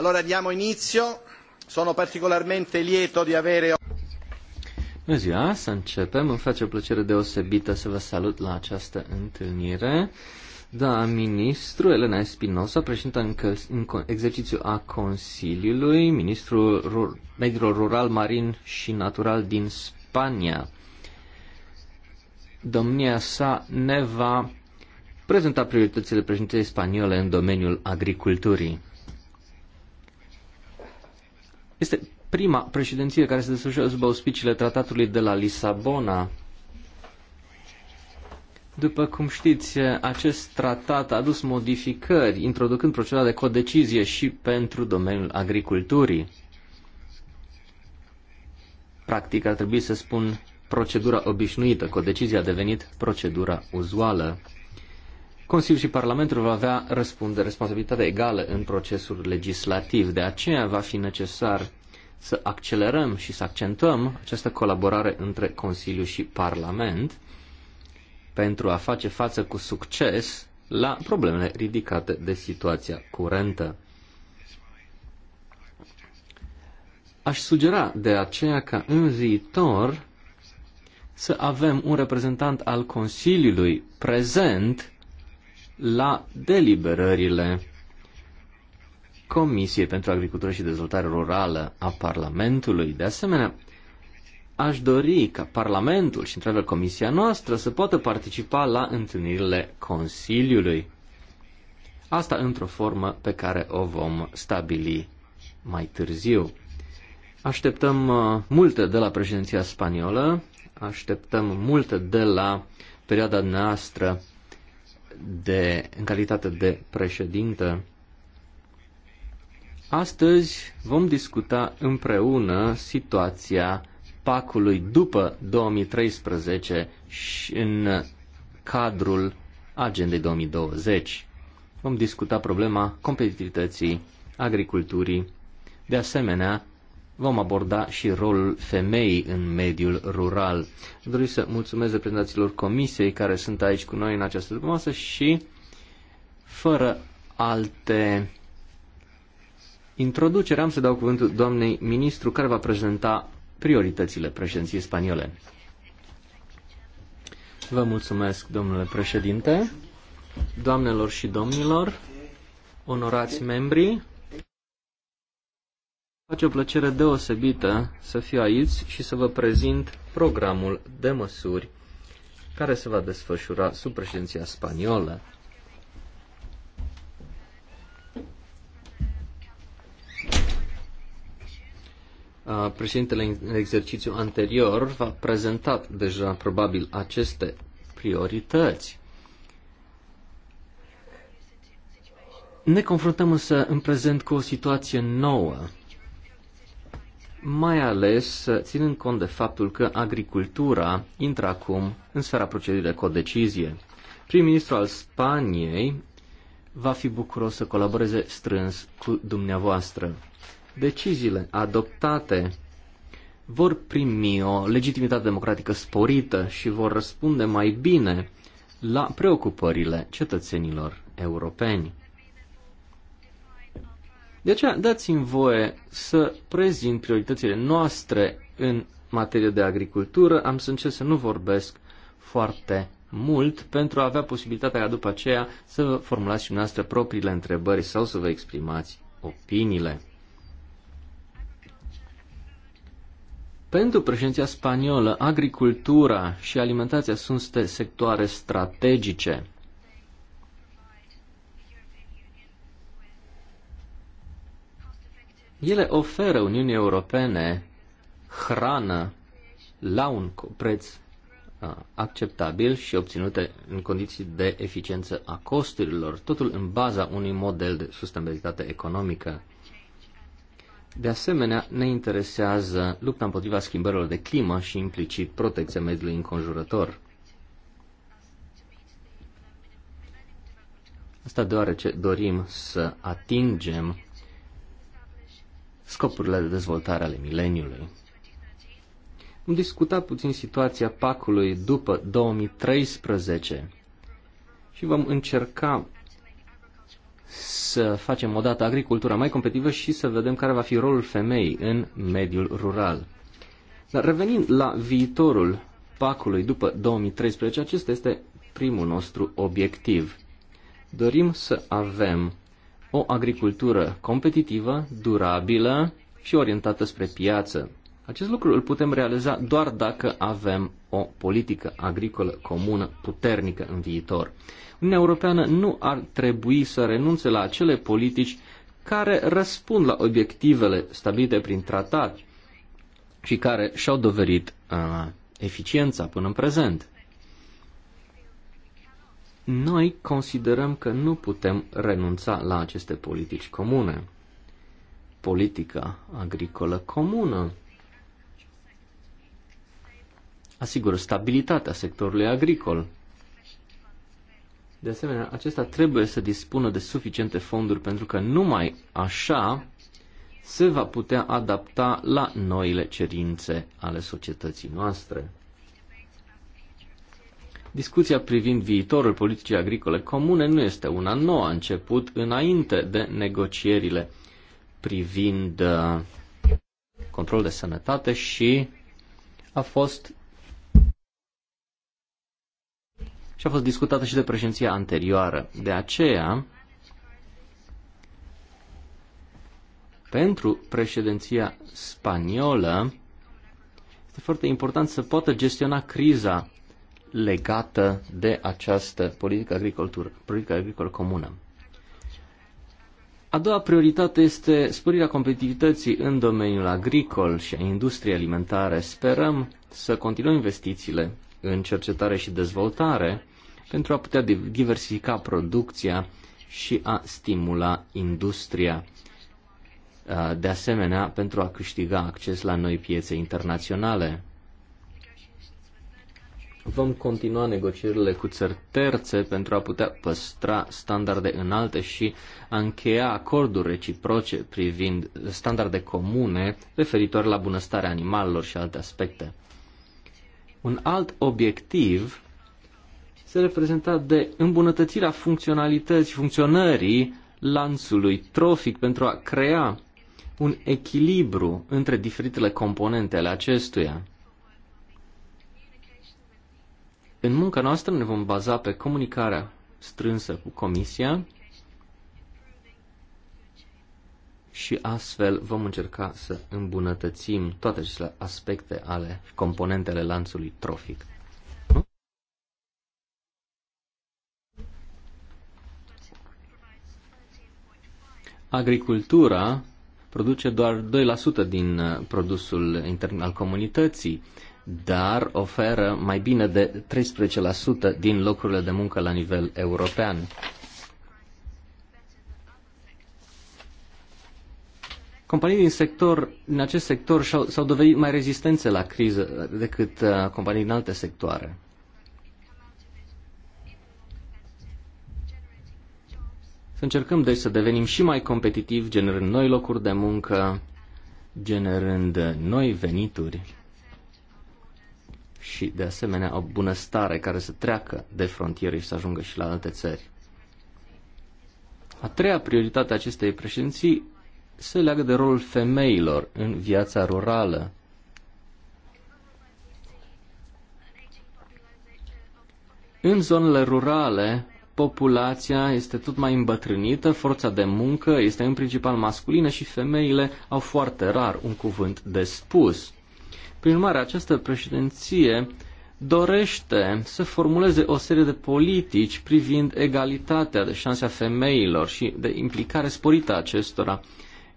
Allora diamo inizio. Sono particolarmente lieto di avere... Bună ziua, să începem. Îmi face o plăcere deosebită să vă salut la această întâlnire. Da, ministru Elena Espinosa, președinta în, în exercițiu a Consiliului, ministrul rur, rural, marin și natural din Spania. Domnia sa ne va prezenta prioritățile președinției spaniole în domeniul agriculturii. Este prima președinție care se desfășoară sub auspiciile tratatului de la Lisabona. După cum știți, acest tratat a adus modificări, introducând procedura de codecizie și pentru domeniul agriculturii. Practic, ar trebui să spun procedura obișnuită. Codecizia a devenit procedura uzuală. Consiliul și Parlamentul va avea răspundere, responsabilitate egală în procesul legislativ. De aceea va fi necesar să accelerăm și să accentuăm această colaborare între Consiliu și Parlament pentru a face față cu succes la problemele ridicate de situația curentă. Aș sugera de aceea ca în viitor să avem un reprezentant al Consiliului prezent la deliberările Comisiei pentru Agricultură și Dezvoltare Rurală a Parlamentului. De asemenea, aș dori ca Parlamentul și, într-adevăr, Comisia noastră să poată participa la întâlnirile Consiliului. Asta într-o formă pe care o vom stabili mai târziu. Așteptăm uh, multe de la președinția spaniolă, așteptăm multe de la perioada noastră de, în calitate de președintă Astăzi vom discuta împreună situația pacului după 2013 și în cadrul agendei 2020. Vom discuta problema competitivității agriculturii. De asemenea, vom aborda și rolul femeii în mediul rural. Doresc să mulțumesc reprezentanților comisiei care sunt aici cu noi în această dumneavoastră și fără alte introducere am să dau cuvântul doamnei ministru care va prezenta prioritățile președinției spaniole. Vă mulțumesc, domnule președinte, doamnelor și domnilor, onorați membri. Face o plăcere deosebită să fiu aici și să vă prezint programul de măsuri care se va desfășura sub președinția spaniolă președintele în exercițiu anterior v-a prezentat deja probabil aceste priorități. Ne confruntăm însă în prezent cu o situație nouă, mai ales ținând cont de faptul că agricultura intră acum în sfera procedurii de codecizie. Prim-ministrul al Spaniei va fi bucuros să colaboreze strâns cu dumneavoastră deciziile adoptate vor primi o legitimitate democratică sporită și vor răspunde mai bine la preocupările cetățenilor europeni. De aceea, dați-mi voie să prezint prioritățile noastre în materie de agricultură. Am să încerc să nu vorbesc foarte mult pentru a avea posibilitatea ca după aceea să vă formulați și noastre propriile întrebări sau să vă exprimați opiniile. Pentru președinția spaniolă, agricultura și alimentația sunt sectoare strategice. Ele oferă Uniunii Europene hrană la un preț acceptabil și obținute în condiții de eficiență a costurilor, totul în baza unui model de sustenabilitate economică. De asemenea, ne interesează lupta împotriva schimbărilor de climă și implicit protecția mediului înconjurător. Asta deoarece dorim să atingem scopurile de dezvoltare ale mileniului. Am discutat puțin situația pacului după 2013 și vom încerca să facem odată agricultura mai competitivă și să vedem care va fi rolul femeii în mediul rural. Dar revenind la viitorul pacului după 2013, acesta este primul nostru obiectiv. Dorim să avem o agricultură competitivă, durabilă și orientată spre piață. Acest lucru îl putem realiza doar dacă avem o politică agricolă comună puternică în viitor. Uniunea Europeană nu ar trebui să renunțe la acele politici care răspund la obiectivele stabilite prin tratat și care și-au dovedit uh, eficiența până în prezent. Noi considerăm că nu putem renunța la aceste politici comune. Politica agricolă comună asigură stabilitatea sectorului agricol. De asemenea, acesta trebuie să dispună de suficiente fonduri pentru că numai așa se va putea adapta la noile cerințe ale societății noastre. Discuția privind viitorul politicii agricole comune nu este una nouă, a început înainte de negocierile privind uh, control de sănătate și a fost și a fost discutată și de președinția anterioară. De aceea, pentru președinția spaniolă, este foarte important să poată gestiona criza legată de această politică agricolă, politică agricolă comună. A doua prioritate este sporirea competitivității în domeniul agricol și a industriei alimentare. Sperăm să continuăm investițiile în cercetare și dezvoltare pentru a putea diversifica producția și a stimula industria. De asemenea, pentru a câștiga acces la noi piețe internaționale. Vom continua negocierile cu țări terțe pentru a putea păstra standarde înalte și a încheia acorduri reciproce privind standarde comune referitoare la bunăstarea animalelor și alte aspecte. Un alt obiectiv se reprezenta de îmbunătățirea funcționalității, funcționării lanțului trofic pentru a crea un echilibru între diferitele componente ale acestuia. În munca noastră ne vom baza pe comunicarea strânsă cu Comisia și astfel vom încerca să îmbunătățim toate aceste aspecte ale componentele lanțului trofic. agricultura produce doar 2% din uh, produsul intern al comunității, dar oferă mai bine de 13% din locurile de muncă la nivel european. Companii din sector, din acest sector s-au dovedit mai rezistențe la criză uh, decât uh, companii din alte sectoare. Să încercăm deci să devenim și mai competitivi, generând noi locuri de muncă, generând noi venituri și, de asemenea, o bunăstare care să treacă de frontiere și să ajungă și la alte țări. A treia prioritate a acestei președinții se leagă de rolul femeilor în viața rurală. În zonele rurale, populația este tot mai îmbătrânită, forța de muncă este în principal masculină și femeile au foarte rar un cuvânt de spus. Prin urmare, această președinție dorește să formuleze o serie de politici privind egalitatea de șanse a femeilor și de implicare sporită a acestora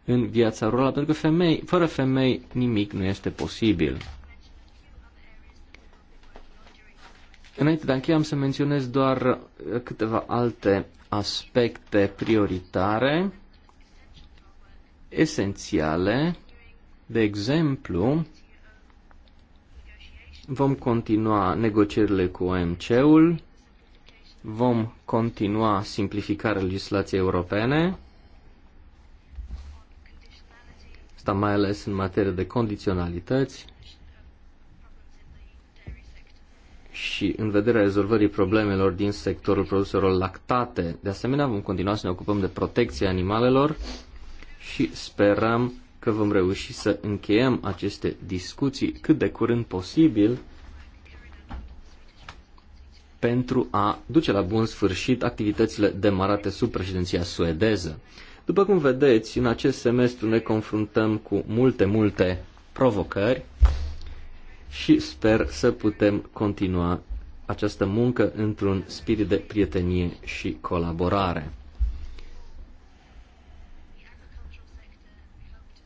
în viața rurală, pentru că femei, fără femei nimic nu este posibil. Înainte de a încheia, am să menționez doar uh, câteva alte aspecte prioritare, esențiale. De exemplu, vom continua negocierile cu OMC-ul, vom continua simplificarea legislației europene, asta mai ales în materie de condiționalități, și în vederea rezolvării problemelor din sectorul produselor lactate. De asemenea, vom continua să ne ocupăm de protecția animalelor și sperăm că vom reuși să încheiem aceste discuții cât de curând posibil pentru a duce la bun sfârșit activitățile demarate sub președinția suedeză. După cum vedeți, în acest semestru ne confruntăm cu multe, multe provocări și sper să putem continua această muncă într-un spirit de prietenie și colaborare.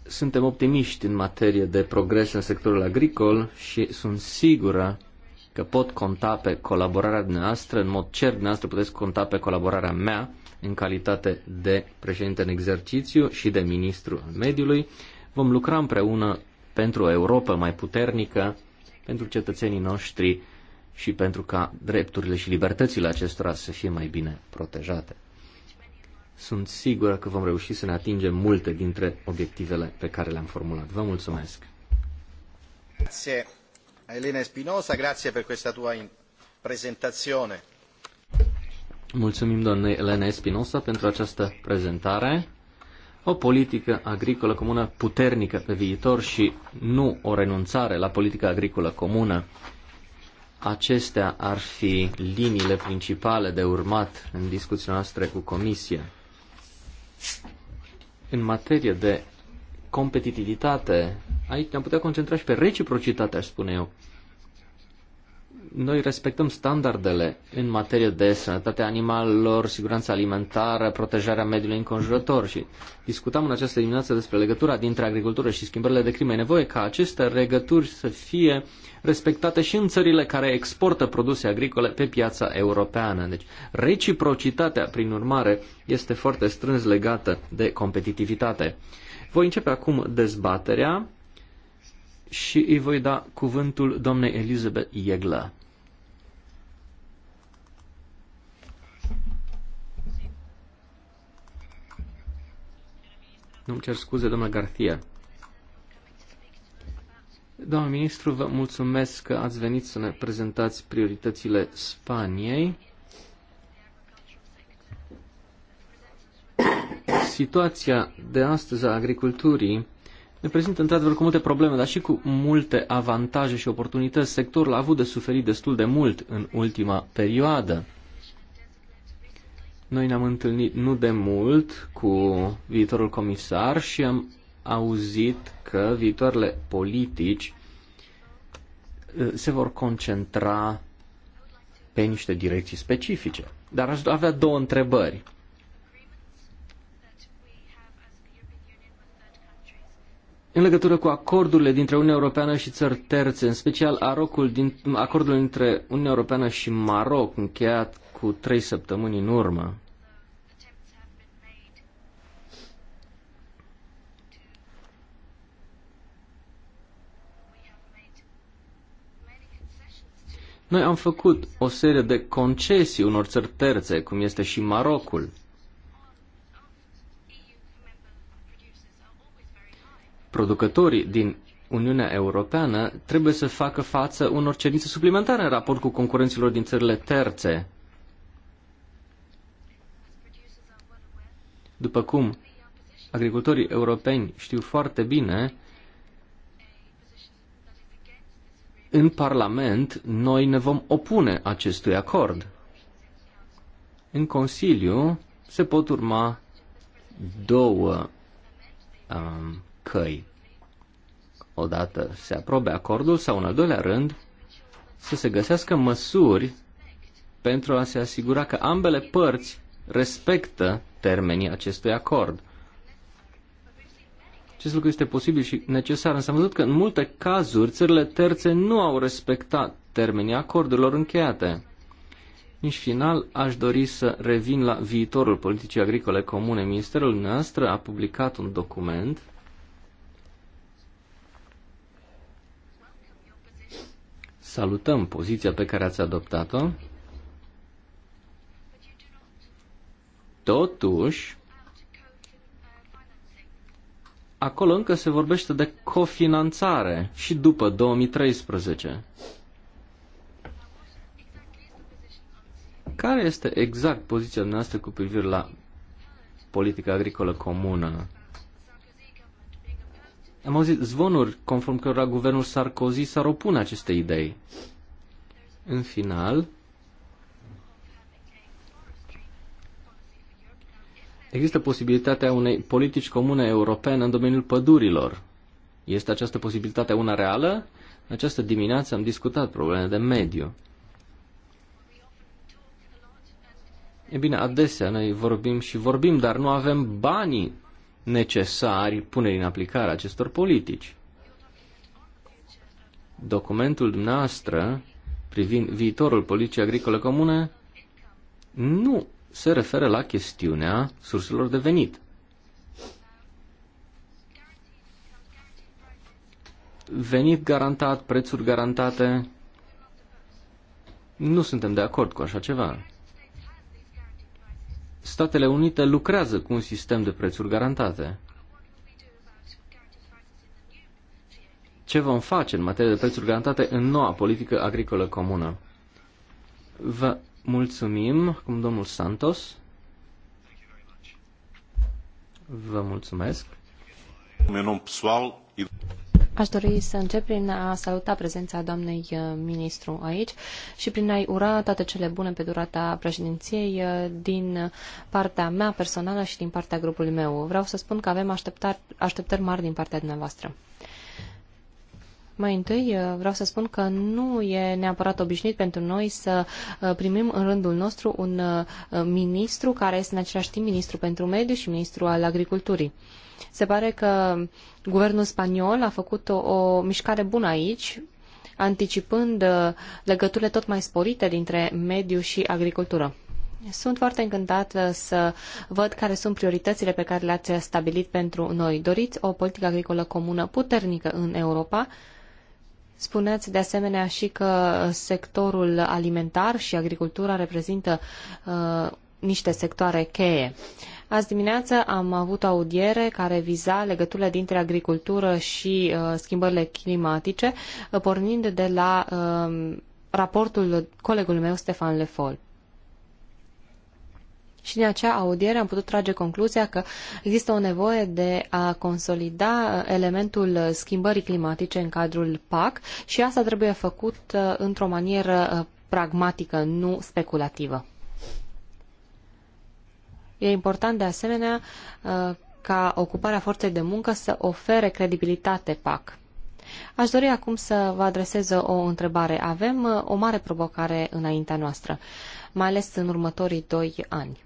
Suntem optimiști în materie de progres în sectorul agricol și sunt sigură că pot conta pe colaborarea dumneavoastră, în mod cer dumneavoastră puteți conta pe colaborarea mea în calitate de președinte în exercițiu și de ministru al mediului. Vom lucra împreună pentru o Europa mai puternică pentru cetățenii noștri și pentru ca drepturile și libertățile acestora să fie mai bine protejate. Sunt sigură că vom reuși să ne atingem multe dintre obiectivele pe care le-am formulat. Vă mulțumesc! Grazie Elena Espinosa, grazie per questa tua Mulțumim doamnei Elena Espinosa pentru această prezentare o politică agricolă comună puternică pe viitor și nu o renunțare la politica agricolă comună. Acestea ar fi liniile principale de urmat în discuția noastră cu Comisia. În materie de competitivitate, aici ne-am putea concentra și pe reciprocitate, aș spune eu noi respectăm standardele în materie de sănătate animalelor, siguranță alimentară, protejarea mediului înconjurător și discutam în această dimineață despre legătura dintre agricultură și schimbările de crime. E nevoie ca aceste legături să fie respectate și în țările care exportă produse agricole pe piața europeană. Deci reciprocitatea, prin urmare, este foarte strâns legată de competitivitate. Voi începe acum dezbaterea și îi voi da cuvântul domnei Elizabeth Iegla. Nu-mi cer scuze, doamna Garcia. Domnul ministru, vă mulțumesc că ați venit să ne prezentați prioritățile Spaniei. Situația de astăzi a agriculturii prezintă într-adevăr cu multe probleme, dar și cu multe avantaje și oportunități. Sectorul a avut de suferit destul de mult în ultima perioadă. Noi ne-am întâlnit nu de mult cu viitorul comisar și am auzit că viitoarele politici uh, se vor concentra pe niște direcții specifice. Dar aș avea două întrebări. în legătură cu acordurile dintre Uniunea Europeană și țări terțe, în special arocul din, acordul dintre Uniunea Europeană și Maroc, încheiat cu trei săptămâni în urmă. Noi am făcut o serie de concesii unor țări terțe, cum este și Marocul. producătorii din Uniunea Europeană trebuie să facă față unor cerințe suplimentare în raport cu concurenților din țările terțe. După cum agricultorii europeni știu foarte bine, în Parlament noi ne vom opune acestui acord. În Consiliu se pot urma două um, căi odată se aprobe acordul sau, în al doilea rând, să se găsească măsuri pentru a se asigura că ambele părți respectă termenii acestui acord. Acest lucru este posibil și necesar, însă am văzut că în multe cazuri țările terțe nu au respectat termenii acordurilor încheiate. În final, aș dori să revin la viitorul politicii agricole comune. Ministerul nostru a publicat un document Salutăm poziția pe care ați adoptat-o. Totuși, acolo încă se vorbește de cofinanțare și după 2013. Care este exact poziția noastră cu privire la politica agricolă comună? Am auzit zvonuri conform cărora guvernul Sarkozy s-ar opune acestei idei. În final, există posibilitatea unei politici comune europene în domeniul pădurilor. Este această posibilitate una reală? În această dimineață am discutat probleme de mediu. E bine, adesea noi vorbim și vorbim, dar nu avem banii necesari punerii în aplicare acestor politici. Documentul dumneavoastră privind viitorul politicii agricole comune nu se referă la chestiunea surselor de venit. Venit garantat, prețuri garantate, nu suntem de acord cu așa ceva. Statele Unite lucrează cu un sistem de prețuri garantate. Ce vom face în materie de prețuri garantate în noua politică agricolă comună? Vă mulțumim, cum domnul Santos. Vă mulțumesc. Meu nome pessoal Aș dori să încep prin a saluta prezența doamnei uh, ministru aici și prin a-i ura toate cele bune pe durata președinției uh, din partea mea personală și din partea grupului meu. Vreau să spun că avem așteptări, așteptări mari din partea dumneavoastră. Mai întâi uh, vreau să spun că nu e neapărat obișnuit pentru noi să primim în rândul nostru un ministru care este în același timp ministru pentru mediu și ministru al agriculturii. Se pare că guvernul spaniol a făcut o, o mișcare bună aici, anticipând uh, legăturile tot mai sporite dintre mediu și agricultură. Sunt foarte încântată uh, să văd care sunt prioritățile pe care le-ați stabilit pentru noi. Doriți o politică agricolă comună puternică în Europa. Spuneați de asemenea și că sectorul alimentar și agricultura reprezintă uh, niște sectoare cheie. Azi dimineață am avut o audiere care viza legăturile dintre agricultură și uh, schimbările climatice, uh, pornind de la uh, raportul colegului meu, Stefan Lefol. Și din acea audiere am putut trage concluzia că există o nevoie de a consolida uh, elementul schimbării climatice în cadrul PAC și asta trebuie făcut uh, într-o manieră uh, pragmatică, nu speculativă. E important de asemenea uh, ca ocuparea forței de muncă să ofere credibilitate PAC. Aș dori acum să vă adresez o întrebare. Avem uh, o mare provocare înaintea noastră, mai ales în următorii doi ani.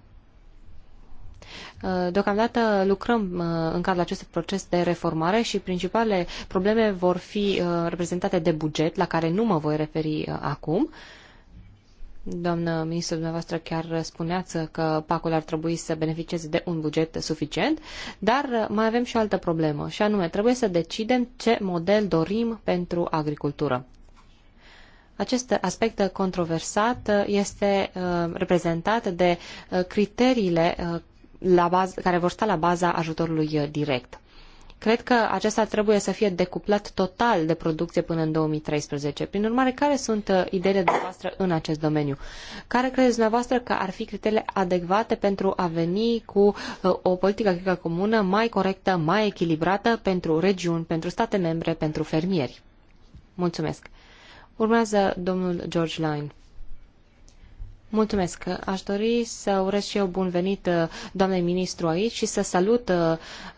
Uh, deocamdată lucrăm în cadrul acestui proces de reformare și principalele probleme vor fi reprezentate de buget, la care nu mă voi referi acum, Doamnă ministru, dumneavoastră chiar spuneați că pacul ar trebui să beneficieze de un buget suficient, dar mai avem și o altă problemă, și anume trebuie să decidem ce model dorim pentru agricultură. Acest aspect controversat este uh, reprezentat de uh, criteriile uh, la bază, care vor sta la baza ajutorului direct. Cred că acesta trebuie să fie decuplat total de producție până în 2013. Prin urmare, care sunt uh, ideile dumneavoastră în acest domeniu? Care credeți dumneavoastră că ar fi criteriile adecvate pentru a veni cu uh, o politică agricolă comună mai corectă, mai echilibrată pentru regiuni, pentru state membre, pentru fermieri? Mulțumesc. Urmează domnul George Line. Mulțumesc. Aș dori să urez și eu bun venit uh, doamnei ministru aici și să salut uh,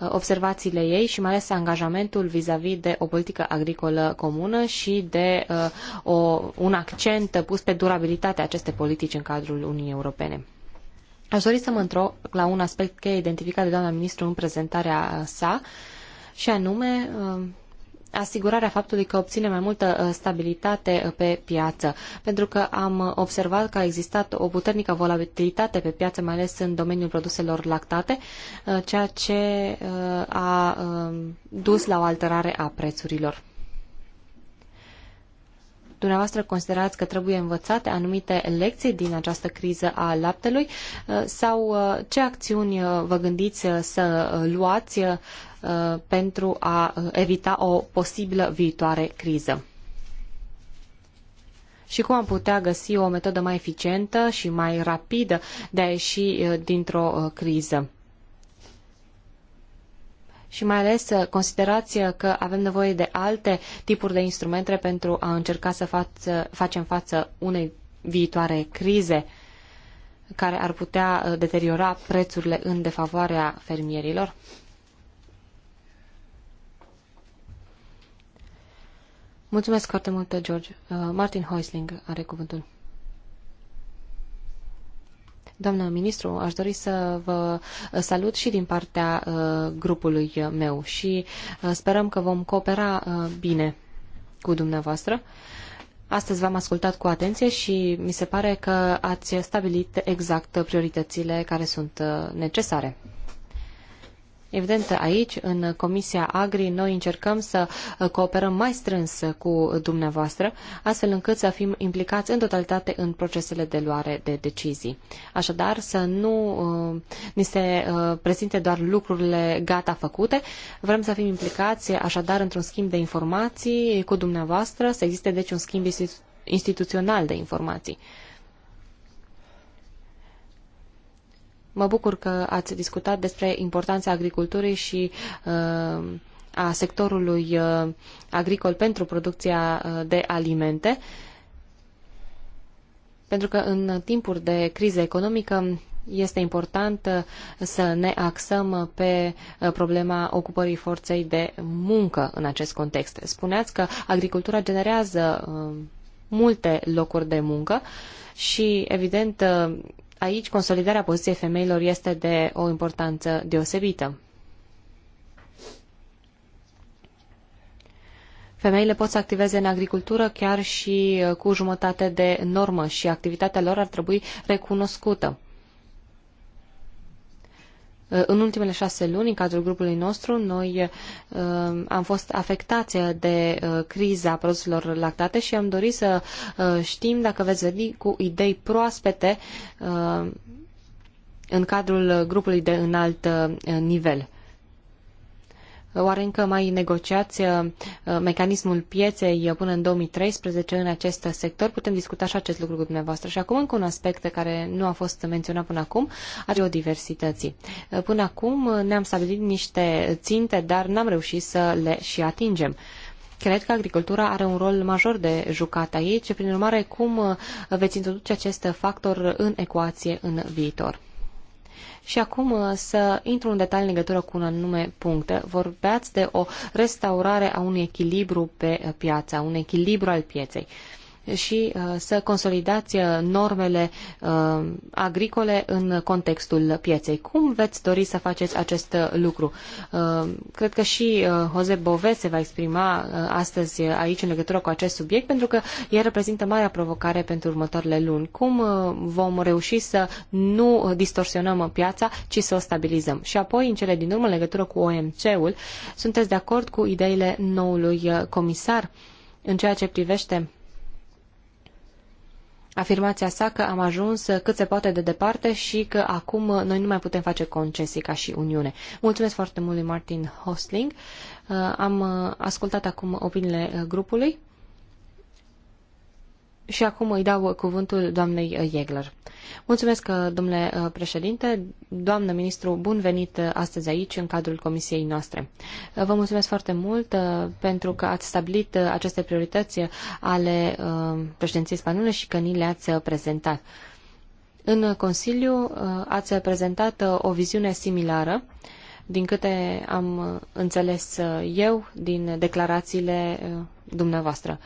observațiile ei și mai ales angajamentul vis-a-vis de o politică agricolă comună și de uh, o, un accent pus pe durabilitatea acestei politici în cadrul Uniunii Europene. Aș dori să mă întorc la un aspect cheie identificat de doamna ministru în prezentarea sa, și anume asigurarea faptului că obține mai multă uh, stabilitate uh, pe piață, pentru că am uh, observat că a existat o puternică volatilitate pe piață, mai ales în domeniul produselor lactate, ceea ce a um, dus la o alterare a prețurilor dumneavoastră considerați că trebuie învățate anumite lecții din această criză a laptelui sau ce acțiuni vă gândiți să luați Uh, pentru a uh, evita o posibilă viitoare criză. Și cum am putea găsi o metodă mai eficientă și mai rapidă de a ieși uh, dintr-o criză? și mai ales considerați că avem nevoie de alte tipuri de instrumente pentru a încerca să față, facem față unei viitoare crize care ar putea deteriora prețurile în defavoarea fermierilor? Mulțumesc foarte mult, George. Uh, Martin Heusling are cuvântul. Doamnă ministru, aș dori să vă uh, salut și din partea uh, grupului meu și sperăm că vom coopera bine cu dumneavoastră. Astăzi v-am ascultat cu atenție și mi se pare că ați stabilit exact prioritățile care sunt necesare. Evident, aici, în Comisia Agri, noi încercăm să cooperăm mai strâns cu dumneavoastră, astfel încât să fim implicați în totalitate în procesele de luare de decizii. Așadar, să nu uh, ni se uh, prezinte doar lucrurile gata făcute, vrem să fim implicați așadar într-un schimb de informații cu dumneavoastră, să existe deci un schimb instituțional de informații. Mă bucur că ați discutat despre importanța agriculturii și uh, a sectorului uh, agricol pentru producția uh, de alimente, pentru că în timpuri de criză economică este important să ne axăm pe problema ocupării forței de muncă în acest context. Spuneați că agricultura generează multe locuri de muncă și, evident, aici consolidarea poziției femeilor este de o importanță deosebită. Femeile pot să activeze în agricultură chiar și uh, cu jumătate de normă și activitatea lor ar trebui recunoscută. Uh, în ultimele șase luni, în cadrul grupului nostru, noi uh, am fost afectați de uh, criza produselor lactate și am dorit să știm dacă veți veni cu idei proaspete în cadrul grupului de înalt nivel. Oare încă mai negociați uh, uh, mecanismul pieței uh, până în 2013 în acest sector? Putem discuta și acest lucru cu dumneavoastră. Și acum încă un aspect care nu a fost menționat până acum, al biodiversității. Până acum ne-am stabilit niște ținte, dar n-am reușit să le și atingem. Cred că agricultura are un rol major de jucat aici, prin urmare, cum veți introduce acest factor în ecuație în viitor? Și acum uh, să intru în detalii în legătură cu un anume punct. Vorbeați de o restaurare a unui echilibru pe uh, piață, un echilibru al pieței. Uh, și uh, să consolidați uh, normele uh, agricole în contextul pieței. Cum veți dori să faceți acest lucru? Cred că și Jose Bove se va exprima astăzi aici în legătură cu acest subiect, pentru că el reprezintă marea provocare pentru următoarele luni. Cum vom reuși să nu distorsionăm piața, ci să o stabilizăm? Și apoi, în cele din urmă, în legătură cu OMC-ul, sunteți de acord cu ideile noului comisar în ceea ce privește afirmația sa că am ajuns cât se poate de departe și că acum noi nu mai putem face concesii ca și Uniune. Mulțumesc foarte mult lui Martin Hostling. Uh, am uh, ascultat acum opiniile uh, grupului. Și acum îi dau cuvântul doamnei Iegler. Mulțumesc, domnule uh, președinte. Doamnă ministru, bun venit uh, astăzi aici, în cadrul comisiei noastre. Uh, vă mulțumesc foarte mult pentru că ați stabilit aceste priorități ale președinției spaniole și că ni le-ați prezentat. În Consiliu ați prezentat o viziune similară din câte am înțeles eu din declarațiile dumneavoastră.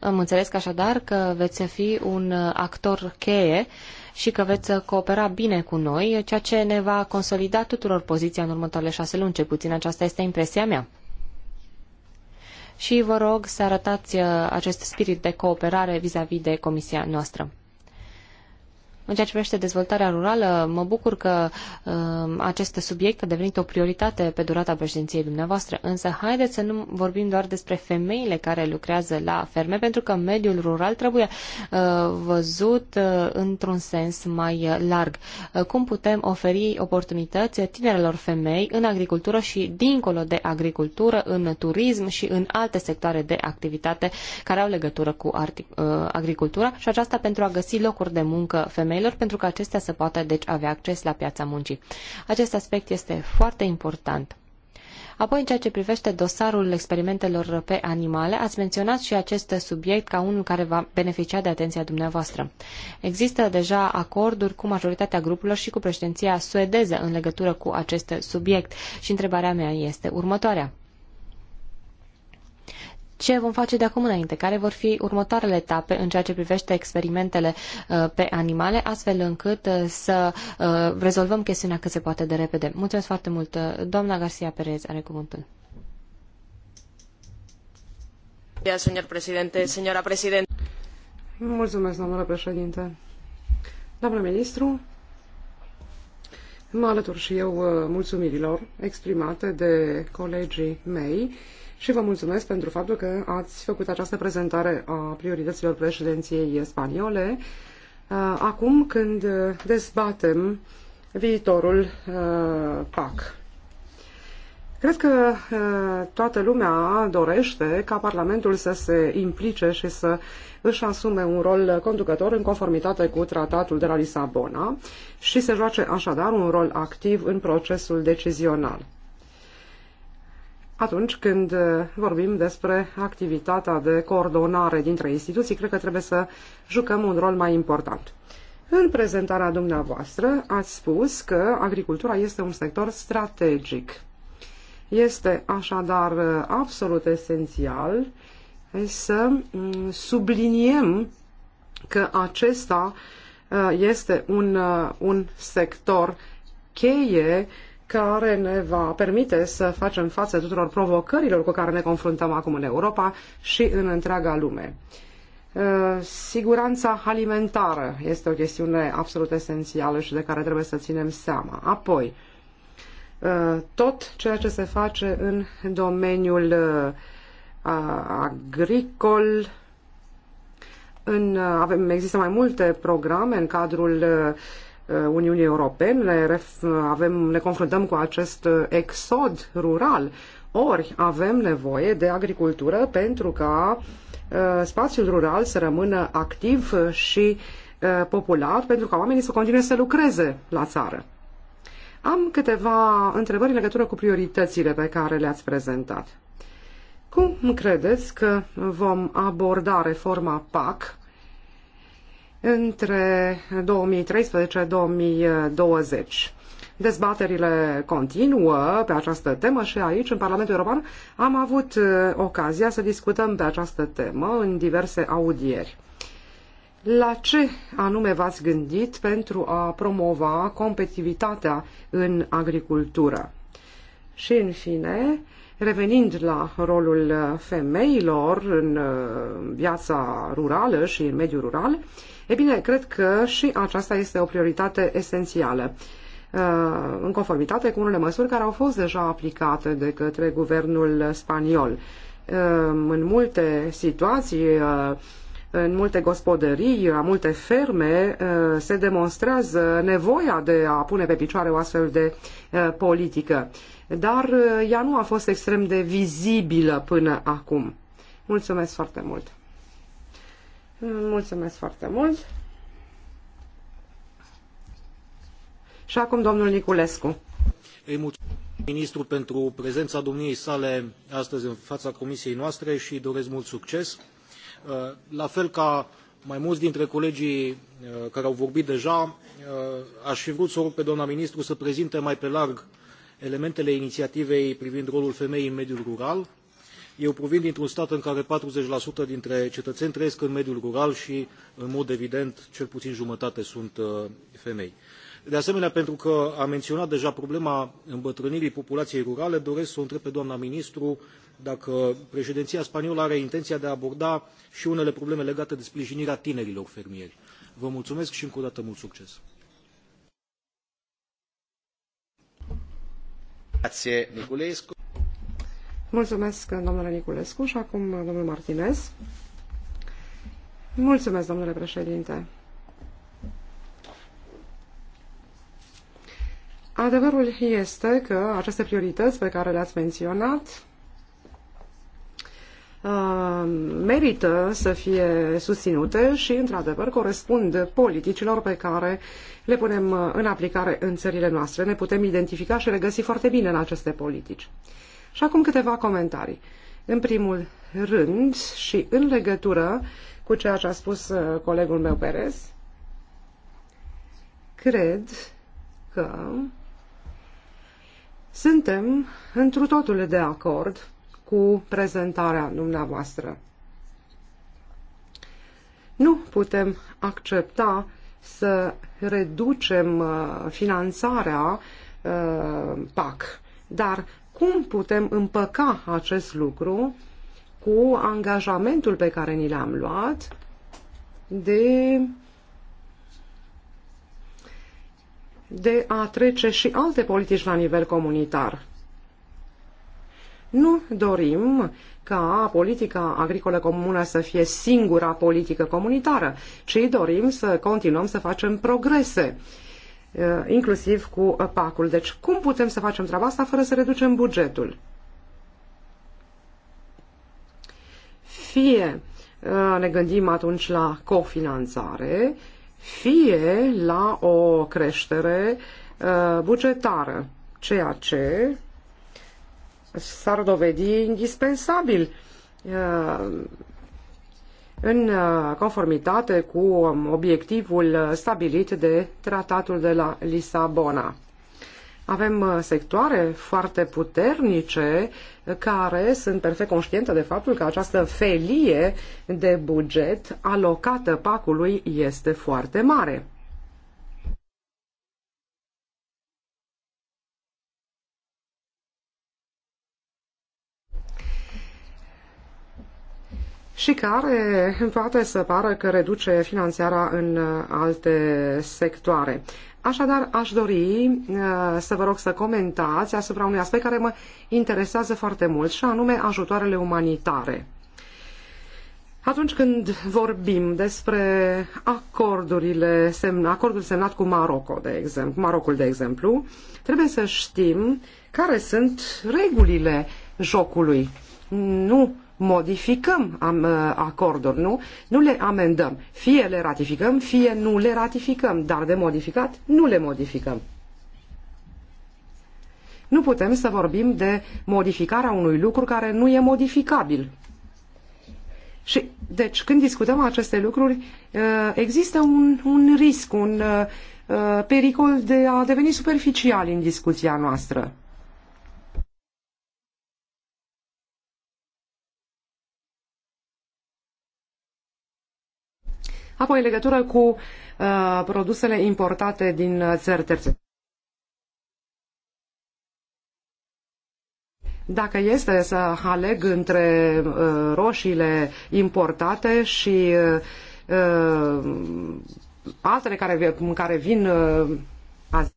Am înțeles așadar că veți fi un uh, actor cheie și că veți uh, coopera bine cu noi, ceea ce ne va consolida tuturor poziția în următoarele șase luni, cel puțin aceasta este impresia mea. Și vă rog să arătați uh, acest spirit de cooperare vis a -vis de comisia noastră. În ceea ce privește dezvoltarea rurală, mă bucur că uh, acest subiect a devenit o prioritate pe durata președinției dumneavoastră, însă haideți să nu vorbim doar despre femeile care lucrează la ferme, pentru că mediul rural trebuie uh, văzut uh, într-un sens mai larg. Uh, cum putem oferi oportunități tinerelor femei în agricultură și dincolo de agricultură, în turism și în alte sectoare de activitate care au legătură cu uh, agricultura și aceasta pentru a găsi locuri de muncă femei femeilor pentru că acestea să poată deci avea acces la piața muncii. Acest aspect este foarte important. Apoi, în ceea ce privește dosarul experimentelor pe animale, ați menționat și acest subiect ca unul care va beneficia de atenția dumneavoastră. Există deja acorduri cu majoritatea grupurilor și cu președinția suedeză în legătură cu acest subiect și întrebarea mea este următoarea ce vom face de acum înainte, care vor fi următoarele etape în ceea ce privește experimentele uh, pe animale, astfel încât uh, să uh, rezolvăm chestiunea cât se poate de repede. Mulțumesc foarte mult. Doamna Garcia Perez are cuvântul. Mulțumesc, domnule președinte. Doamnă ministru, mă alătur și eu mulțumirilor exprimate de colegii mei și vă mulțumesc pentru faptul că ați făcut această prezentare a priorităților președinției spaniole. Uh, acum când dezbatem viitorul uh, PAC. Cred că uh, toată lumea dorește ca Parlamentul să se implice și să își asume un rol conducător în conformitate cu tratatul de la Lisabona și să joace așadar un rol activ în procesul decizional atunci când uh, vorbim despre activitatea de coordonare dintre instituții, cred că trebuie să jucăm un rol mai important. În prezentarea dumneavoastră ați spus că agricultura este un sector strategic. Este așadar uh, absolut esențial uh, să mm, subliniem că acesta este un, un sector cheie care ne va permite să facem față tuturor provocărilor cu care ne confruntăm acum în Europa și în întreaga lume. Uh, siguranța alimentară este o chestiune absolut esențială și de care trebuie să ținem seama. Apoi, uh, tot ceea ce se face în domeniul uh, agricol, în, avem, există mai multe programe în cadrul uh, Uh, Uniunii Europene, le, avem, le confruntăm cu acest uh, exod rural, ori avem nevoie de agricultură pentru ca uh, spațiul rural să rămână activ și populat, pentru ca oamenii să continue să lucreze la țară. Am câteva întrebări în legătură cu prioritățile pe care le-ați prezentat. Cum credeți că vom aborda reforma PAC între 2013-2020. Dezbaterile continuă pe această temă și aici, în Parlamentul European, am avut uh, ocazia să discutăm pe această temă în diverse audieri. La ce anume v-ați gândit pentru a promova competitivitatea în agricultură? Și, în fine, revenind la rolul uh, femeilor în uh, viața rurală și în mediul rural, E bine, cred că și aceasta este o prioritate esențială uh, în conformitate cu unele măsuri care au fost deja aplicate de către guvernul spaniol. Uh, în multe situații, uh, în multe gospodării, la multe ferme, se demonstrează nevoia de a pune pe picioare o astfel de politică. Dar ea nu a fost extrem de vizibilă până acum. Mulțumesc foarte mult! Mulțumesc foarte mult. Și acum domnul Niculescu. Îi mulțumesc ministru pentru prezența domniei sale astăzi în fața comisiei noastre și doresc mult succes. Uh, la fel ca mai mulți dintre colegii uh, care au vorbit deja, uh, aș fi vrut să rog pe doamna ministru să prezinte mai pe larg elementele inițiativei privind rolul femeii în mediul rural, eu provin dintr-un stat în care 40% dintre cetățeni trăiesc în mediul rural și, în mod evident, cel puțin jumătate sunt uh, femei. De asemenea, pentru că a menționat deja problema îmbătrânirii populației rurale, doresc să o întreb pe doamna ministru dacă președinția spaniolă are intenția de a aborda și unele probleme legate de sprijinirea tinerilor fermieri. Vă mulțumesc și încă o dată mult succes! Grazie, Niculescu. Mulțumesc, domnule Niculescu, și acum domnul Martinez. Mulțumesc, domnule președinte. Adevărul este că aceste priorități pe care le-ați menționat uh, merită să fie susținute și, într-adevăr, corespund politicilor pe care le punem uh, în aplicare în țările noastre. Ne putem identifica și regăsi foarte bine în aceste politici. Și acum câteva comentarii. În primul rând și în legătură cu ceea ce a spus uh, colegul meu Perez, cred că suntem întru totul de acord cu prezentarea dumneavoastră. Nu putem accepta să reducem uh, finanțarea uh, PAC, dar cum putem împăca acest lucru cu angajamentul pe care ni l-am luat de de a trece și alte politici la nivel comunitar. Nu dorim ca politica agricolă comună să fie singura politică comunitară, ci dorim să continuăm să facem progrese Uh, inclusiv cu uh, PAC-ul. Deci cum putem să facem treaba asta fără să reducem bugetul? Fie uh, ne gândim atunci la cofinanțare, fie la o creștere bugetară, ceea ce s-ar dovedi indispensabil în uh, conformitate cu um, obiectivul stabilit de tratatul de la Lisabona. Avem uh, sectoare foarte puternice uh, care sunt perfect conștiente de faptul că această felie de buget alocată pacului este foarte mare. și care poate să pară că reduce finanțarea în uh, alte sectoare. Așadar, aș dori uh, să vă rog să comentați asupra unui aspect care mă interesează foarte mult, și anume ajutoarele umanitare. Atunci când vorbim despre acordurile semn, acordul semnat cu Maroco, de exemplu, Marocul, de exemplu, trebuie să știm care sunt regulile jocului. Nu modificăm am, uh, acorduri, nu? Nu le amendăm. Fie le ratificăm, fie nu le ratificăm, dar de modificat nu le modificăm. Nu putem să vorbim de modificarea unui lucru care nu e modificabil. Și, deci, când discutăm aceste lucruri, uh, există un, un risc, un uh, pericol de a deveni superficial în discuția noastră. Apoi, în legătură cu uh, produsele importate din uh, țări terțe. Dacă este să aleg între uh, roșiile importate și uh, uh altele care, care vin uh, azi,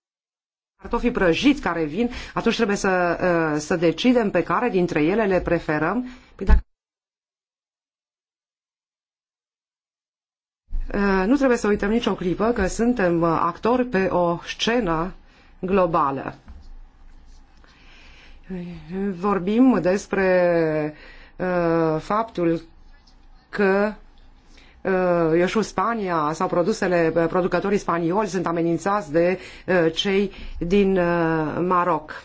cartofii prăjiți care vin, atunci trebuie să, uh, să decidem pe care dintre ele le preferăm. Păi dacă Eh, nu trebuie să uităm nicio clipă că suntem eh, actori pe o scenă globală. Vorbim despre uh, faptul că eu știu, Spania sau produsele, producătorii spanioli sunt amenințați de cei din Maroc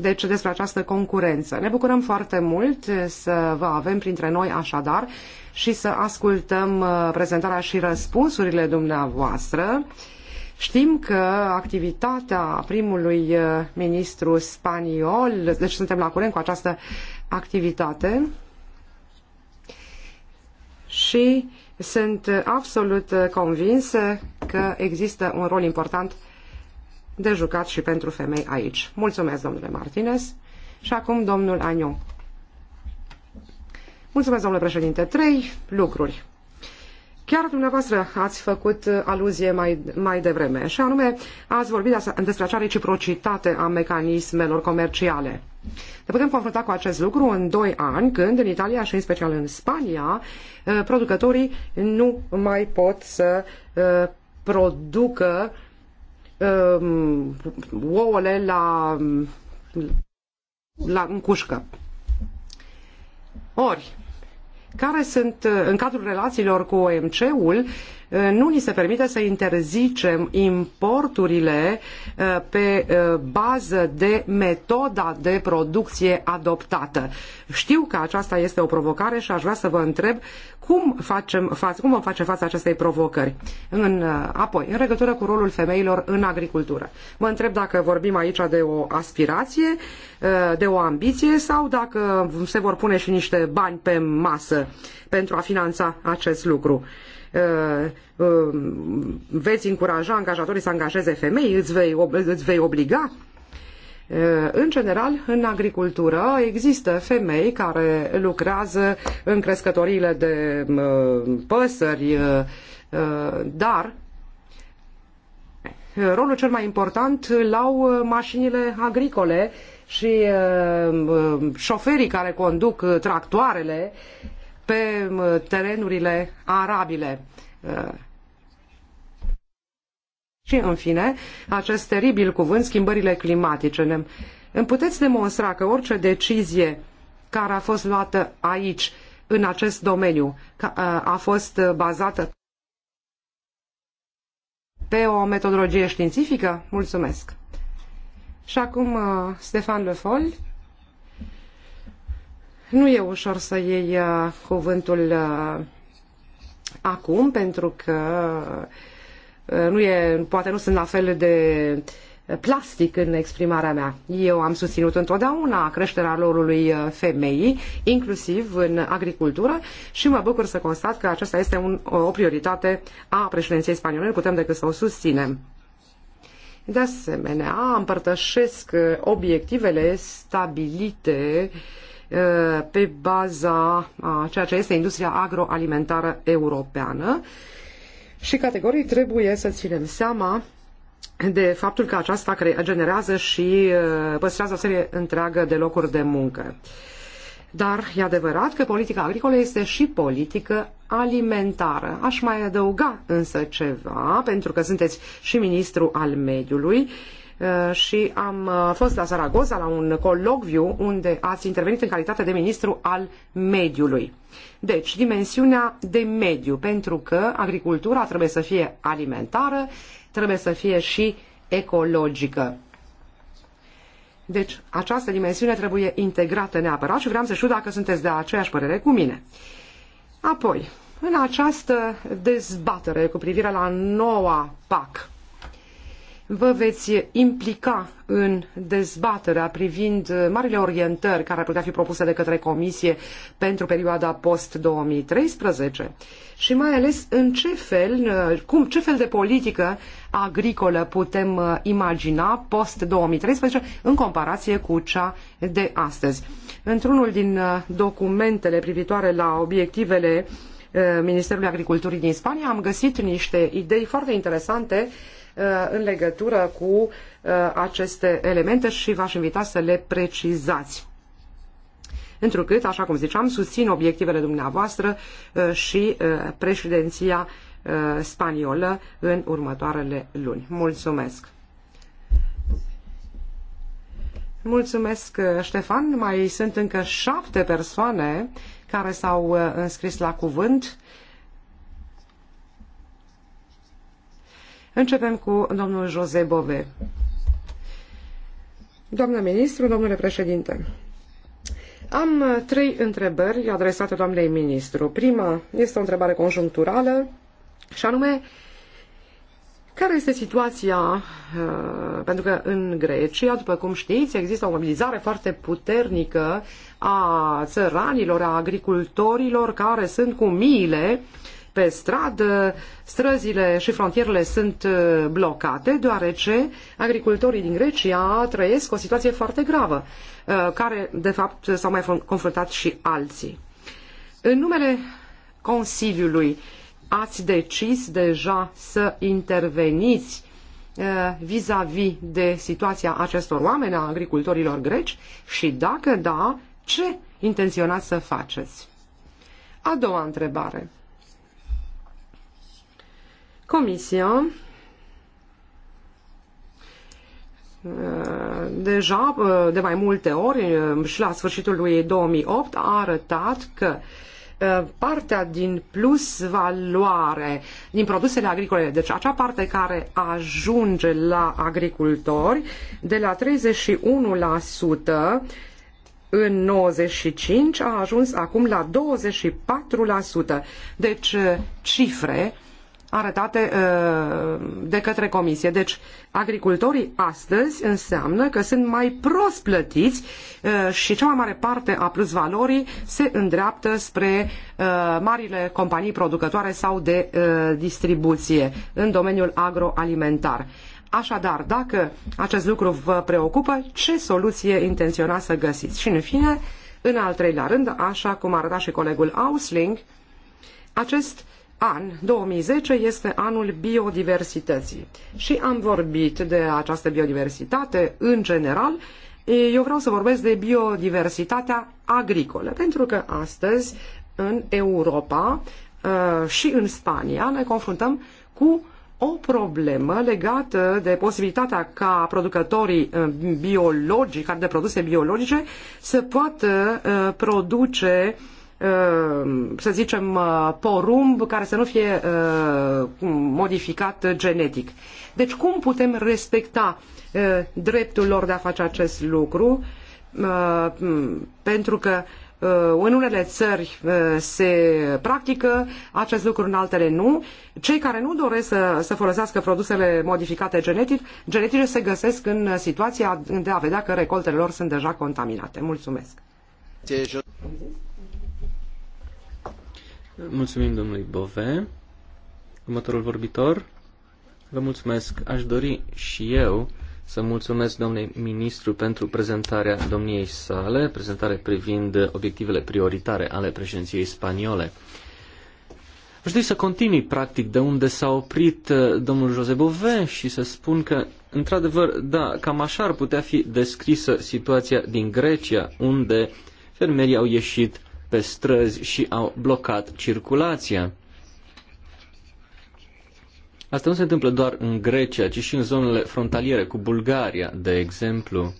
deci despre această concurență. Ne bucurăm foarte mult să vă avem printre noi așadar și să ascultăm uh, prezentarea și răspunsurile dumneavoastră. Știm că activitatea primului uh, ministru spaniol, deci suntem la curent cu această activitate și sunt absolut convinsă că există un rol important de jucat și pentru femei aici. Mulțumesc, domnule Martinez. Și acum, domnul Aniu. Mulțumesc, domnule președinte. Trei lucruri. Chiar dumneavoastră ați făcut uh, aluzie mai, mai devreme, și anume ați vorbit despre acea reciprocitate a mecanismelor comerciale. Ne putem confrunta cu acest lucru în doi ani, când în Italia și în special în Spania, uh, producătorii nu mai pot să uh, producă uh, um, ouăle la, la în cușcă. Ori, care sunt, în cadrul relațiilor cu OMC-ul, Uh, nu ni se permite să interzicem importurile uh, pe uh, bază de metoda de producție adoptată. Știu că aceasta este o provocare și aș vrea să vă întreb cum, facem față, cum vom face față acestei provocări. În, apoi, în legătură cu rolul femeilor în agricultură. Mă întreb dacă vorbim aici de o aspirație, de o ambiție sau dacă se vor pune și niște bani pe masă pentru a finanța acest lucru. Uh, um, veți încuraja angajatorii să angajeze femei, îți vei, îți vei obliga? Uh, în general, în agricultură există femei care lucrează în crescătorile de uh, păsări, dar rolul cel mai important l-au mașinile agricole și șoferii care conduc tractoarele pe uh, terenurile arabile. Uh. Și, în fine, acest teribil cuvânt, schimbările climatice. Ne îmi puteți demonstra că orice decizie care a fost luată aici, în acest domeniu, uh, a fost bazată pe o metodologie științifică? Mulțumesc! Și acum Stefan Le Foll nu e ușor să iei uh, cuvântul uh, acum, pentru că uh, nu e, poate nu sunt la fel de plastic în exprimarea mea. Eu am susținut întotdeauna creșterea rolului femeii, inclusiv în agricultură și mă bucur să constat că aceasta este un, o prioritate a președinției spaniole, nu putem decât să o susținem. De asemenea, împărtășesc obiectivele stabilite uh, Uh, pe baza a ceea ce este industria agroalimentară europeană și categorii trebuie să ținem seama de faptul că aceasta generează și uh, păstrează o serie întreagă de locuri de muncă. Dar e adevărat că politica agricolă este și politică alimentară. Aș mai adăuga însă ceva, pentru că sunteți și ministru al mediului. Uh, Uh, și am uh, fost la Zaragoza la un colocviu unde ați intervenit în calitate de ministru al mediului. Deci, dimensiunea de mediu, pentru că agricultura trebuie să fie alimentară, trebuie să fie și ecologică. Deci, această dimensiune trebuie integrată neapărat și vreau să știu dacă sunteți de aceeași părere cu mine. Apoi, în această dezbatere cu privire la noua PAC, vă veți implica în dezbaterea privind uh, marile orientări care ar putea fi propuse de către Comisie pentru perioada post-2013 și mai ales în ce fel, uh, cum, ce fel de politică agricolă putem uh, imagina post-2013 în comparație cu cea de astăzi. Într-unul din documentele privitoare la obiectivele Ministerului Agriculturii din Spania am găsit niște idei foarte interesante uh, Uh, în legătură cu uh, aceste elemente și v-aș invita să le precizați. Întrucât, așa cum ziceam, susțin obiectivele dumneavoastră uh, și președinția spaniolă în următoarele luni. Mulțumesc! Mulțumesc, Ștefan. Mai sunt încă șapte persoane care s-au înscris la cuvânt. Începem cu domnul Jose Bove. Doamna ministru, domnule președinte, am trei întrebări adresate doamnei ministru. Prima este o întrebare conjuncturală și anume, care este situația, uh, pentru că în Grecia, după cum știți, există o mobilizare foarte puternică a țăranilor, a agricultorilor care sunt cu miile pe stradă, străzile și frontierele sunt uh, blocate, deoarece agricultorii din Grecia trăiesc o situație foarte gravă, uh, care de fapt s-au mai confruntat și alții. În numele Consiliului ați decis deja să interveniți uh, vis-a-vis -vis de situația acestor oameni, a agricultorilor greci și dacă da, ce intenționați să faceți? A doua întrebare. Comisia eh, deja eh, de mai multe ori eh, și la sfârșitul lui 2008 a arătat că partea din plus valoare din produsele agricole, deci acea parte care ajunge la agricultori de la 31% în 95 a ajuns acum la 24%. Deci cifre arătate uh, de către comisie. Deci, agricultorii astăzi înseamnă că sunt mai prost plătiți uh, și cea mai mare parte a plus valorii se îndreaptă spre uh, marile companii producătoare sau de distribuție în domeniul agroalimentar. Așadar, dacă acest lucru vă preocupă, ce soluție intenționați să găsiți? Și, în fine, în al treilea rând, așa cum arăta și colegul Ausling, acest an, 2010, este anul biodiversității. Și am vorbit de această biodiversitate în general. Eu vreau să vorbesc de biodiversitatea agricolă, pentru că astăzi în Europa uh, și în Spania ne confruntăm cu o problemă legată de posibilitatea ca producătorii uh, biologici, care de produse biologice, să poată uh, produce uh, Uh, să zicem, uh, porumb care să nu fie uh, modificat genetic. Deci cum putem respecta dreptul lor de a face acest lucru? Pentru că în unele țări se practică acest lucru, în altele nu. Cei care nu doresc să, să folosească produsele modificate genetic, genetice se găsesc în situația de a vedea că recoltele lor sunt deja contaminate. Mulțumesc! Mulțumim domnului Bove. Următorul vorbitor. Vă mulțumesc. Aș dori și eu să mulțumesc domnului ministru pentru prezentarea domniei sale, prezentare privind obiectivele prioritare ale președinției spaniole. Aș dori să continui practic de unde s-a oprit uh, domnul Jose Bove și să spun că, într-adevăr, da, cam așa ar putea fi descrisă situația din Grecia, unde fermerii au ieșit pe străzi și au blocat circulația. Asta nu se întâmplă doar în Grecia, ci și în zonele frontaliere cu Bulgaria, de exemplu.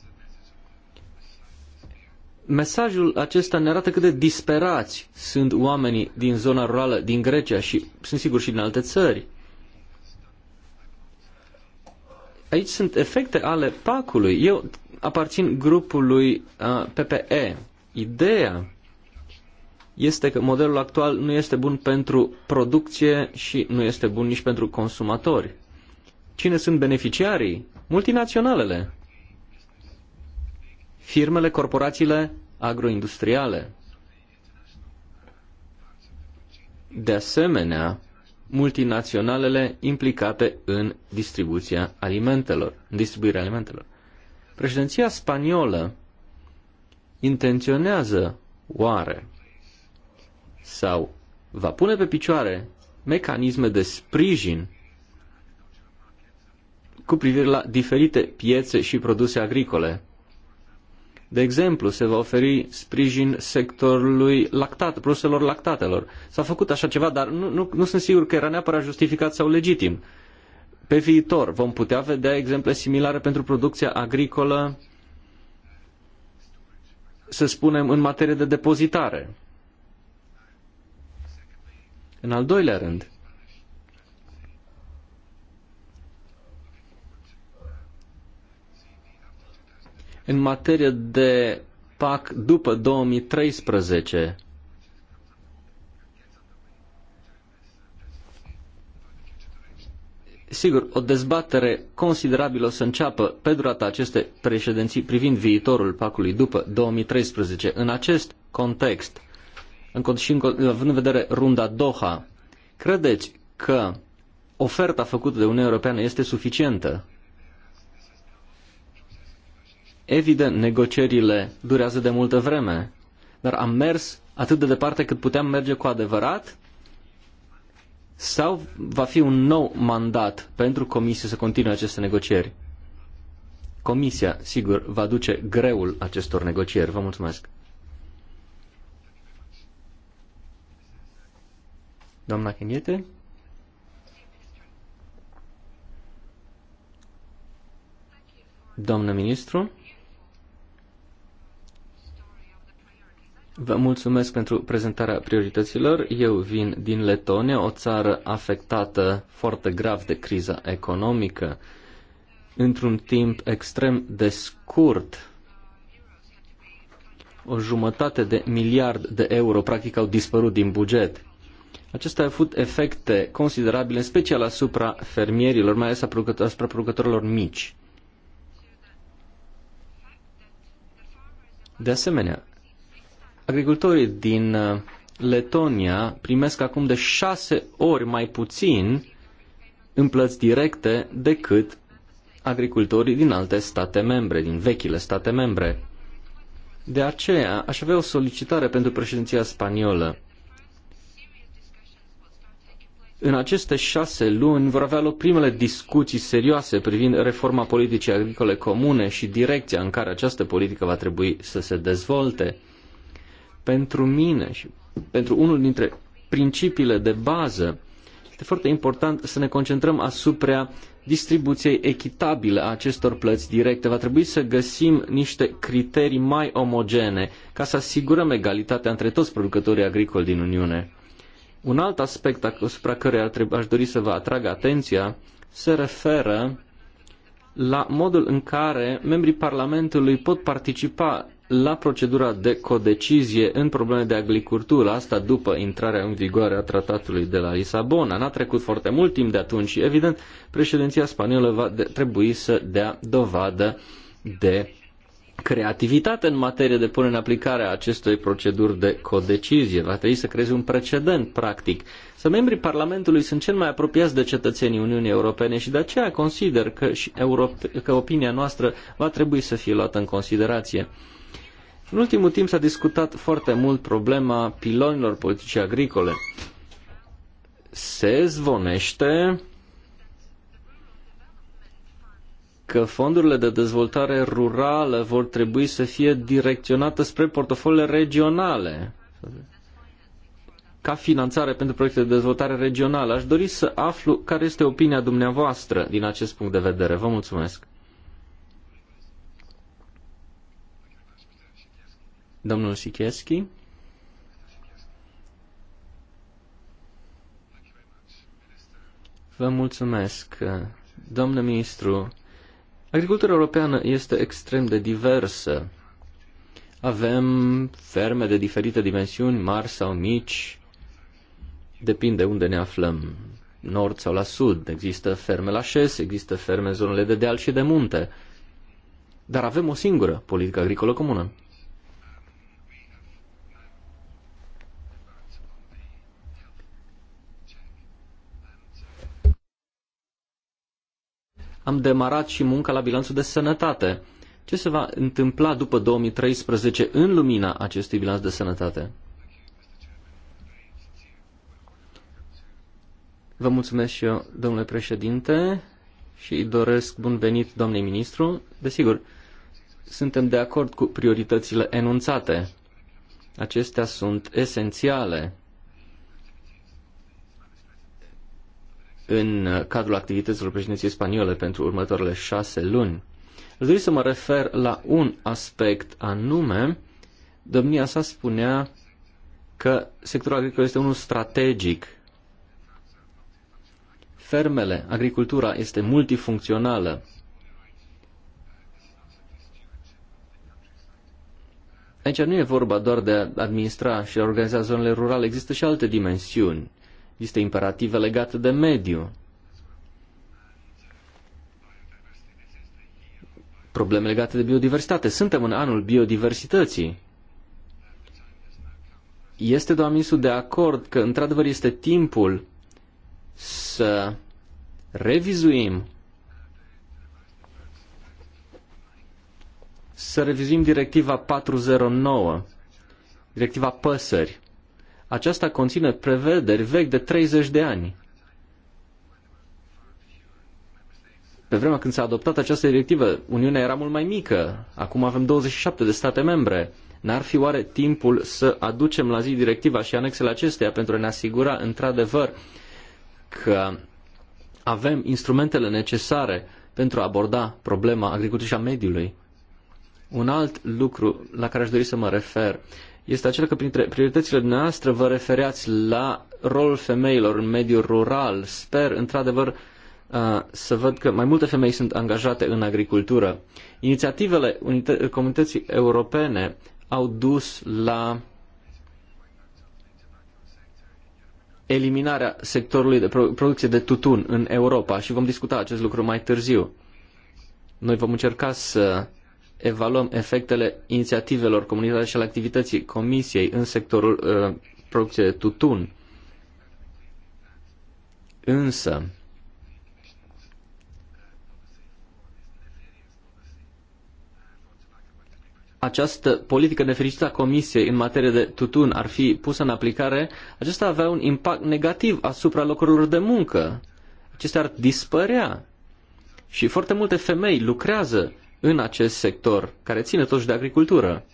Mesajul acesta ne arată cât de disperați sunt oamenii din zona rurală din Grecia și sunt sigur și din alte țări. Aici sunt efecte ale pacului. Eu aparțin grupului uh, PPE. Ideea este că modelul actual nu este bun pentru producție și nu este bun nici pentru consumatori. Cine sunt beneficiarii? Multinaționalele, firmele, corporațiile agroindustriale. De asemenea, multinaționalele implicate în distribuția alimentelor, în distribuirea alimentelor. Președinția spaniolă intenționează oare sau va pune pe picioare mecanisme de sprijin cu privire la diferite piețe și produse agricole. De exemplu, se va oferi sprijin sectorului lactat, produselor lactatelor. S-a făcut așa ceva, dar nu, nu, nu sunt sigur că era neapărat justificat sau legitim. Pe viitor vom putea vedea exemple similare pentru producția agricolă, să spunem, în materie de depozitare în al doilea rând, în materie de PAC după 2013, Sigur, o dezbatere considerabilă o să înceapă pe durata acestei președinții privind viitorul pacului după 2013. În acest context, în, și în, având în vedere runda Doha, credeți că oferta făcută de Uniunea Europeană este suficientă? Evident, negocierile durează de multă vreme, dar am mers atât de departe cât puteam merge cu adevărat? Sau va fi un nou mandat pentru Comisie să continue aceste negocieri? Comisia, sigur, va duce greul acestor negocieri. Vă mulțumesc. Doamna Kenyete. Doamna ministru? Vă mulțumesc pentru prezentarea priorităților. Eu vin din Letonia, o țară afectată foarte grav de criza economică. Într-un timp extrem de scurt, o jumătate de miliard de euro practic au dispărut din buget. Acestea au avut efecte considerabile, în special asupra fermierilor, mai ales asupra producătorilor mici. De asemenea, agricultorii din uh, Letonia primesc acum de șase ori mai puțin în plăți directe decât agricultorii din alte state membre, din vechile state membre. De aceea, aș avea o solicitare pentru președinția spaniolă. În aceste șase luni vor avea loc primele discuții serioase privind reforma politicii agricole comune și direcția în care această politică va trebui să se dezvolte. Pentru mine și pentru unul dintre principiile de bază, este foarte important să ne concentrăm asupra distribuției echitabile a acestor plăți directe. Va trebui să găsim niște criterii mai omogene ca să asigurăm egalitatea între toți producătorii agricoli din Uniune. Un alt aspect asupra căruia aș dori să vă atrag atenția se referă la modul în care membrii Parlamentului pot participa la procedura de codecizie în probleme de agricultură, asta după intrarea în vigoare a tratatului de la Lisabona. N-a trecut foarte mult timp de atunci și, evident, președinția spaniolă va de- trebui să dea dovadă de creativitate în materie de punere în aplicare a acestei proceduri de codecizie. Va trebui să creeze un precedent, practic. Să membrii Parlamentului sunt cel mai apropiați de cetățenii Uniunii Europene și de aceea consider că, și Europe, că opinia noastră va trebui să fie luată în considerație. În ultimul timp s-a discutat foarte mult problema pilonilor politice agricole. Se zvonește că fondurile de dezvoltare rurală vor trebui să fie direcționate spre portofoliile regionale ca finanțare pentru proiecte de dezvoltare regională. Aș dori să aflu care este opinia dumneavoastră din acest punct de vedere. Vă mulțumesc. Domnul Sikieski. Vă mulțumesc, domnule ministru. Agricultura europeană este extrem de diversă. Avem ferme de diferite dimensiuni, mari sau mici, depinde unde ne aflăm, nord sau la sud. Există ferme la șes, există ferme în zonele de deal și de munte. Dar avem o singură politică agricolă comună. am demarat și munca la bilanțul de sănătate. Ce se va întâmpla după 2013 în lumina acestui bilanț de sănătate? Vă mulțumesc și eu, domnule președinte, și doresc bun venit, domnule ministru. Desigur, suntem de acord cu prioritățile enunțate. Acestea sunt esențiale în cadrul activităților președinției spaniole pentru următoarele șase luni. Aș dori să mă refer la un aspect anume. Domnia sa spunea că sectorul agricol este unul strategic. Fermele, agricultura este multifuncțională. Aici nu e vorba doar de a administra și a organiza zonele rurale, există și alte dimensiuni. Este imperativ legate de mediu. Probleme legate de biodiversitate. Suntem în anul biodiversității. Este doamna ministru de acord că într-adevăr este timpul să revizuim să revizuim directiva 409, directiva păsări. Aceasta conține prevederi vechi de 30 de ani. Pe vremea când s-a adoptat această directivă, Uniunea era mult mai mică. Acum avem 27 de state membre. N-ar fi oare timpul să aducem la zi directiva și anexele acesteia pentru a ne asigura într-adevăr că avem instrumentele necesare pentru a aborda problema agriculturii și a mediului? Un alt lucru la care aș dori să mă refer este acela că printre prioritățile noastre vă refereați la rolul femeilor în mediul rural. Sper, într-adevăr, uh, să văd că mai multe femei sunt angajate în agricultură. Inițiativele comunității europene au dus la eliminarea sectorului de producție de tutun în Europa și vom discuta acest lucru mai târziu. Noi vom încerca să evaluăm efectele inițiativelor comunitare și ale activității Comisiei în sectorul uh, producției de tutun. Însă, această politică nefericită a Comisiei în materie de tutun ar fi pusă în aplicare, acesta avea un impact negativ asupra locurilor de muncă. Acestea ar dispărea. Și foarte multe femei lucrează în acest sector, care ține totuși de agricultură.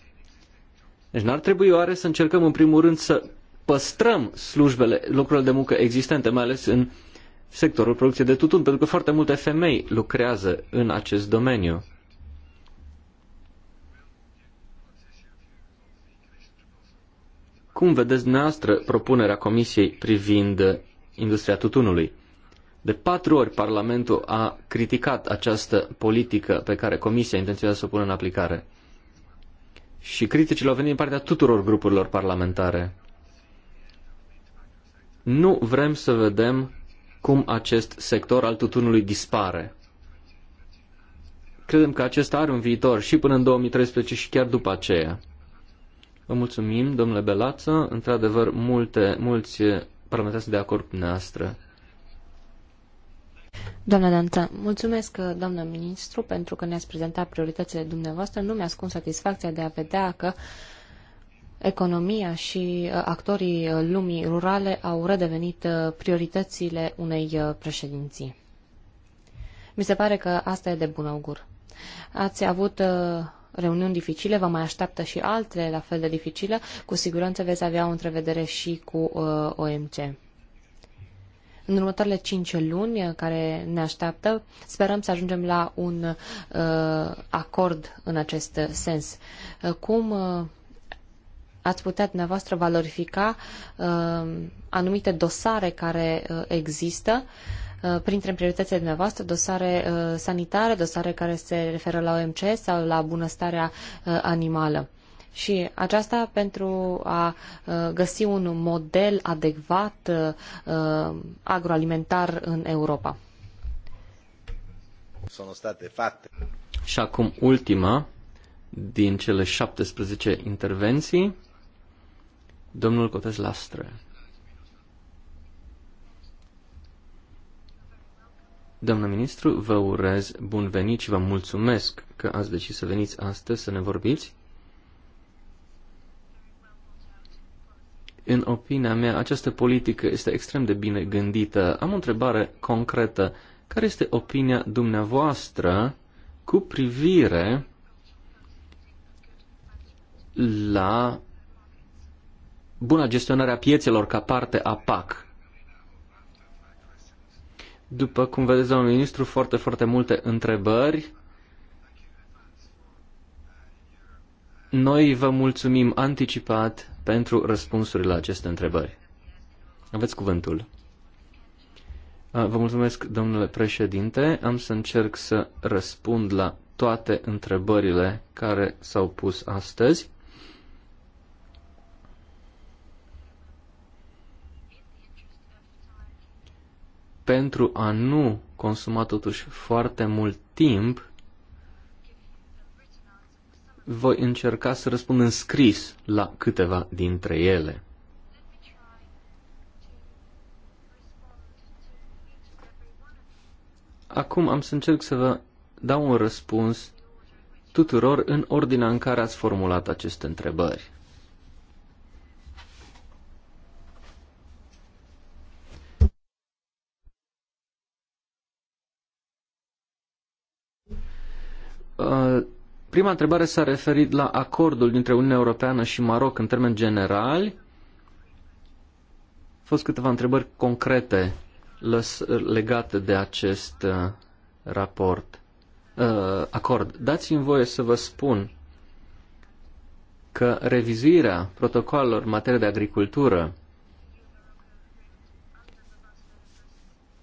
Deci n-ar trebui oare să încercăm în primul rând să păstrăm slujbele, lucrurile de muncă existente, mai ales în sectorul producției de tutun, pentru că foarte multe femei lucrează în acest domeniu. Cum vedeți dumneavoastră propunerea Comisiei privind industria tutunului? De patru ori Parlamentul a criticat această politică pe care Comisia intenționează să o pună în aplicare. Și criticile au venit din partea tuturor grupurilor parlamentare. Nu vrem să vedem cum acest sector al tutunului dispare. Credem că acesta are un viitor și până în 2013 și chiar după aceea. Vă mulțumim, domnule Belață. Într-adevăr, multe, mulți parlamentari sunt de acord cu dumneavoastră. Doamna Danța, mulțumesc, doamnă ministru, pentru că ne-ați prezentat prioritățile dumneavoastră. Nu mi-ascund satisfacția de a vedea că economia și uh, actorii uh, lumii rurale au redevenit uh, prioritățile unei președinții. Mi se pare că asta e de bun augur. Ați avut reuniuni dificile, vă mai așteaptă și altele la fel de dificile. Cu siguranță veți avea o întrevedere și cu OMC. În următoarele 5 luni care ne așteaptă, sperăm să ajungem la un uh, acord în acest sens. Uh, cum uh, ați putea dumneavoastră valorifica uh, anumite dosare care uh, există uh, printre prioritățile dumneavoastră, dosare uh, sanitare, dosare care se referă la OMC sau la bunăstarea animală. Și aceasta pentru a uh, găsi un model adecvat uh, uh, agroalimentar în Europa. Și acum ultima din cele 17 intervenții, domnul Cotes Lastre. Doamnă ministru, vă urez bun venit și vă mulțumesc că ați decis să veniți astăzi să ne vorbiți. În opinia mea, această politică este extrem de bine gândită. Am o întrebare concretă. Care este opinia dumneavoastră cu privire la buna gestionare a piețelor ca parte a PAC? După cum vedeți, domnul ministru, foarte, foarte multe întrebări Noi vă mulțumim anticipat pentru răspunsurile la aceste întrebări. Aveți cuvântul. Vă mulțumesc, domnule președinte. Am să încerc să răspund la toate întrebările care s-au pus astăzi. Pentru a nu consuma totuși foarte mult timp, voi încerca să răspund în scris la câteva dintre ele. Acum am să încerc să vă dau un răspuns tuturor în ordinea în care ați formulat aceste întrebări. Uh, Prima întrebare s-a referit la acordul dintre Uniunea Europeană și Maroc în termeni generali. Au fost câteva întrebări concrete legate de acest uh, raport, uh, acord. Dați-mi voie să vă spun că revizuirea protocolelor în materie de agricultură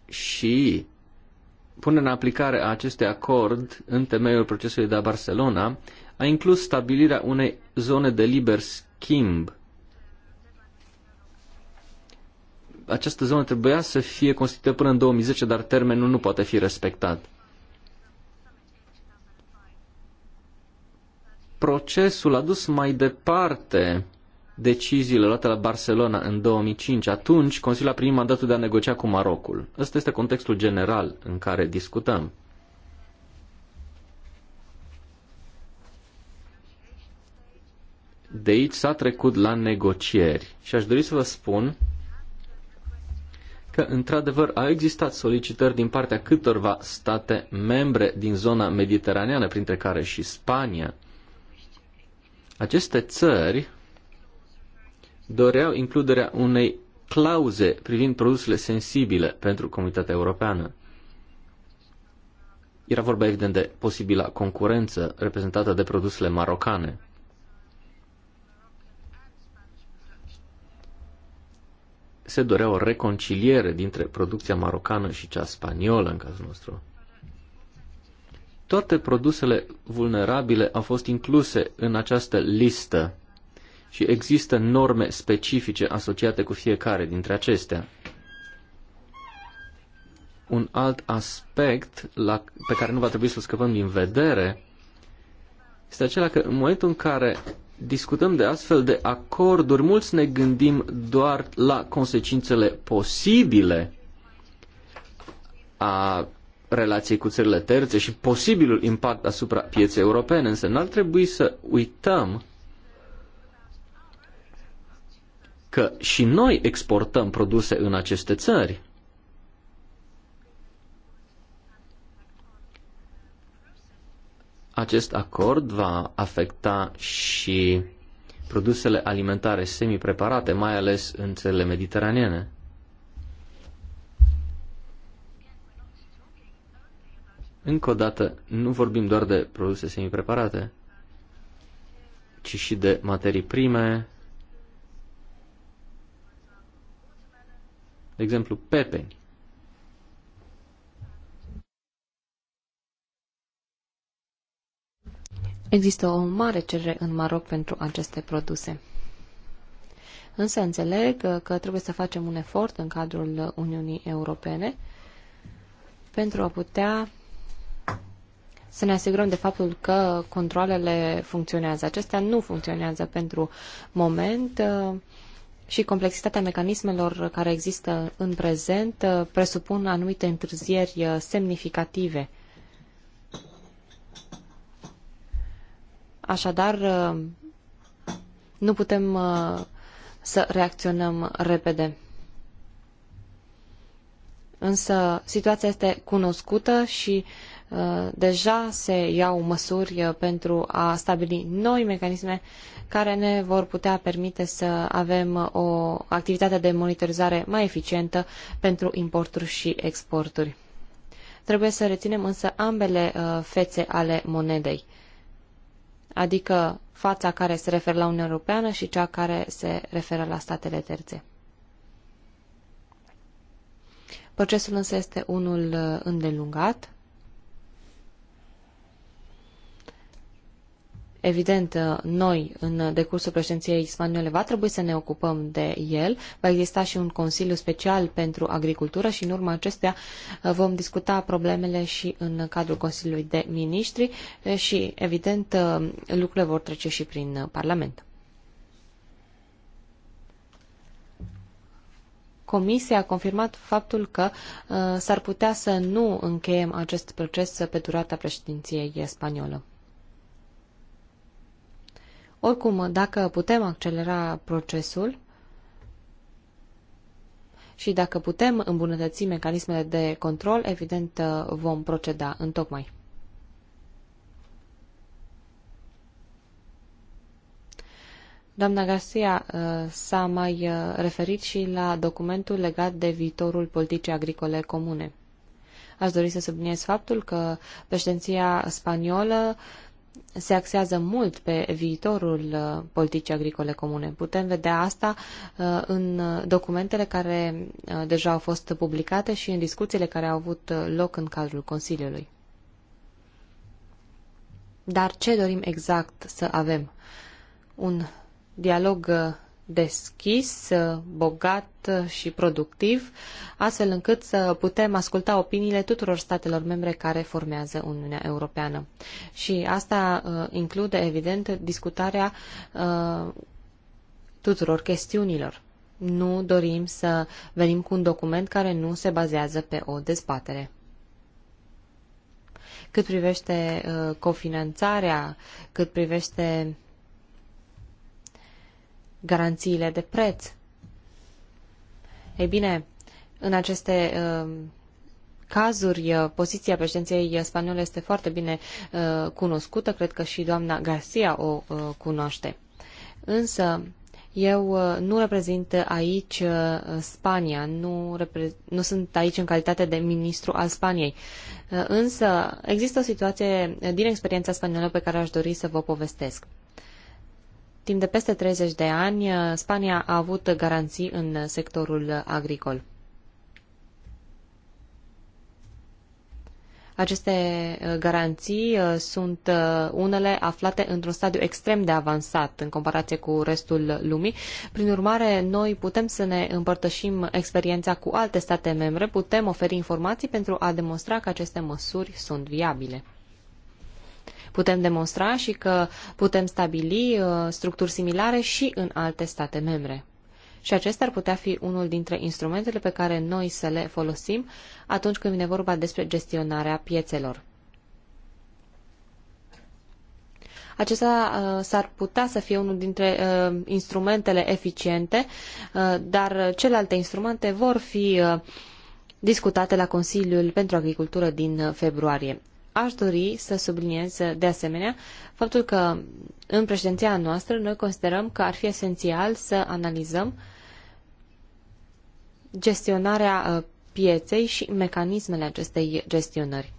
și Pune în aplicare a acestui acord în temeiul procesului de la Barcelona a inclus stabilirea unei zone de liber schimb. Această zonă trebuia să fie constituită până în 2010, dar termenul nu poate fi respectat. Procesul a dus mai departe deciziile luate la Barcelona în 2005. Atunci, Consiliul a primit mandatul de a negocia cu Marocul. Ăsta este contextul general în care discutăm. De aici s-a trecut la negocieri și aș dori să vă spun că, într-adevăr, au existat solicitări din partea câtorva state membre din zona mediteraneană, printre care și Spania. Aceste țări doreau includerea unei clauze privind produsele sensibile pentru comunitatea europeană. Era vorba evident de posibila concurență reprezentată de produsele marocane. Se dorea o reconciliere dintre producția marocană și cea spaniolă în cazul nostru. Toate produsele vulnerabile au fost incluse în această listă și există norme specifice asociate cu fiecare dintre acestea. Un alt aspect la, pe care nu va trebui să-l scăpăm din vedere este acela că în momentul în care discutăm de astfel de acorduri, mulți ne gândim doar la consecințele posibile a relației cu țările terțe și posibilul impact asupra pieței europene, însă n-ar trebui să uităm că și noi exportăm produse în aceste țări. Acest acord va afecta și produsele alimentare semi-preparate, mai ales în țările mediteraneene. Încă o dată, nu vorbim doar de produse semi-preparate, ci și de materii prime, De exemplu, pepeni. Există o mare cerere în Maroc pentru aceste produse. Însă înțeleg că trebuie să facem un efort în cadrul Uniunii Europene pentru a putea să ne asigurăm de faptul că controlele funcționează. Acestea nu funcționează pentru moment și complexitatea mecanismelor care există în prezent uh, presupun anumite întârzieri uh, semnificative. Așadar, uh, nu putem să reacționăm repede. Însă situația este cunoscută și Uh, deja se iau măsuri uh, pentru a stabili noi mecanisme care ne vor putea permite să avem uh, o activitate de monitorizare mai eficientă pentru importuri și exporturi. Trebuie să reținem însă ambele fețe ale monedei, adică fața care se referă la Uniunea Europeană și cea care se referă la statele terțe. Procesul însă este unul îndelungat Evident, uh, noi, în decursul președinției spaniole, va trebui să ne ocupăm de el. Va exista și un Consiliu special pentru agricultură și în urma acestea uh, vom discuta problemele și în cadrul Consiliului de Ministri uh, și, evident, lucrurile vor trece și prin Parlament. Comisia a confirmat faptul că uh, s-ar putea să nu încheiem acest proces pe durata președinției spaniolă. Oricum, dacă putem accelera procesul și dacă putem îmbunătăți mecanismele de control, evident uh, vom proceda în tocmai. Doamna Garcia uh, s-a mai uh, referit și la documentul legat de viitorul politicii agricole comune. Aș dori să subliniez faptul că președinția spaniolă se axează mult pe viitorul uh, politicii agricole comune. Putem vedea asta uh, în documentele care uh, deja au fost publicate și în discuțiile care au avut loc în cadrul Consiliului. Dar ce dorim exact să avem? Un dialog deschis, uh, bogat și productiv, astfel încât să putem asculta opiniile tuturor statelor membre care formează Uniunea Europeană. Și asta uh, include, evident, discutarea uh, tuturor chestiunilor. Nu dorim să venim cu un document care nu se bazează pe o dezbatere. Cât privește cofinanțarea, cât privește uh, garanțiile de preț. Ei bine, în aceste uh, cazuri, uh, poziția președinției spaniole este foarte bine uh, cunoscută, cred că și doamna Garcia o uh, cunoaște. Însă, eu uh, nu reprezint aici uh, Spania, nu, repre- nu sunt aici în calitate de ministru al Spaniei. Însă există o situație din experiența spaniolă pe care aș dori să vă povestesc. Timp de peste 30 de ani, uh, Spania a avut garanții în sectorul agricol. Aceste uh, garanții uh, sunt unele aflate într-un stadiu extrem de avansat în comparație cu restul lumii. Prin urmare, noi putem să ne împărtășim experiența cu alte state membre, putem oferi informații pentru a demonstra că aceste măsuri sunt viabile putem demonstra și că putem stabili uh, structuri similare și în alte state membre. Și acesta ar putea fi unul dintre instrumentele pe care noi să le folosim atunci când vine vorba despre gestionarea piețelor. acesta uh, s-ar putea să fie unul dintre uh, instrumentele eficiente, uh, dar celelalte instrumente vor fi uh, discutate la Consiliul pentru Agricultură din februarie. Aș dori să subliniez de asemenea faptul că în președinția noastră noi considerăm că ar fi esențial să analizăm gestionarea uh, pieței și mecanismele acestei gestionări.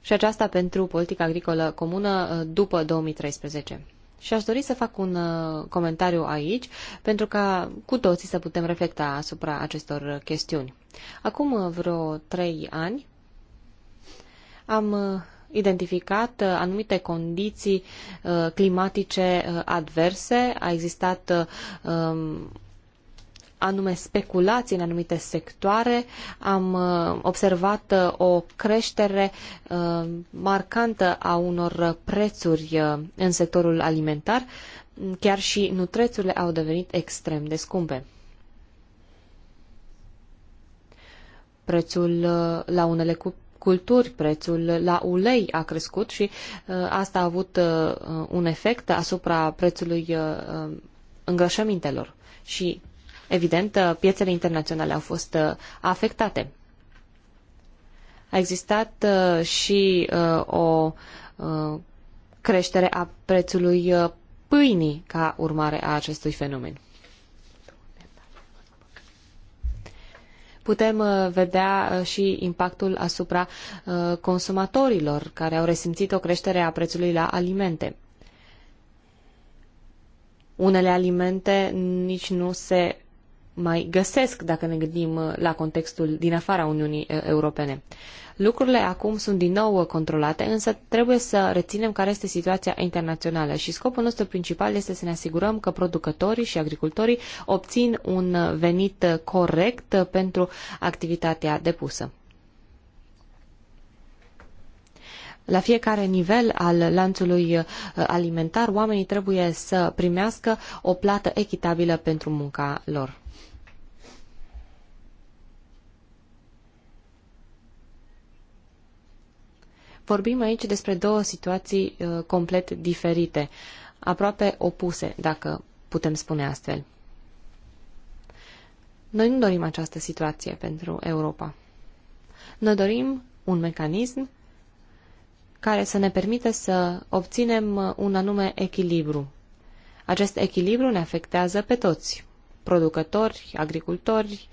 Și aceasta pentru politica agricolă comună uh, după 2013. Și aș dori să fac un uh, comentariu aici, pentru ca cu toții să putem reflecta asupra acestor chestiuni. Acum vreo trei ani, am uh, identificat uh, anumite condiții uh, climatice adverse, a existat um, anume speculații în anumite sectoare, am observat o creștere marcantă a unor prețuri în sectorul alimentar, chiar și nutrețurile au devenit extrem de scumpe. Prețul la unele cupe culturi, prețul la ulei a crescut și uh, asta a avut uh, uh, un efect asupra prețului îngrășămintelor. Și, evident, piețele internaționale au fost afectate. A existat și o creștere a prețului pâinii ca urmare a acestui fenomen. putem uh, vedea uh, și impactul asupra uh, consumatorilor care au resimțit o creștere a prețului la alimente. Unele alimente nici nu se mai găsesc dacă ne gândim uh, la contextul din afara Uniunii uh, Europene. Lucrurile acum sunt din nou uh, controlate, însă trebuie să reținem care este situația internațională și scopul nostru principal este să ne asigurăm că producătorii și agricultorii obțin un venit corect pentru activitatea depusă. La fiecare nivel al lanțului alimentar, oamenii trebuie să primească o plată echitabilă pentru munca lor. Vorbim aici despre două situații uh, complet diferite, aproape opuse, dacă putem spune astfel. Noi nu dorim această situație pentru Europa. Noi dorim un mecanism care să ne permită să obținem uh, un anume echilibru. Acest echilibru ne afectează pe toți, producători, agricultori,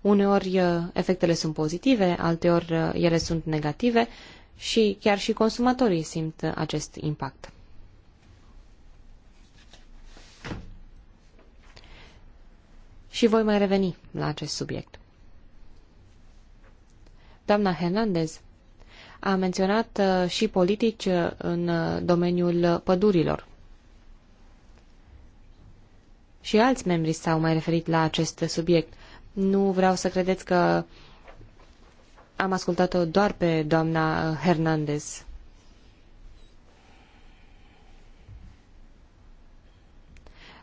uneori uh, efectele sunt pozitive, alteori uh, ele sunt negative și chiar și consumatorii simt acest impact. Și voi mai reveni la acest subiect. Doamna Hernandez a menționat uh, și politici uh, în uh, domeniul pădurilor. Și alți membri s-au mai referit la acest subiect. Nu vreau să credeți că uh, am ascultat-o doar pe doamna uh, Hernandez.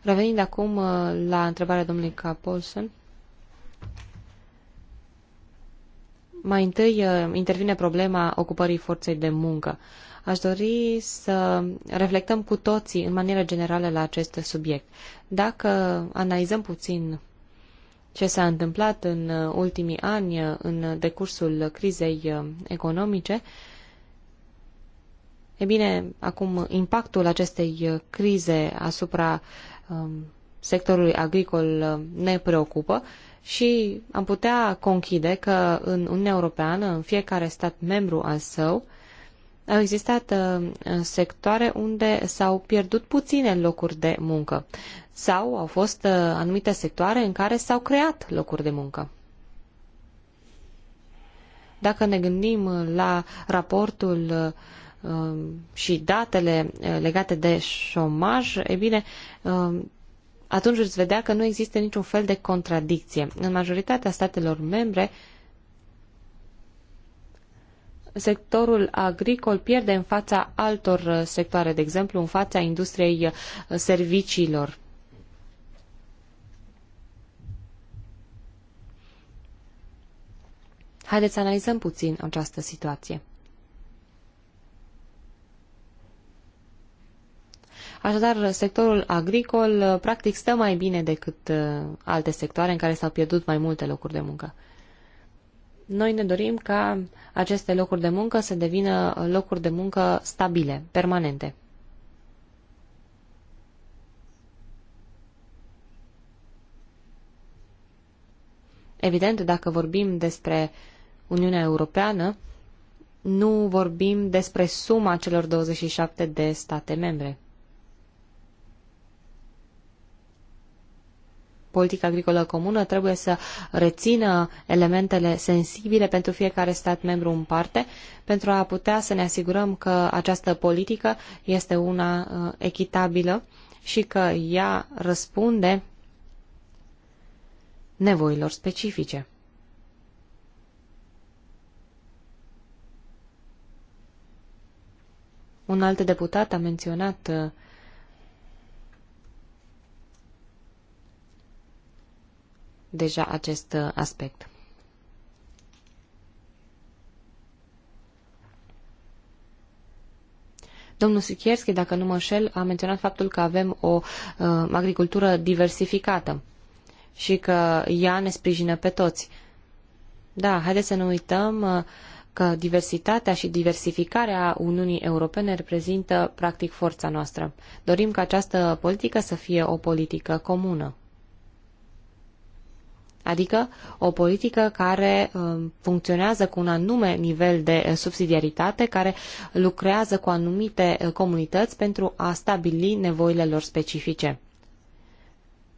Revenind acum uh, la întrebarea domnului Capolson, mai întâi uh, intervine problema ocupării forței de muncă. Aș dori să reflectăm cu toții în manieră generală la acest subiect. Dacă analizăm puțin ce s-a întâmplat în uh, ultimii ani uh, în decursul crizei uh, economice, e bine, acum impactul acestei crize asupra um, sectorului agricol ne preocupă și am putea conchide că în Uniunea Europeană, în fiecare stat membru al său, au existat uh, sectoare unde s-au pierdut puține locuri de muncă sau au fost uh, anumite sectoare în care s-au creat locuri de muncă. Dacă ne gândim uh, la raportul um, și datele legate de șomaj, e bine, um, atunci îți vedea că nu există niciun fel de contradicție. În majoritatea statelor membre, sectorul agricol pierde în fața altor uh, sectoare, de exemplu în fața industriei uh, serviciilor. Haideți să analizăm puțin această situație. Așadar, sectorul agricol uh, practic stă mai bine decât alte sectoare în care s-au pierdut mai multe locuri de muncă. Noi ne dorim ca aceste locuri de muncă să devină locuri de muncă stabile, permanente. Evident, dacă vorbim despre Uniunea Europeană, nu vorbim despre suma celor 27 de state membre. Politica agricolă comună trebuie să rețină elementele sensibile pentru fiecare stat membru în parte, pentru a putea să ne asigurăm că această politică este una uh, echitabilă și că ea răspunde nevoilor specifice. Un alt deputat a menționat uh, deja acest uh, aspect. Domnul Sikierski, dacă nu mă înșel, a menționat faptul că avem o uh, agricultură diversificată și că ea ne sprijină pe toți. Da, haideți să nu uităm uh, că diversitatea și diversificarea Uniunii Europene reprezintă practic forța noastră. Dorim ca această politică să fie o politică comună. Adică o politică care um, funcționează cu un anume nivel de uh, subsidiaritate, care lucrează cu anumite uh, comunități pentru a stabili nevoile lor specifice.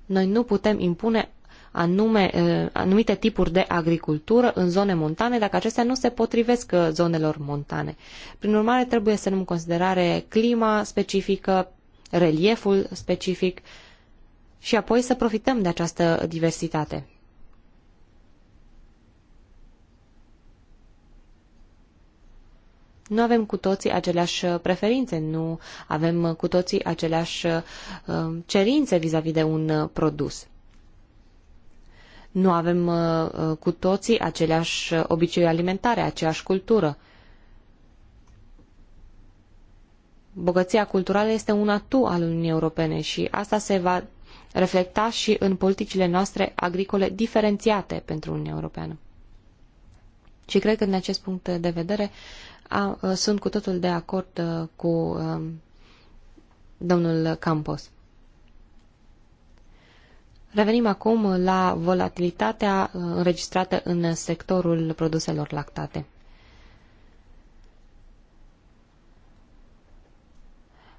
Noi nu putem impune anume, uh, anumite tipuri de agricultură în zone montane dacă acestea nu se potrivesc zonelor montane. Prin urmare, trebuie să luăm în considerare clima specifică, relieful specific și apoi să profităm de această diversitate. Nu avem cu toții aceleași uh, preferințe, nu avem uh, cu toții aceleași uh, cerințe vis-a-vis -vis de un produs. Nu avem cu toții aceleași obiceiuri alimentare, aceeași cultură. Bogăția culturală este un atu al Uniunii Europene și asta se va reflecta și în politicile noastre agricole diferențiate pentru Uniunea Europeană. Și cred că din acest punct de vedere a, sunt cu totul de acord cu domnul Campos. Revenim acum la volatilitatea înregistrată în sectorul produselor lactate.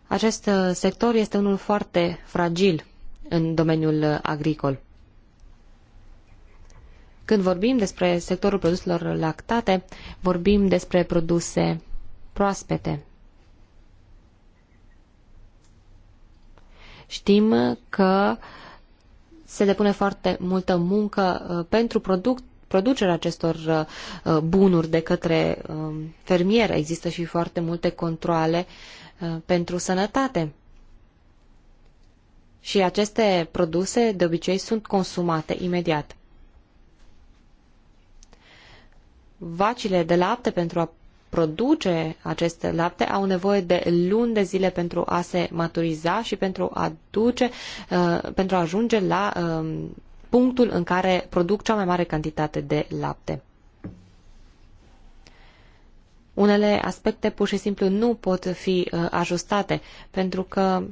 Acest sector este unul foarte fragil în domeniul agricol. Când vorbim despre sectorul produselor lactate, vorbim despre produse proaspete. Știm că se depune foarte multă muncă uh, pentru product, producerea acestor uh, uh, bunuri de către um, fermier. Există și foarte multe controle pentru sănătate. Și aceste produse de obicei sunt consumate imediat. vacile de lapte pentru a produce acest lapte au nevoie de luni de zile pentru a se maturiza și pentru a, duce, uh, pentru a ajunge la um, punctul în care produc cea mai mare cantitate de lapte. Unele aspecte pur și simplu nu pot fi uh, ajustate pentru că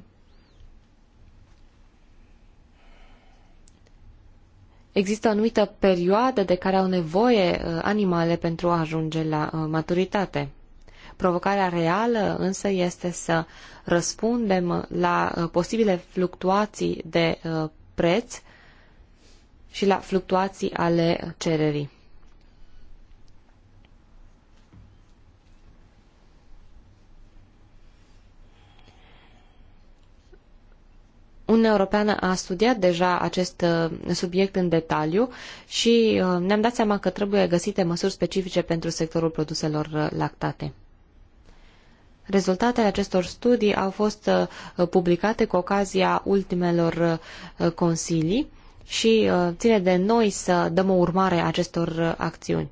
Există o anumită perioadă de care au nevoie uh, animale pentru a ajunge la uh, maturitate. Provocarea reală însă este să răspundem la uh, posibile fluctuații de preț și la fluctuații ale cererii. Uniunea Europeană a studiat deja acest uh, subiect în detaliu și uh, ne-am dat seama că trebuie găsite măsuri specifice pentru sectorul produselor uh, lactate. Rezultatele acestor studii au fost publicate cu ocazia ultimelor consilii și ține de noi să dăm o urmare acestor acțiuni.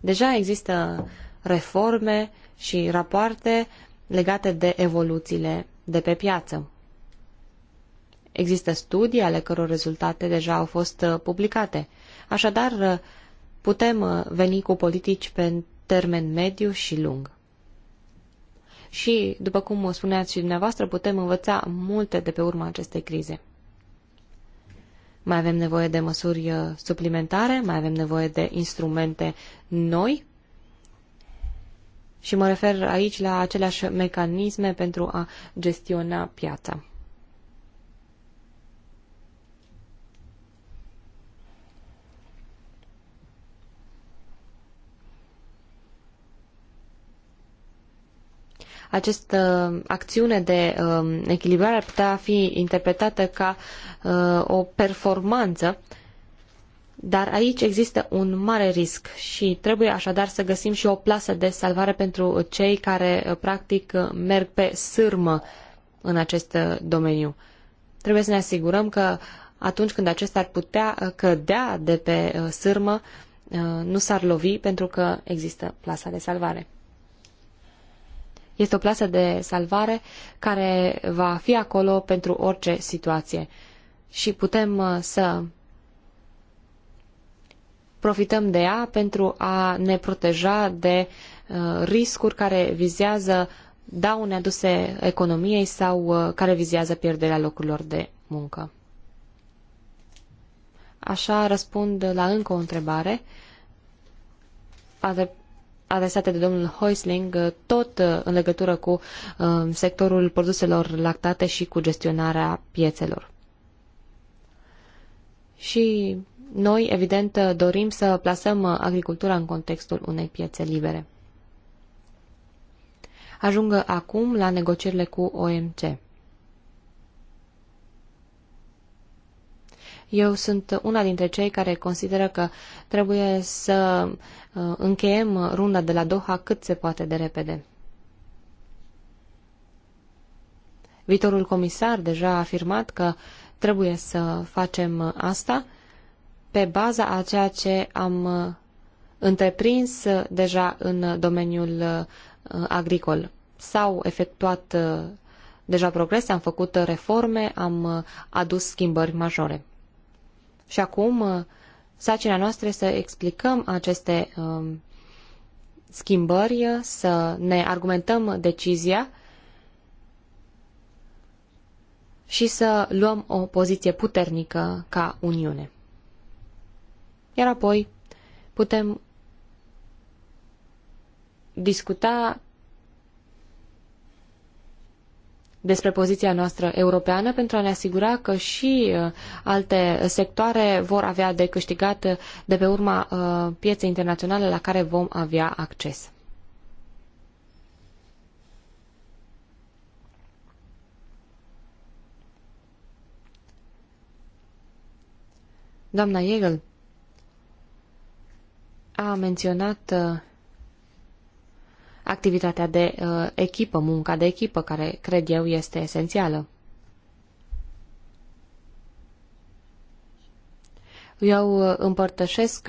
Deja există reforme și rapoarte legate de evoluțiile de pe piață. Există studii ale căror rezultate deja au fost uh, publicate. Așadar, uh, putem uh, veni cu politici pe termen mediu și lung. Și, după cum spuneați și dumneavoastră, putem învăța multe de pe urma acestei crize. Mai avem nevoie de măsuri suplimentare, mai avem nevoie de instrumente noi și mă refer aici la aceleași mecanisme pentru a gestiona piața. această uh, acțiune de uh, echilibrare ar putea fi interpretată ca uh, o performanță uh, dar aici există un mare risc și trebuie așadar să găsim și o plasă de salvare pentru cei care uh, practic uh, merg pe sârmă în acest uh, domeniu. Trebuie să ne asigurăm că atunci când acesta ar putea cădea de pe sârmă, nu s-ar lovi pentru că există plasa de salvare. Este o plasă de salvare care va fi acolo pentru orice situație și putem să profităm de ea pentru a ne proteja de uh, riscuri care vizează daune aduse economiei sau uh, care vizează pierderea locurilor de muncă. Așa răspund la încă o întrebare adresată de domnul Hoisling, uh, tot în legătură cu sectorul produselor lactate și cu gestionarea piețelor. Și noi, evident, dorim să plasăm agricultura în contextul unei piețe libere. Ajungă acum la negocierile cu OMC. Eu sunt una dintre cei care consideră că trebuie să uh, încheiem runda de la Doha cât se poate de repede. Viitorul comisar deja a afirmat că trebuie să facem asta pe baza a ceea ce am uh, întreprins uh, deja în uh, domeniul agricol. S-au efectuat deja progrese, am făcut reforme, am adus schimbări majore. Și acum sacina noastră este să explicăm aceste um, schimbări, să ne argumentăm decizia și să luăm o poziție puternică ca Uniune iar apoi putem discuta despre poziția noastră europeană pentru a ne asigura că și uh, alte sectoare vor avea de câștigat uh, de pe urma uh, pieței internaționale la care vom avea acces. Doamna Iegel, a menționat uh, activitatea de uh, echipă, munca de echipă, care cred eu este esențială. Eu uh, împărtășesc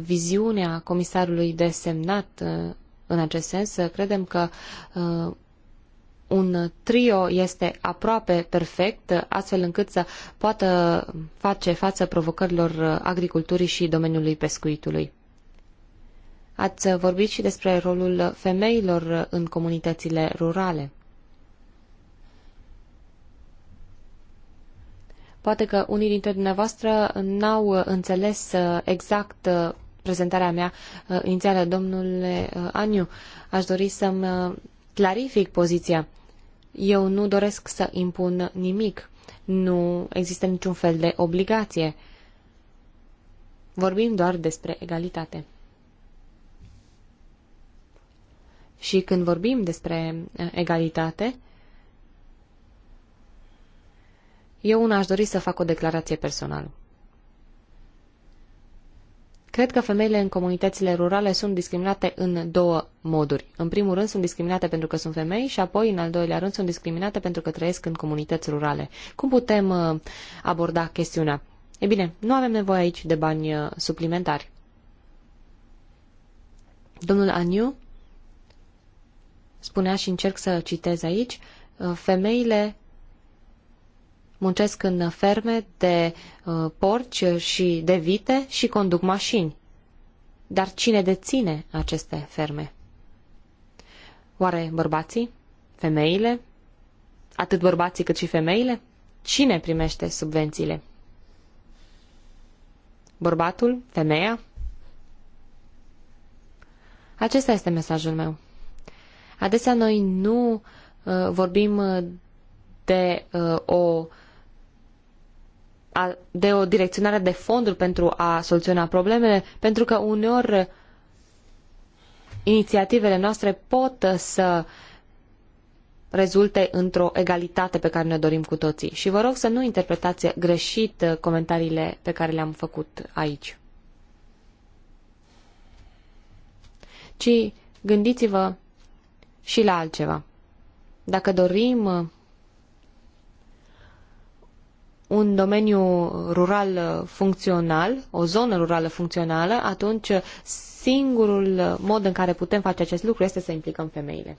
viziunea comisarului desemnat în acest sens. Credem că un trio este aproape perfect, astfel încât să poată face față provocărilor agriculturii și domeniului pescuitului. Ați vorbit și despre rolul femeilor în comunitățile rurale. Poate că unii dintre dumneavoastră n-au înțeles exact prezentarea mea uh, inițială, domnule uh, Aniu. Aș dori să-mi uh, clarific poziția. Eu nu doresc să impun nimic. Nu există niciun fel de obligație. Vorbim doar despre egalitate. Și când vorbim despre uh, egalitate, eu una aș dori să fac o declarație personală. Cred că femeile în comunitățile rurale sunt discriminate în două moduri. În primul rând sunt discriminate pentru că sunt femei și apoi, în al doilea rând, sunt discriminate pentru că trăiesc în comunități rurale. Cum putem uh, aborda chestiunea? E bine, nu avem nevoie aici de bani uh, suplimentari. Domnul Aniu spunea și încerc să citez aici, uh, femeile muncesc în ferme de uh, porci și de vite și conduc mașini. Dar cine deține aceste ferme? Oare bărbații? Femeile? Atât bărbații cât și femeile? Cine primește subvențiile? Bărbatul? Femeia? Acesta este mesajul meu. Adesea noi nu uh, vorbim uh, de uh, o de o direcționare de fonduri pentru a soluționa problemele, pentru că uneori inițiativele noastre pot să rezulte într-o egalitate pe care ne dorim cu toții. Și vă rog să nu interpretați greșit comentariile pe care le-am făcut aici. Ci gândiți-vă și la altceva. Dacă dorim uh, un domeniu rural uh, funcțional, o zonă rurală funcțională, atunci uh, singurul mod în care putem face acest lucru este să implicăm femeile.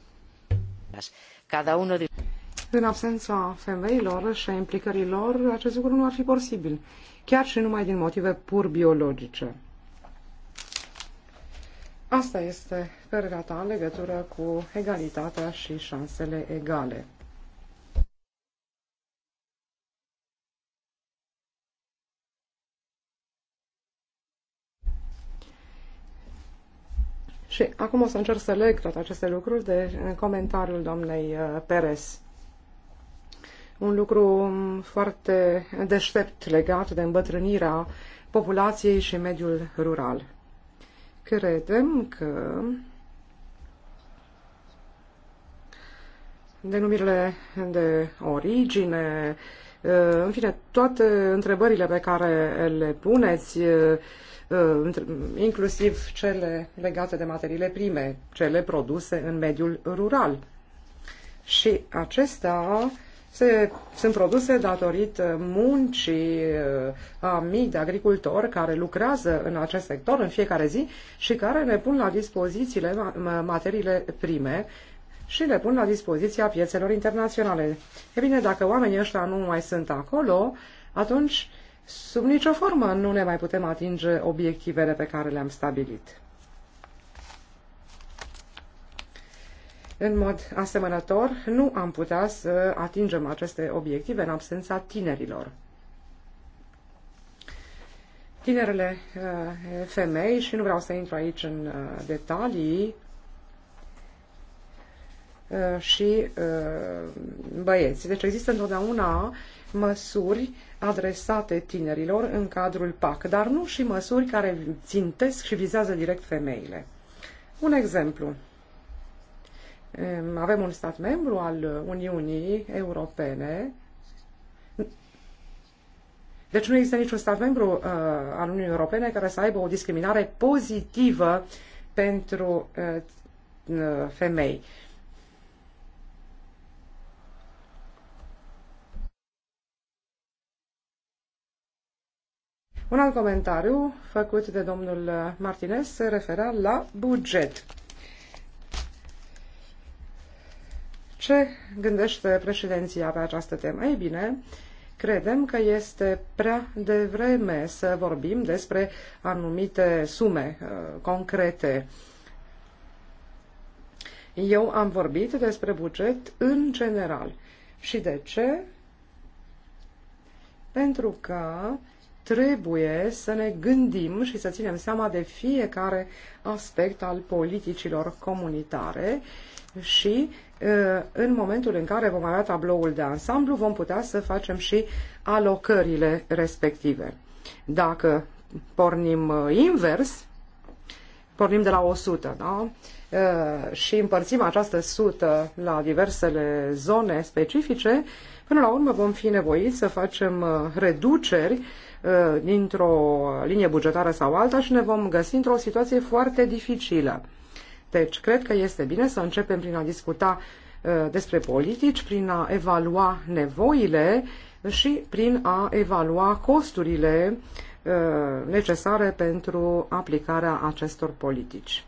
Cada uno de... În absența femeilor și a implicării lor, acest lucru nu ar fi posibil, chiar și numai din motive pur biologice. Asta este părerea ta în legătură cu egalitatea și șansele egale. Și acum o să încerc să leg toate aceste lucruri de comentariul doamnei uh, Perez. Un lucru um, foarte deștept legat de îmbătrânirea populației și mediul rural. Credem că denumirile de origine, uh, în fine, toate întrebările pe care le puneți, uh, uh, inclusiv cele legate de materiile prime, cele produse în mediul rural. Și acestea se, sunt produse datorită muncii uh, a mii de agricultori care lucrează în acest sector în fiecare zi și care ne pun la dispozițiile materiile prime și le pun la dispoziția piețelor internaționale. E bine, dacă oamenii ăștia nu mai sunt acolo, atunci, sub nicio formă, nu ne mai putem atinge obiectivele pe care le-am stabilit. În mod asemănător, nu am putea să atingem aceste obiective în absența tinerilor. Tinerele uh, femei, și nu vreau să intru aici în uh, detalii, uh, și băieți. Deci există întotdeauna măsuri adresate tinerilor în cadrul PAC, dar nu și măsuri care țintesc și vizează direct femeile. Un exemplu avem un stat membru al Uniunii Europene. Deci nu există niciun stat membru uh, al Uniunii Europene care să aibă o discriminare pozitivă pentru uh, uh femei. Un alt comentariu făcut de domnul Martinez se referea la buget. Ce gândește președinția pe această temă? Ei bine, credem că este prea devreme să vorbim despre anumite sume uh, concrete. Eu am vorbit despre buget în general. Și de ce? Pentru că trebuie să ne gândim și să ținem seama de fiecare aspect al politicilor comunitare și uh, în momentul în care vom avea tabloul de ansamblu, vom putea să facem și alocările respective. Dacă pornim uh, invers, pornim de la 100, da? Uh, și împărțim această 100 la diversele zone specifice, până la urmă vom fi nevoiți să facem reduceri Uh, dintr-o linie bugetară sau alta și ne vom găsi într-o situație foarte dificilă. Deci, cred că este bine să începem prin a discuta uh, despre politici, prin a evalua nevoile și prin a evalua costurile uh, necesare pentru aplicarea acestor politici.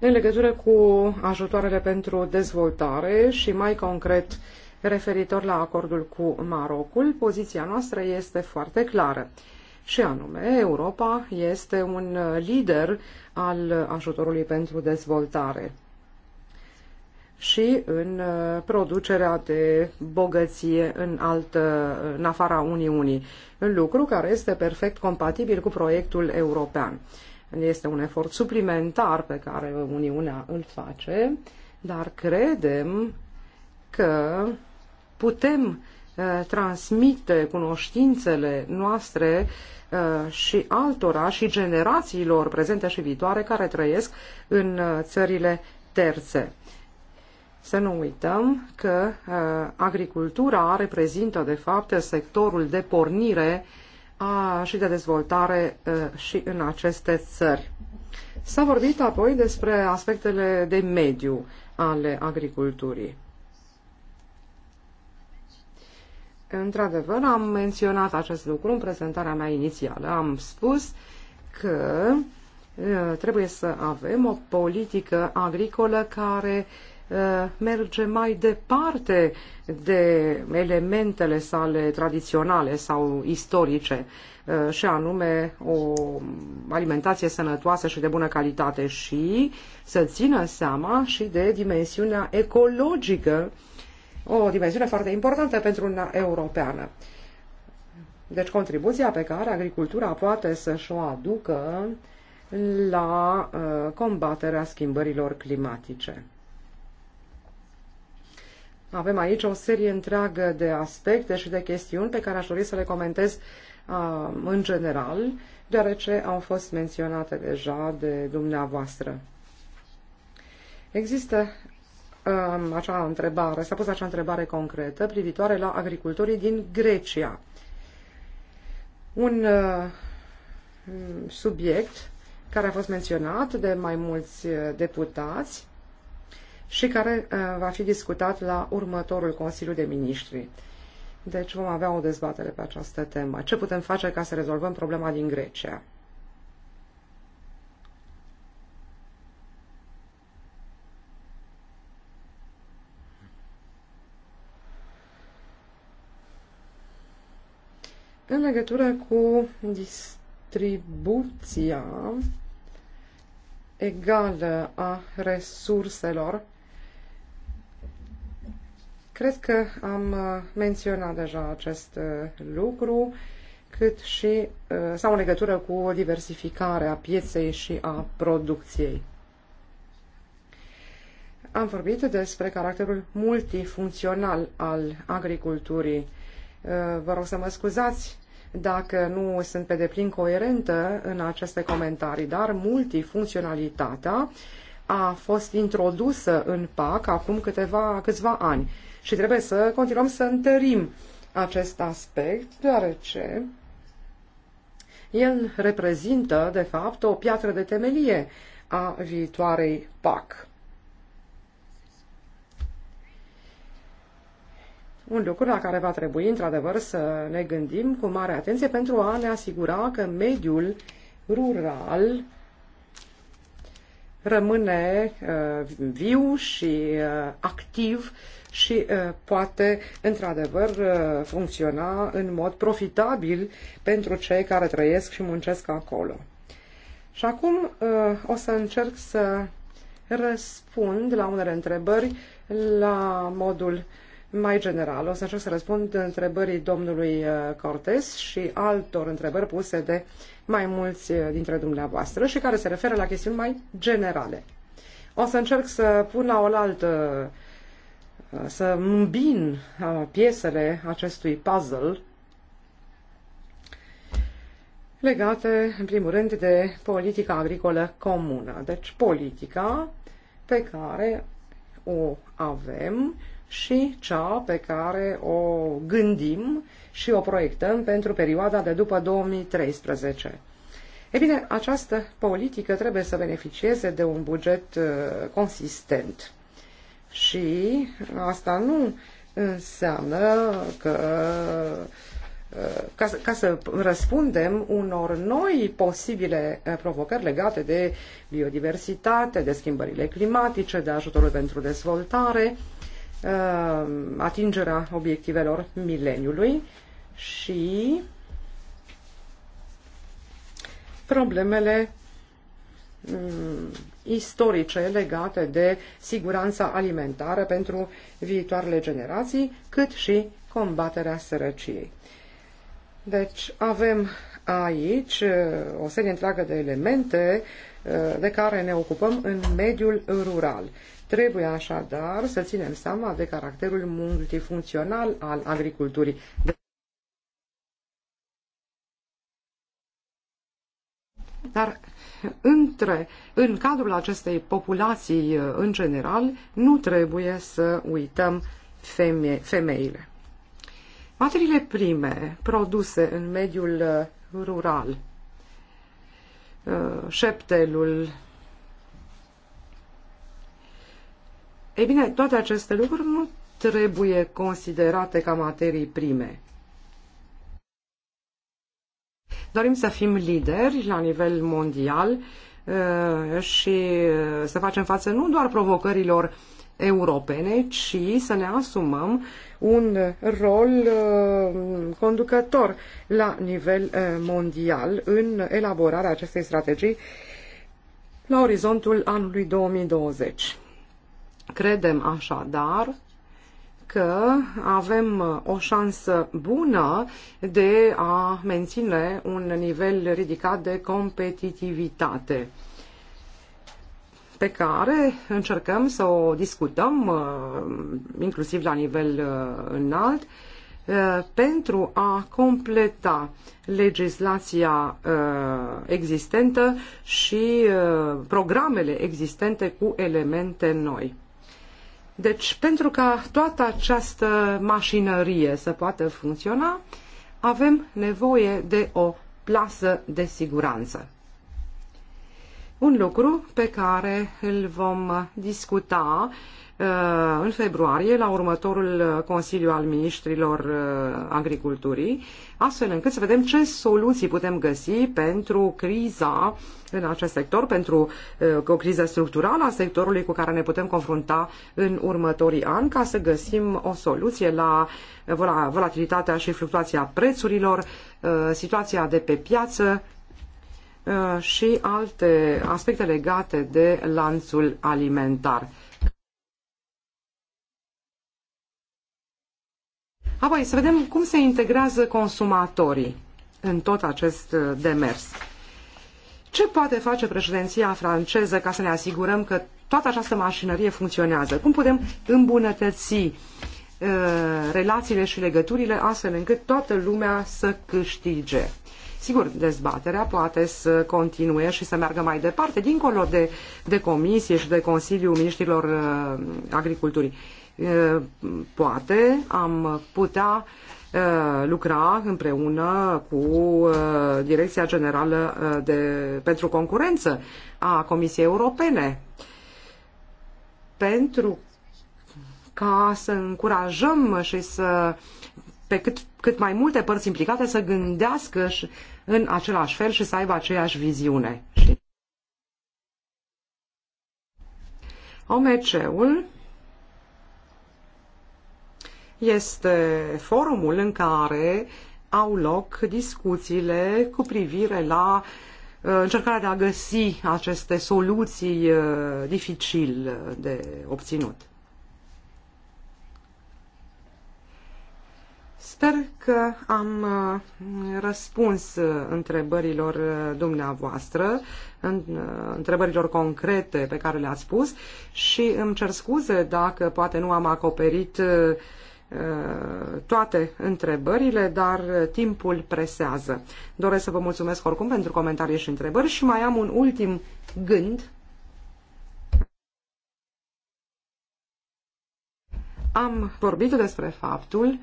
în legătură cu ajutoarele pentru dezvoltare și mai concret referitor la acordul cu Marocul, poziția noastră este foarte clară. Și anume, Europa este un lider al ajutorului pentru dezvoltare și în producerea de bogăție în, altă, în afara Uniunii, un lucru care este perfect compatibil cu proiectul european. Este un efort suplimentar pe care Uniunea îl face, dar credem că putem uh, transmite cunoștințele noastre uh, și altora și generațiilor prezente și viitoare care trăiesc în uh, țările terțe. Să nu uităm că agricultura reprezintă, de fapt, sectorul de pornire uh, a, și de dezvoltare și în aceste țări. S-a vorbit apoi despre aspectele de mediu ale agriculturii. Într-adevăr, am menționat acest lucru în prezentarea mea inițială. Am spus că trebuie să avem o politică agricolă care Eh, merge mai departe de elementele sale tradiționale sau istorice eh, și anume o alimentație sănătoasă și de bună calitate și să țină seama și de dimensiunea ecologică, o dimensiune foarte importantă pentru una europeană. Deci contribuția pe care agricultura poate să-și o aducă la eh, combaterea schimbărilor climatice. Avem aici o serie întreagă de aspecte și de chestiuni pe care aș dori să le comentez uh, în general, deoarece au fost menționate deja de dumneavoastră. Există uh, acea întrebare, s-a pus acea întrebare concretă privitoare la agricultorii din Grecia. Un uh, subiect care a fost menționat de mai mulți deputați și care uh, va fi discutat la următorul Consiliu de Ministri. Deci vom avea o dezbatere pe această temă. Ce putem face ca să rezolvăm problema din Grecia? În legătură cu distribuția egală a resurselor Cred că am uh, menționat deja acest uh, lucru, cât și uh, sau în legătură cu diversificarea pieței și a producției. Am vorbit despre caracterul multifuncțional al agriculturii. Vă rog să mă scuzați dacă nu sunt pe deplin coerentă în aceste comentarii, dar multifuncționalitatea a fost introdusă în PAC acum câteva, câțiva ani și trebuie să continuăm să întărim acest aspect, deoarece el reprezintă, de fapt, o piatră de temelie a viitoarei PAC. Un lucru la care va trebui, într-adevăr, să ne gândim cu mare atenție pentru a ne asigura că mediul rural rămâne uh, viu și uh, activ uh, și uh, poate, într-adevăr, uh, funcționa în mod profitabil pentru cei care trăiesc și muncesc acolo. Și acum uh, o să încerc să răspund la unele întrebări la modul mai general. O să încerc să răspund întrebării domnului Cortes și altor întrebări puse de mai mulți dintre dumneavoastră și care se referă la chestiuni mai generale. O să încerc să pun la oaltă uh, să îmbin uh, piesele acestui puzzle legate, în primul rând, de politica agricolă comună. Deci politica pe care o avem și cea pe care o gândim și o proiectăm pentru perioada de după 2013. E bine, această politică trebuie să beneficieze de un buget uh, consistent. Și asta nu înseamnă că ca să, ca să răspundem unor noi posibile provocări legate de biodiversitate, de schimbările climatice, de ajutorul pentru dezvoltare, uh, atingerea obiectivelor mileniului și problemele mm, istorice legate de siguranța alimentară pentru viitoarele generații, cât și combaterea sărăciei. Deci avem aici uh, o serie întreagă de elemente uh, de care ne ocupăm în mediul rural. Trebuie așadar să ținem seama de caracterul multifuncțional al agriculturii. Dar între, în cadrul acestei populații uh, în general, nu trebuie să uităm feme femeile. Materiile prime produse în mediul uh, rural, uh, șeptelul, ei bine, toate aceste lucruri nu trebuie considerate ca materii prime. Dorim să fim lideri la nivel mondial uh, și uh, să facem față nu doar provocărilor europene, ci să ne asumăm un rol uh, conducător la nivel mondial în elaborarea acestei strategii la orizontul anului 2020. Credem așadar că avem uh, o șansă bună de a menține un nivel ridicat de competitivitate pe care încercăm să o discutăm uh, inclusiv la nivel uh, înalt pentru a completa legislația existentă și programele existente cu elemente noi. Deci, pentru ca toată această mașinărie să poată funcționa, avem nevoie de o plasă de siguranță. Un lucru pe care îl vom discuta uh, Uh, în februarie la următorul uh, Consiliu al Ministrilor uh, Agriculturii, astfel încât să vedem ce soluții putem găsi pentru criza în acest sector, pentru o criză structurală a sectorului cu care ne putem confrunta în următorii ani, ca să găsim o soluție la volatilitatea și fluctuația prețurilor, situația de pe piață și alte aspecte legate de lanțul alimentar. Apoi să vedem cum se integrează consumatorii în tot acest uh, demers. Ce poate face președinția franceză ca să ne asigurăm că toată această mașinărie funcționează? Cum putem îmbunătăți uh, relațiile și legăturile astfel încât toată lumea să câștige? Sigur, dezbaterea poate să continue și să meargă mai departe, dincolo de, de comisie și de Consiliul Ministrilor uh, Agriculturii poate am putea lucra împreună cu Direcția Generală de, pentru Concurență a Comisiei Europene pentru ca să încurajăm și să pe cât, cât mai multe părți implicate să gândească și în același fel și să aibă aceeași viziune. OMC-ul este forumul în care au loc discuțiile cu privire la uh, încercarea de a găsi aceste soluții uh, dificil de obținut. Sper că am uh, răspuns întrebărilor dumneavoastră, întrebărilor concrete pe care le-ați pus și îmi cer scuze dacă poate nu am acoperit toate întrebările, dar timpul presează. Doresc să vă mulțumesc oricum pentru comentarii și întrebări și mai am un ultim gând. Am vorbit despre faptul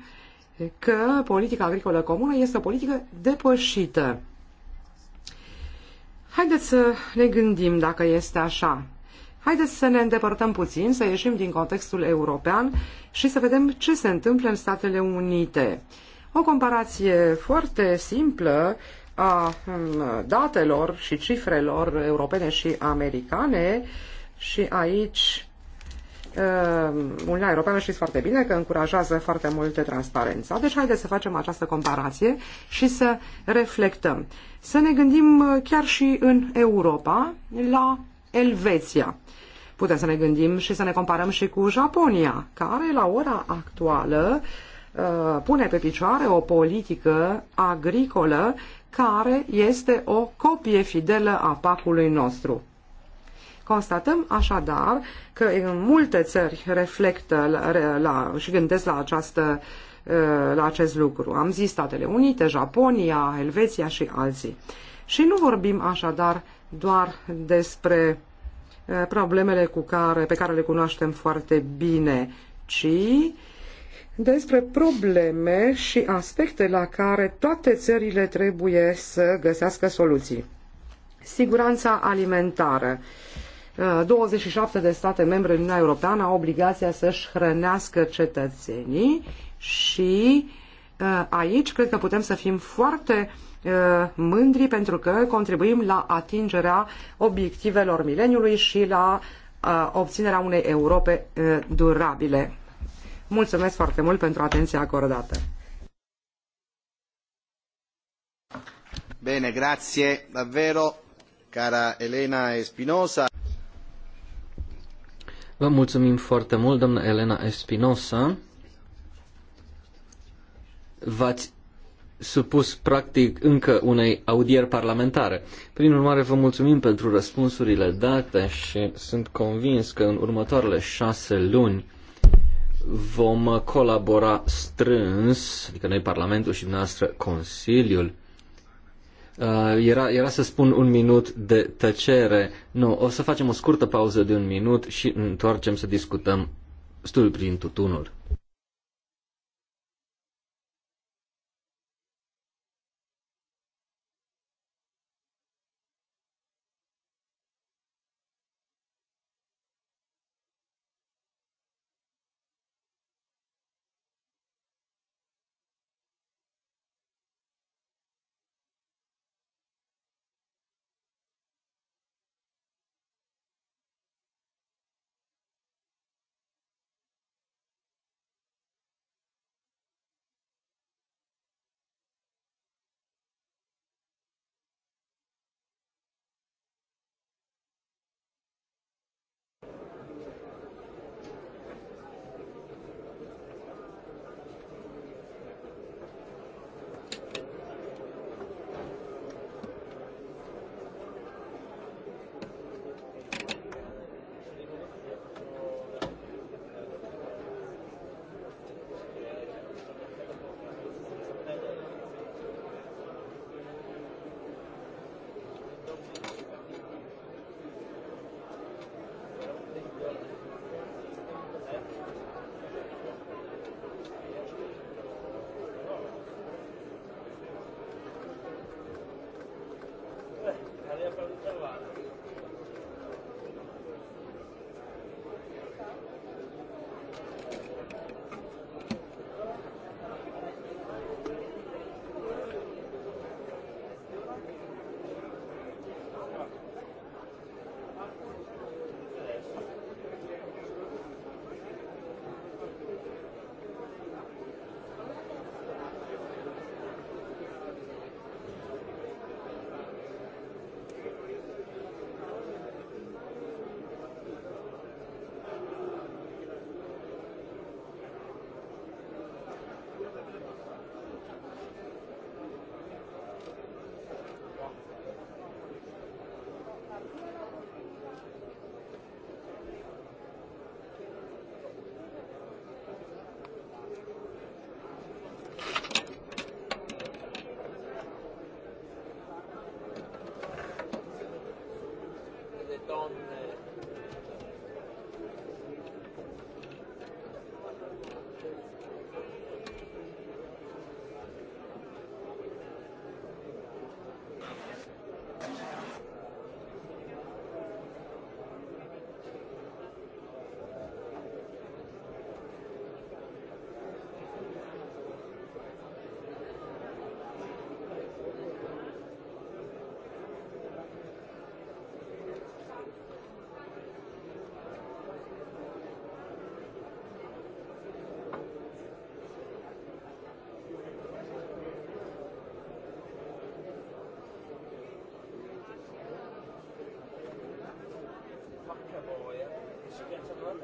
că politica agricolă comună este o politică depășită. Haideți să ne gândim dacă este așa. Haideți să ne îndepărtăm puțin, să ieșim din contextul european și să vedem ce se întâmplă în Statele Unite. O comparație foarte simplă a mm, datelor și cifrelor europene și americane și aici mm, Uniunea Europeană știți foarte bine că încurajează foarte multe transparența. Deci haideți să facem această comparație și să reflectăm. Să ne gândim mm, chiar și în Europa la Elveția. Putem să ne gândim și să ne comparăm și cu Japonia, care la ora actuală uh, pune pe picioare o politică agricolă care este o copie fidelă a pacului nostru. Constatăm așadar că în multe țări reflectă la, la, și gândesc la, această, uh, la acest lucru. Am zis Statele Unite, Japonia, Elveția și alții. Și nu vorbim așadar doar despre Eh, problemele cu care, pe care le cunoaștem foarte bine, ci despre probleme și aspecte la care toate țările trebuie să găsească soluții. Siguranța alimentară. 27 eh, de state membre în Uniunea Europeană au obligația să-și hrănească cetățenii și eh, aici cred că putem să fim foarte Uh, mândri pentru că contribuim la atingerea obiectivelor mileniului și la uh, obținerea unei Europe uh, durabile. Mulțumesc foarte mult pentru atenția acordată. Bine, grazie davvero, cara Elena Espinosa. Vă mulțumim foarte mult, doamna Elena Espinosa. V-ați supus practic încă unei audieri parlamentare. Prin urmare, vă mulțumim pentru răspunsurile date și sunt convins că în următoarele șase luni vom colabora strâns, adică noi Parlamentul și dumneavoastră Consiliul. Uh, era, era să spun un minut de tăcere. Nu, o să facem o scurtă pauză de un minut și întoarcem să discutăm studiul prin tutunul.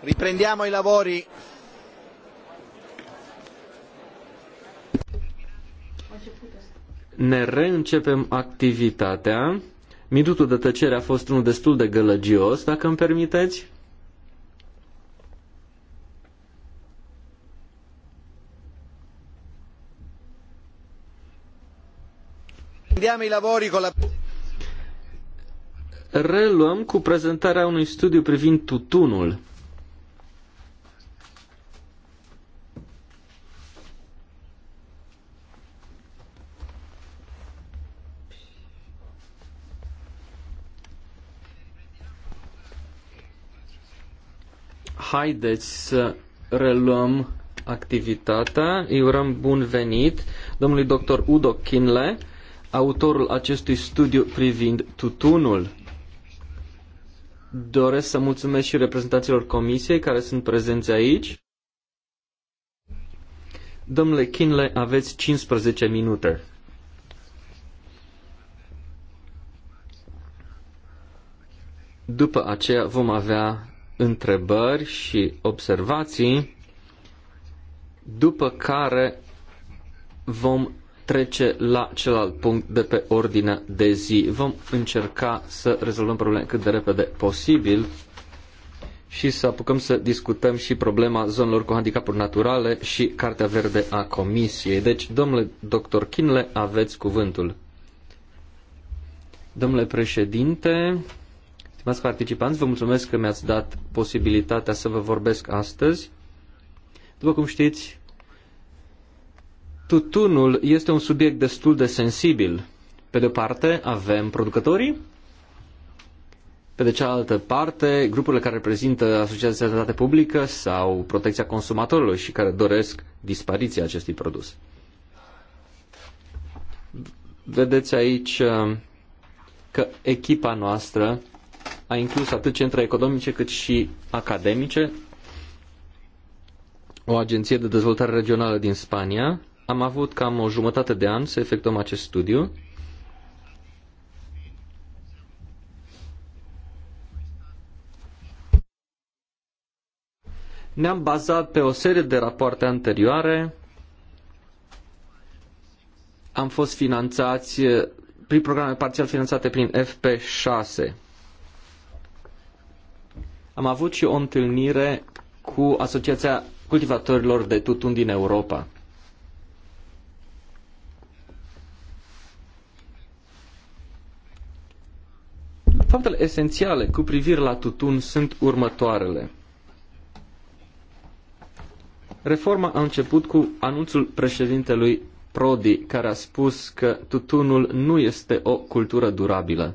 Riprendiamo i lavori. Ne reîncepem activitatea. Minutul de tăcere a fost unul destul de gălăgios, dacă îmi permiteți. Riprendiamo i lavori con la reluăm cu prezentarea unui studiu privind tutunul. haideți să reluăm activitatea. Îi urăm bun venit domnului dr. Udo Kinle, autorul acestui studiu privind tutunul. Doresc să mulțumesc și reprezentanților comisiei care sunt prezenți aici. Domnule Kinle, aveți 15 minute. După aceea vom avea întrebări și observații, după care vom trece la celălalt punct de pe ordinea de zi. Vom încerca să rezolvăm probleme cât de repede posibil și să apucăm să discutăm și problema zonelor cu handicapuri naturale și Cartea Verde a Comisiei. Deci, domnule doctor Kinle, aveți cuvântul. Domnule președinte, Stimați participanți, vă mulțumesc că mi-ați dat posibilitatea să vă vorbesc astăzi. După cum știți, tutunul este un subiect destul de sensibil. Pe de o parte avem producătorii, pe de cealaltă parte grupurile care reprezintă Asociația de Sănătate Publică sau Protecția Consumatorilor și care doresc dispariția acestui produs. Vedeți aici uh, că echipa noastră a inclus atât centre economice cât și academice, o agenție de dezvoltare regională din Spania. Am avut cam o jumătate de an să efectuăm acest studiu. Ne-am bazat pe o serie de rapoarte anterioare. Am fost finanțați prin programe parțial finanțate prin FP6 am avut și o întâlnire cu Asociația Cultivatorilor de Tutun din Europa. Faptele esențiale cu privire la tutun sunt următoarele. Reforma a început cu anunțul președintelui Prodi, care a spus că tutunul nu este o cultură durabilă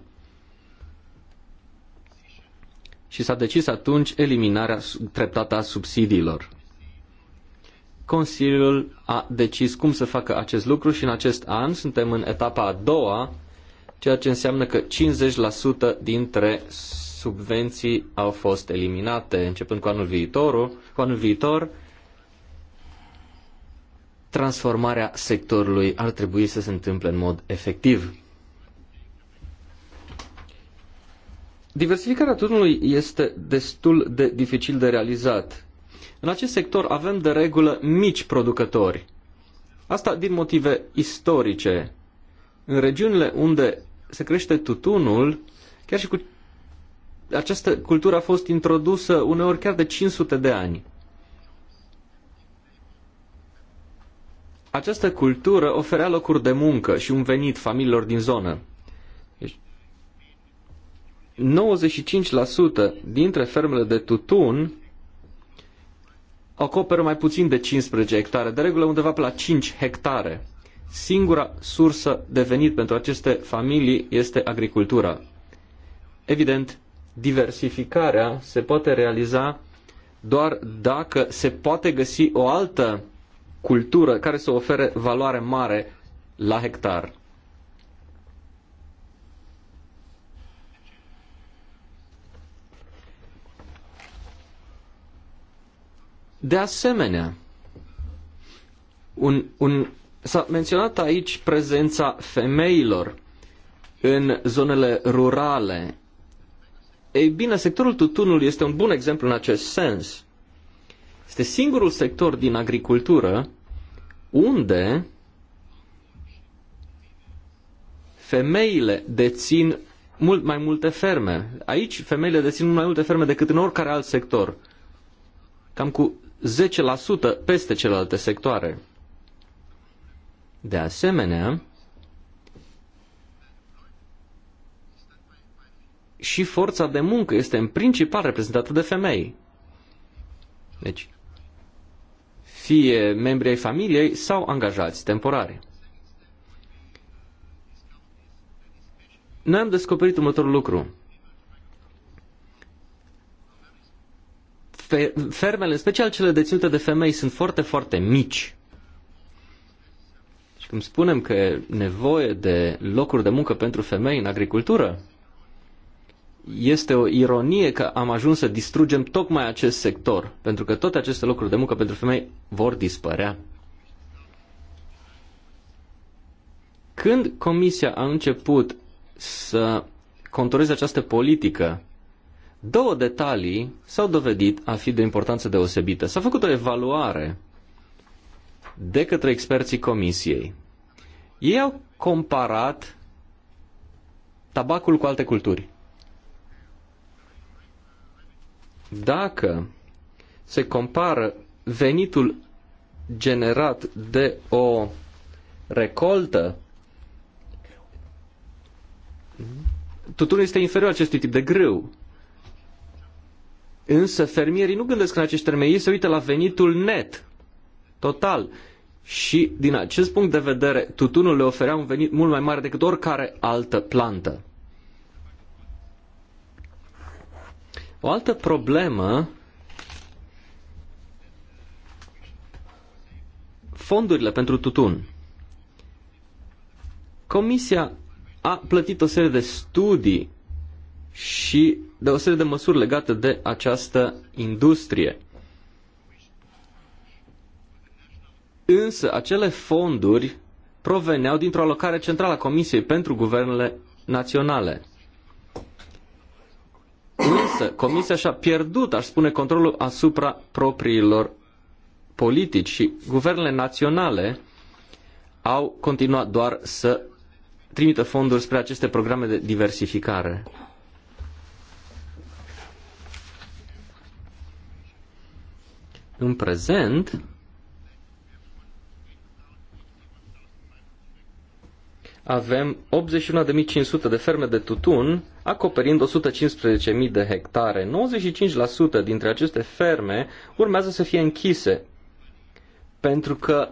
și s-a decis atunci eliminarea treptată a subsidiilor. Consiliul a decis cum să facă acest lucru și în acest an suntem în etapa a doua, ceea ce înseamnă că 50% dintre subvenții au fost eliminate începând cu anul, viitorul, cu anul viitor. Transformarea sectorului ar trebui să se întâmple în mod efectiv. Diversificarea turnului este destul de dificil de realizat. În acest sector avem de regulă mici producători. Asta din motive istorice. În regiunile unde se crește tutunul, chiar și cu această cultură a fost introdusă uneori chiar de 500 de ani. Această cultură oferea locuri de muncă și un venit familiilor din zonă. 95% dintre fermele de tutun acoperă mai puțin de 15 hectare, de regulă undeva pe la 5 hectare. Singura sursă de venit pentru aceste familii este agricultura. Evident, diversificarea se poate realiza doar dacă se poate găsi o altă cultură care să ofere valoare mare la hectar. De asemenea, un, un, s-a menționat aici prezența femeilor în zonele rurale. Ei bine, sectorul tutunului este un bun exemplu în acest sens. Este singurul sector din agricultură unde femeile dețin mult mai multe ferme. Aici femeile dețin mult mai multe ferme decât în oricare alt sector. Cam cu 10% peste celelalte sectoare. De asemenea, și forța de muncă este în principal reprezentată de femei. Deci, fie membri ai familiei sau angajați temporari. Noi am descoperit următorul lucru. fermele, în special cele deținute de femei, sunt foarte, foarte mici. Și când spunem că e nevoie de locuri de muncă pentru femei în agricultură, este o ironie că am ajuns să distrugem tocmai acest sector, pentru că toate aceste locuri de muncă pentru femei vor dispărea. Când Comisia a început să contoreze această politică Două detalii s-au dovedit a fi de importanță deosebită. S-a făcut o evaluare de către experții comisiei. Ei au comparat tabacul cu alte culturi. Dacă se compară venitul generat de o recoltă, tutunul este inferior acestui tip de grâu. Însă fermierii nu gândesc în acești termeni, ei se uită la venitul net, total. Și din acest punct de vedere, tutunul le oferea un venit mult mai mare decât oricare altă plantă. O altă problemă, fondurile pentru tutun. Comisia a plătit o serie de studii și de o serie de măsuri legate de această industrie. Însă acele fonduri proveneau dintr-o alocare centrală a Comisiei pentru guvernele naționale. Însă Comisia și-a pierdut, aș spune, controlul asupra propriilor politici și guvernele naționale au continuat doar să trimită fonduri spre aceste programe de diversificare. În prezent, avem 81.500 de ferme de tutun, acoperind 115.000 de hectare. 95% dintre aceste ferme urmează să fie închise, pentru că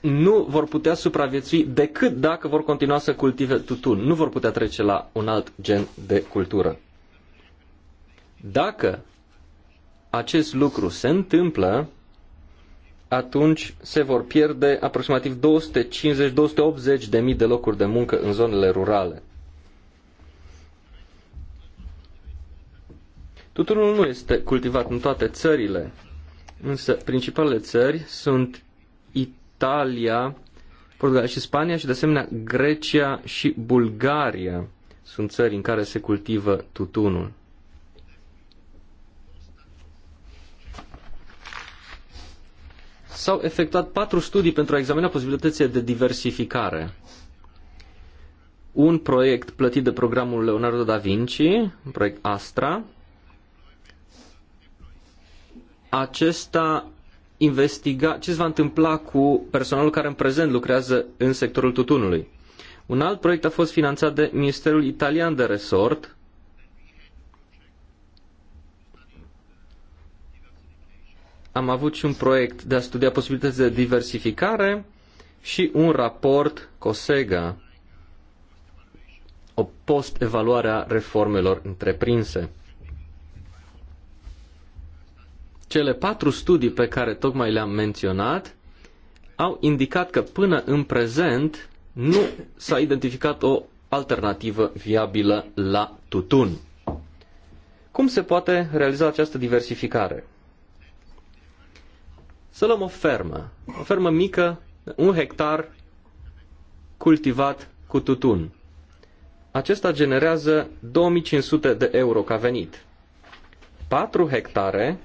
nu vor putea supraviețui decât dacă vor continua să cultive tutun. Nu vor putea trece la un alt gen de cultură. Dacă acest lucru se întâmplă, atunci se vor pierde aproximativ 250-280 de mii de locuri de muncă în zonele rurale. Tutunul nu este cultivat în toate țările, însă principalele țări sunt Italia, Portugalia și Spania și de asemenea Grecia și Bulgaria sunt țări în care se cultivă tutunul. s-au efectuat patru studii pentru a examina posibilitățile de diversificare. Un proiect plătit de programul Leonardo da Vinci, un proiect Astra. Acesta investiga ce se va întâmpla cu personalul care în prezent lucrează în sectorul tutunului. Un alt proiect a fost finanțat de Ministerul Italian de Resort am avut și un proiect de a studia posibilități de diversificare și un raport COSEGA, o post-evaluare a reformelor întreprinse. Cele patru studii pe care tocmai le-am menționat au indicat că până în prezent nu s-a identificat o alternativă viabilă la tutun. Cum se poate realiza această diversificare? Să luăm o fermă, o fermă mică, un hectar cultivat cu tutun. Acesta generează 2500 de euro ca venit. 4 hectare,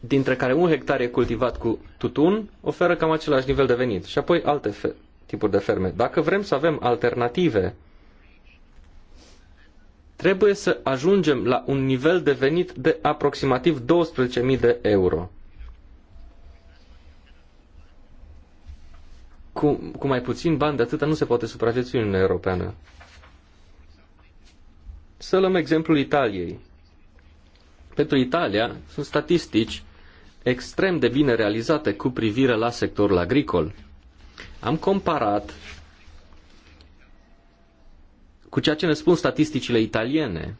dintre care un hectar e cultivat cu tutun, oferă cam același nivel de venit. Și apoi alte tipuri de ferme. Dacă vrem să avem alternative trebuie să ajungem la un nivel de venit de aproximativ 12.000 de euro. Cu, cu mai puțin bani de atâta nu se poate supraviețui Uniunea Europeană. Să luăm exemplul Italiei. Pentru Italia sunt statistici extrem de bine realizate cu privire la sectorul agricol. Am comparat cu ceea ce ne spun statisticile italiene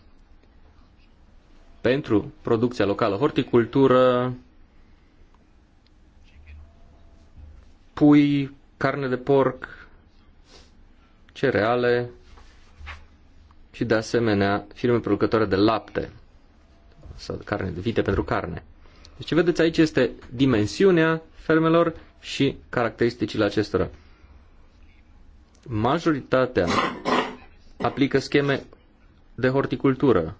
pentru producția locală, horticultură, pui, carne de porc, cereale și de asemenea firme producătoare de lapte sau de carne de vite pentru carne. Deci ce vedeți aici este dimensiunea fermelor și caracteristicile acestora. Majoritatea aplică scheme de horticultură.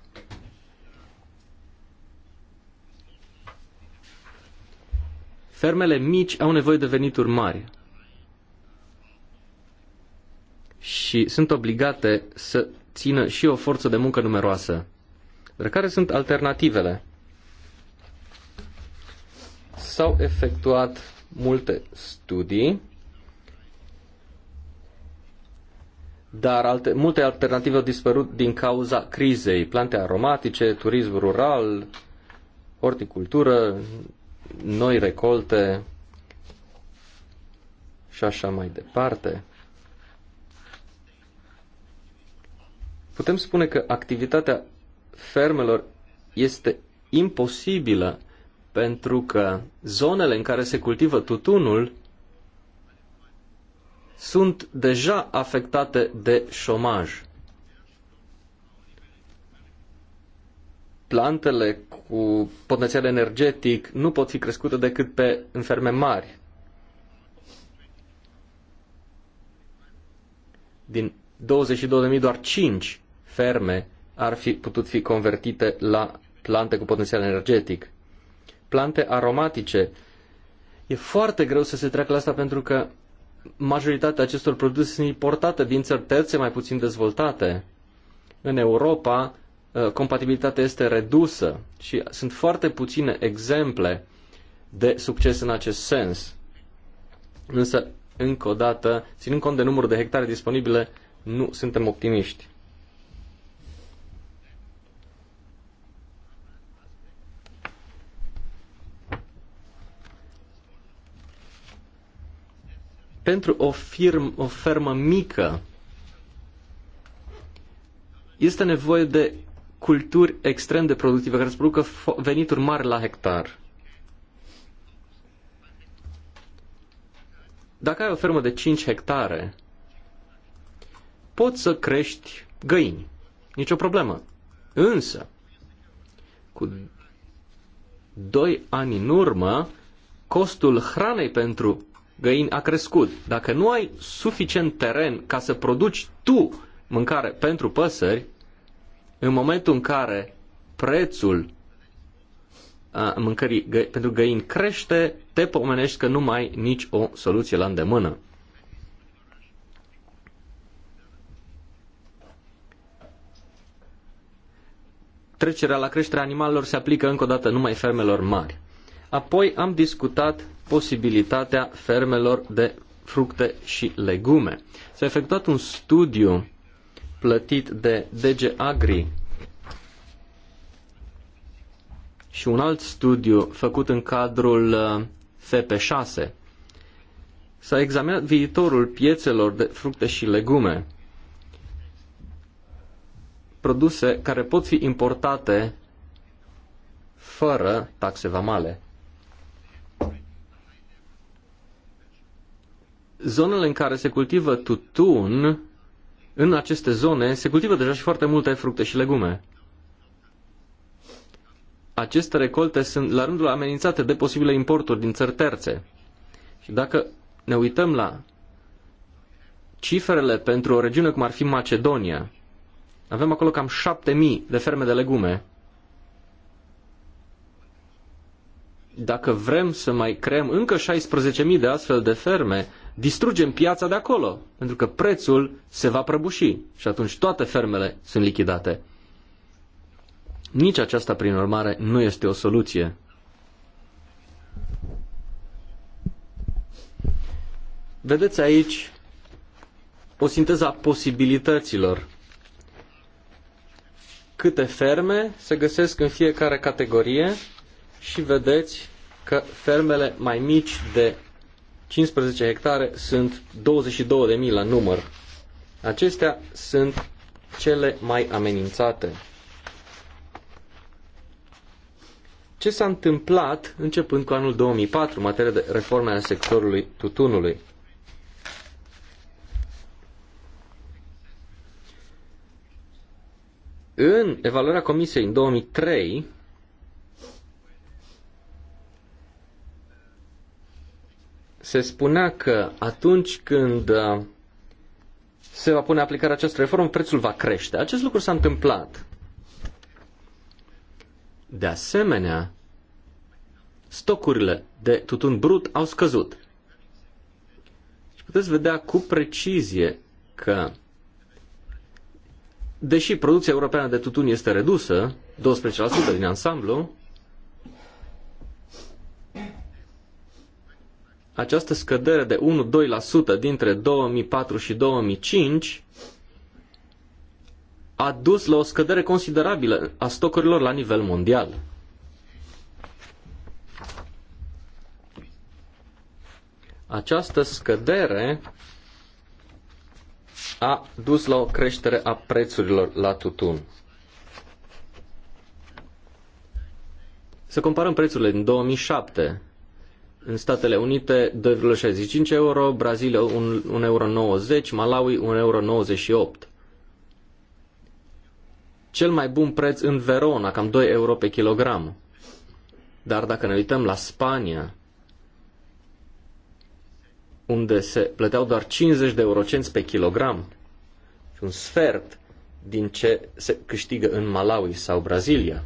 Fermele mici au nevoie de venituri mari și sunt obligate să țină și o forță de muncă numeroasă. Dar care sunt alternativele? S-au efectuat multe studii dar alte, multe alternative au dispărut din cauza crizei. Plante aromatice, turism rural, horticultură, noi recolte și așa mai departe. Putem spune că activitatea fermelor este imposibilă pentru că zonele în care se cultivă tutunul sunt deja afectate de șomaj. Plantele cu potențial energetic nu pot fi crescute decât pe înferme mari. Din 22.000 doar 5 ferme ar fi putut fi convertite la plante cu potențial energetic. Plante aromatice. E foarte greu să se treacă la asta pentru că majoritatea acestor produse sunt importate din țări terțe mai puțin dezvoltate. În Europa, uh, compatibilitatea este redusă și sunt foarte puține exemple de succes în acest sens. Însă, încă o dată, ținând cont de numărul de hectare disponibile, nu suntem optimiști. pentru o, firm, o fermă mică este nevoie de culturi extrem de productive care îți producă venituri mari la hectar. Dacă ai o fermă de 5 hectare, poți să crești găini. Nicio problemă. Însă, cu doi ani în urmă, costul hranei pentru găini a crescut. Dacă nu ai suficient teren ca să produci tu mâncare pentru păsări, în momentul în care prețul a mâncării gă pentru găini crește, te pomenești că nu mai ai nici o soluție la îndemână. Trecerea la creșterea animalelor se aplică încă o dată numai fermelor mari. Apoi am discutat posibilitatea fermelor de fructe și legume. S-a efectuat un studiu plătit de DG Agri și un alt studiu făcut în cadrul uh, FP6. S-a examinat viitorul piețelor de fructe și legume, produse care pot fi importate fără taxe vamale. zonele în care se cultivă tutun, în aceste zone, se cultivă deja și foarte multe fructe și legume. Aceste recolte sunt la rândul amenințate de posibile importuri din țări terțe. Și dacă ne uităm la cifrele pentru o regiune cum ar fi Macedonia, avem acolo cam 7000 de ferme de legume dacă vrem să mai creăm încă 16.000 de astfel de ferme, distrugem piața de acolo, pentru că prețul se va prăbuși și atunci toate fermele sunt lichidate. Nici aceasta, prin urmare, nu este o soluție. Vedeți aici o sinteză a posibilităților. Câte ferme se găsesc în fiecare categorie și vedeți că fermele mai mici de 15 hectare sunt 22.000 la număr. Acestea sunt cele mai amenințate. Ce s-a întâmplat începând cu anul 2004 în materie de reforme a sectorului tutunului? În evaluarea comisiei în 2003, se spunea că atunci când uh, se va pune aplicarea această reformă, prețul va crește. Acest lucru s-a întâmplat. De asemenea, stocurile de tutun brut au scăzut. Și puteți vedea cu precizie că, deși producția europeană de tutun este redusă, 12% din ansamblu, această scădere de 1-2% dintre 2004 și 2005 a dus la o scădere considerabilă a stocurilor la nivel mondial. Această scădere a dus la o creștere a prețurilor la tutun. Să comparăm prețurile din 2007. În Statele Unite 2,65 euro, Brazilia 1,90 euro, Malawi 1,98 euro. Cel mai bun preț în Verona, cam 2 euro pe kilogram. Dar dacă ne uităm la Spania, unde se plăteau doar 50 de eurocenți pe kilogram un sfert din ce se câștigă în Malawi sau Brazilia.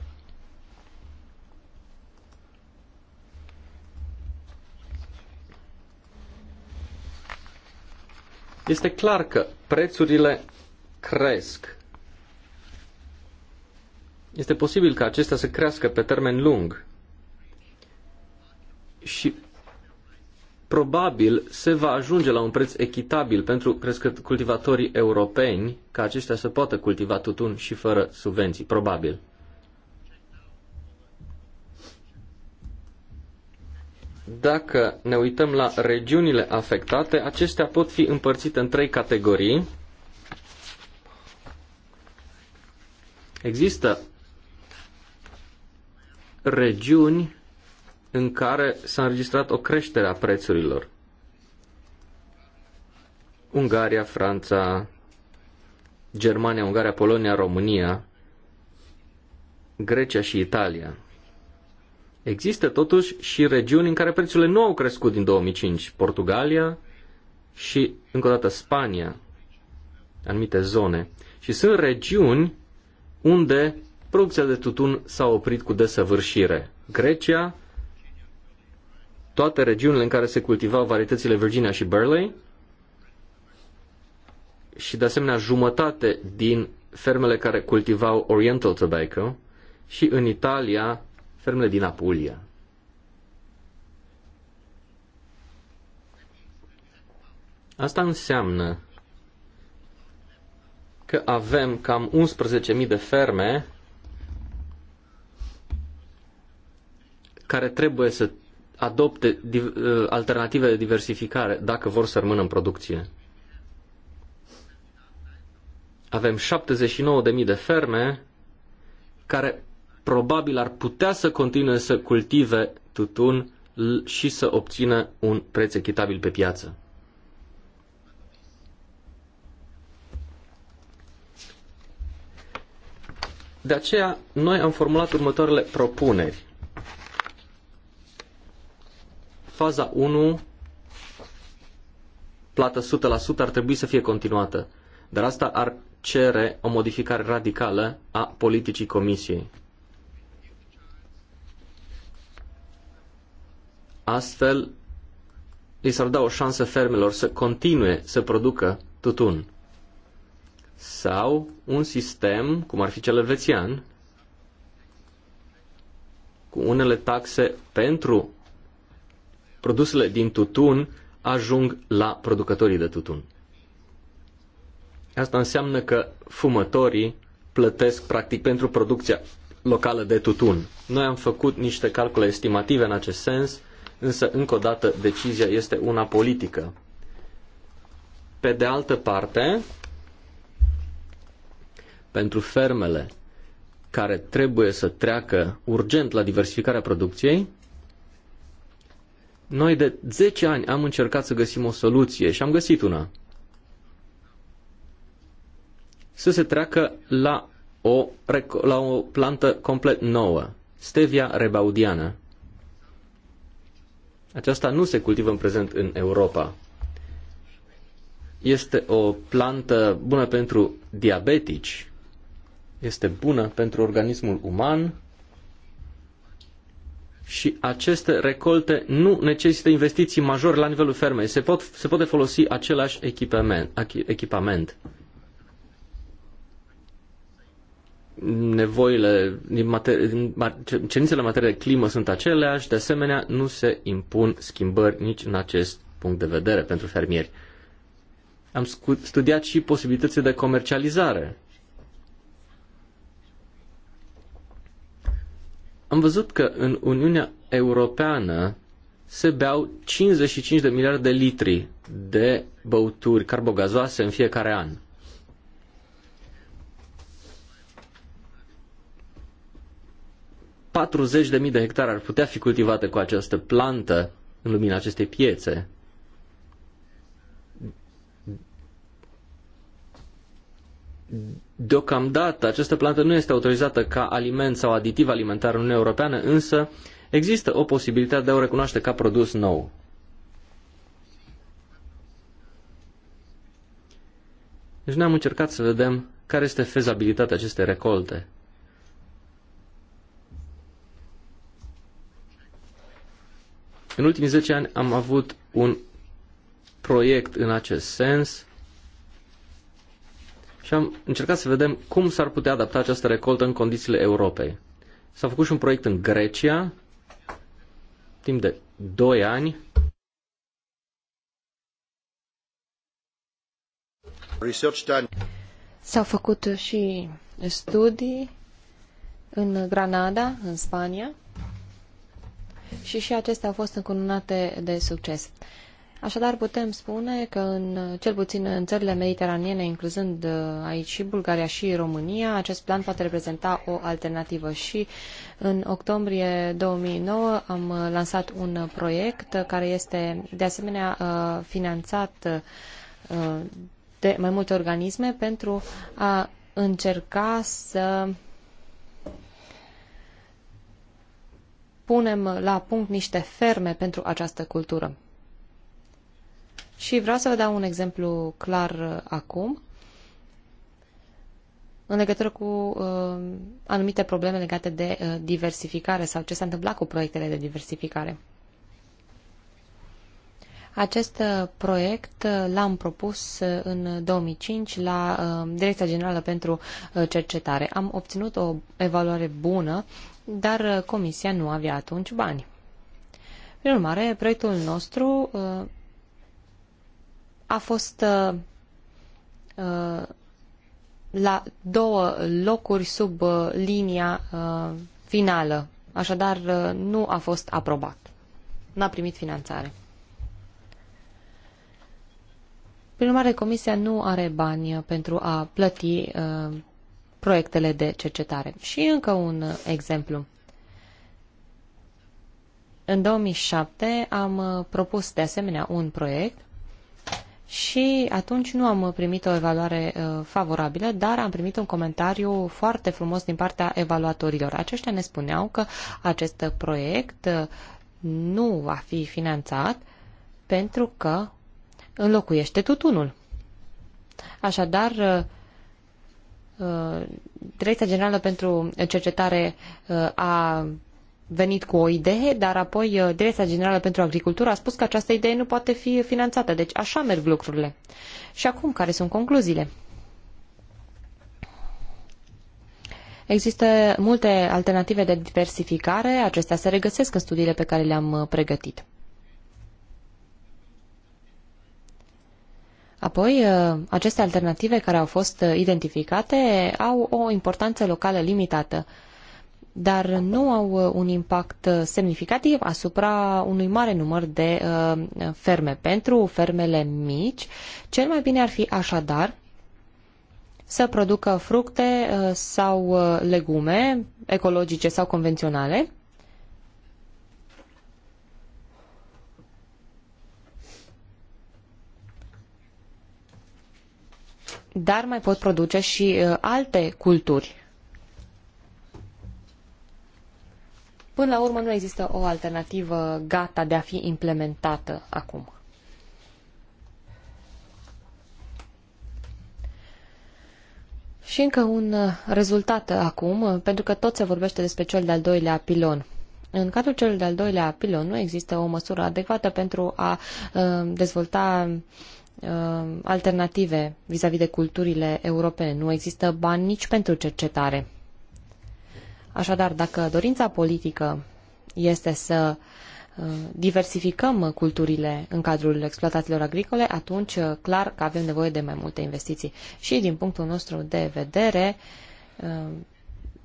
Este clar că prețurile cresc. Este posibil ca acestea să crească pe termen lung. Și probabil se va ajunge la un preț echitabil pentru cultivatorii europeni, ca aceștia să poată cultiva tutun și fără subvenții, probabil. Dacă ne uităm la regiunile afectate, acestea pot fi împărțite în trei categorii. Există regiuni în care s-a înregistrat o creștere a prețurilor. Ungaria, Franța, Germania, Ungaria, Polonia, România, Grecia și Italia. Există totuși și regiuni în care prețurile nu au crescut din 2005. Portugalia și, încă o dată, Spania, anumite zone. Și sunt regiuni unde producția de tutun s-a oprit cu desăvârșire. Grecia, toate regiunile în care se cultivau varietățile Virginia și Burley și, de asemenea, jumătate din fermele care cultivau Oriental Tobacco și în Italia fermele din Apulia. Asta înseamnă că avem cam 11.000 de ferme care trebuie să adopte uh, alternative de diversificare dacă vor să rămână în producție. Avem 79.000 de ferme care probabil ar putea să continue să cultive tutun și să obțină un preț echitabil pe piață. De aceea, noi am formulat următoarele propuneri. Faza 1, plată 100% ar trebui să fie continuată, dar asta ar cere o modificare radicală a politicii Comisiei. Astfel, li s-ar da o șansă fermelor să continue să producă tutun. Sau un sistem, cum ar fi cel elvețian, cu unele taxe pentru produsele din tutun ajung la producătorii de tutun. Asta înseamnă că fumătorii plătesc practic pentru producția locală de tutun. Noi am făcut niște calcule estimative în acest sens însă, încă o dată, decizia este una politică. Pe de altă parte, pentru fermele care trebuie să treacă urgent la diversificarea producției, noi de 10 ani am încercat să găsim o soluție și am găsit una. Să se treacă la o, la o plantă complet nouă, stevia rebaudiană. Aceasta nu se cultivă în prezent în Europa. Este o plantă bună pentru diabetici, este bună pentru organismul uman și aceste recolte nu necesită investiții majore la nivelul fermei. Se, pot, se poate folosi același echipament. echipament. nevoile din materie, cerințele în materie de climă sunt aceleași, de asemenea nu se impun schimbări nici în acest punct de vedere pentru fermieri. Am studiat și posibilitățile de comercializare. Am văzut că în Uniunea Europeană se beau 55 de miliarde de litri de băuturi carbogazoase în fiecare an. 40.000 de hectare ar putea fi cultivate cu această plantă în lumina acestei piețe. Deocamdată, această plantă nu este autorizată ca aliment sau aditiv alimentar în Uniunea Europeană, însă există o posibilitate de a o recunoaște ca produs nou. Deci ne-am încercat să vedem care este fezabilitatea acestei recolte. În ultimii 10 ani am avut un proiect în acest sens și am încercat să vedem cum s-ar putea adapta această recoltă în condițiile Europei. S-a făcut și un proiect în Grecia, timp de 2 ani. S-au făcut și studii în Granada, în Spania și și acestea au fost încununate de succes. Așadar, putem spune că, în, cel puțin în țările mediteraniene, incluzând uh, aici și Bulgaria și România, acest plan poate reprezenta o alternativă. Și în octombrie 2009 am uh, lansat un proiect care este, de asemenea, uh, finanțat de mai multe organisme pentru a încerca să punem la punct niște ferme pentru această cultură. Și vreau să vă dau un exemplu clar uh, acum în legătură cu uh, anumite probleme legate de uh, diversificare sau ce s-a întâmplat cu proiectele de diversificare. Acest uh, proiect uh, l-am propus în 2005 la Direcția Generală pentru Cercetare. Am obținut o evaluare bună dar uh, Comisia nu avea atunci bani. Prin urmare, proiectul nostru uh, a fost uh, la două locuri sub linia finală, așadar nu a fost aprobat. N-a primit finanțare. Prin urmare, Comisia nu are bani pentru a plăti uh, proiectele de cercetare. Și încă un exemplu. În 2007 am uh, propus de asemenea un proiect și atunci nu am uh, primit o evaluare uh, favorabilă, dar am primit un comentariu foarte frumos din partea evaluatorilor. Aceștia ne spuneau că acest proiect nu va fi finanțat pentru că înlocuiește tutunul. Așadar, Uh, Direcția Generală pentru uh, Cercetare uh, a venit cu o idee, dar apoi Direcția Generală pentru Agricultură a spus că această idee nu poate fi finanțată. Deci așa merg lucrurile. Și acum, care sunt concluziile? Există multe alternative de diversificare, acestea se regăsesc în studiile pe care le-am pregătit. Apoi, uh, aceste alternative care au fost uh, identificate au o importanță locală limitată, dar nu au uh, un impact semnificativ asupra unui mare număr de ferme. Pentru fermele mici, cel mai bine ar fi așadar să producă fructe sau legume ecologice sau convenționale, dar mai pot produce și uh, alte culturi. Până la urmă nu există o alternativă gata de a fi implementată acum. Și încă un uh, rezultat acum, uh, pentru că tot se vorbește despre cel de-al doilea pilon. În cadrul celui de-al doilea pilon nu există o măsură adecvată pentru a dezvolta Uh, alternative vis-a-vis de culturile europene. Nu există bani nici pentru cercetare. Așadar, dacă dorința politică este să uh, diversificăm culturile în cadrul exploatațiilor agricole, atunci uh, clar că avem nevoie de mai multe investiții. Și din punctul nostru de vedere,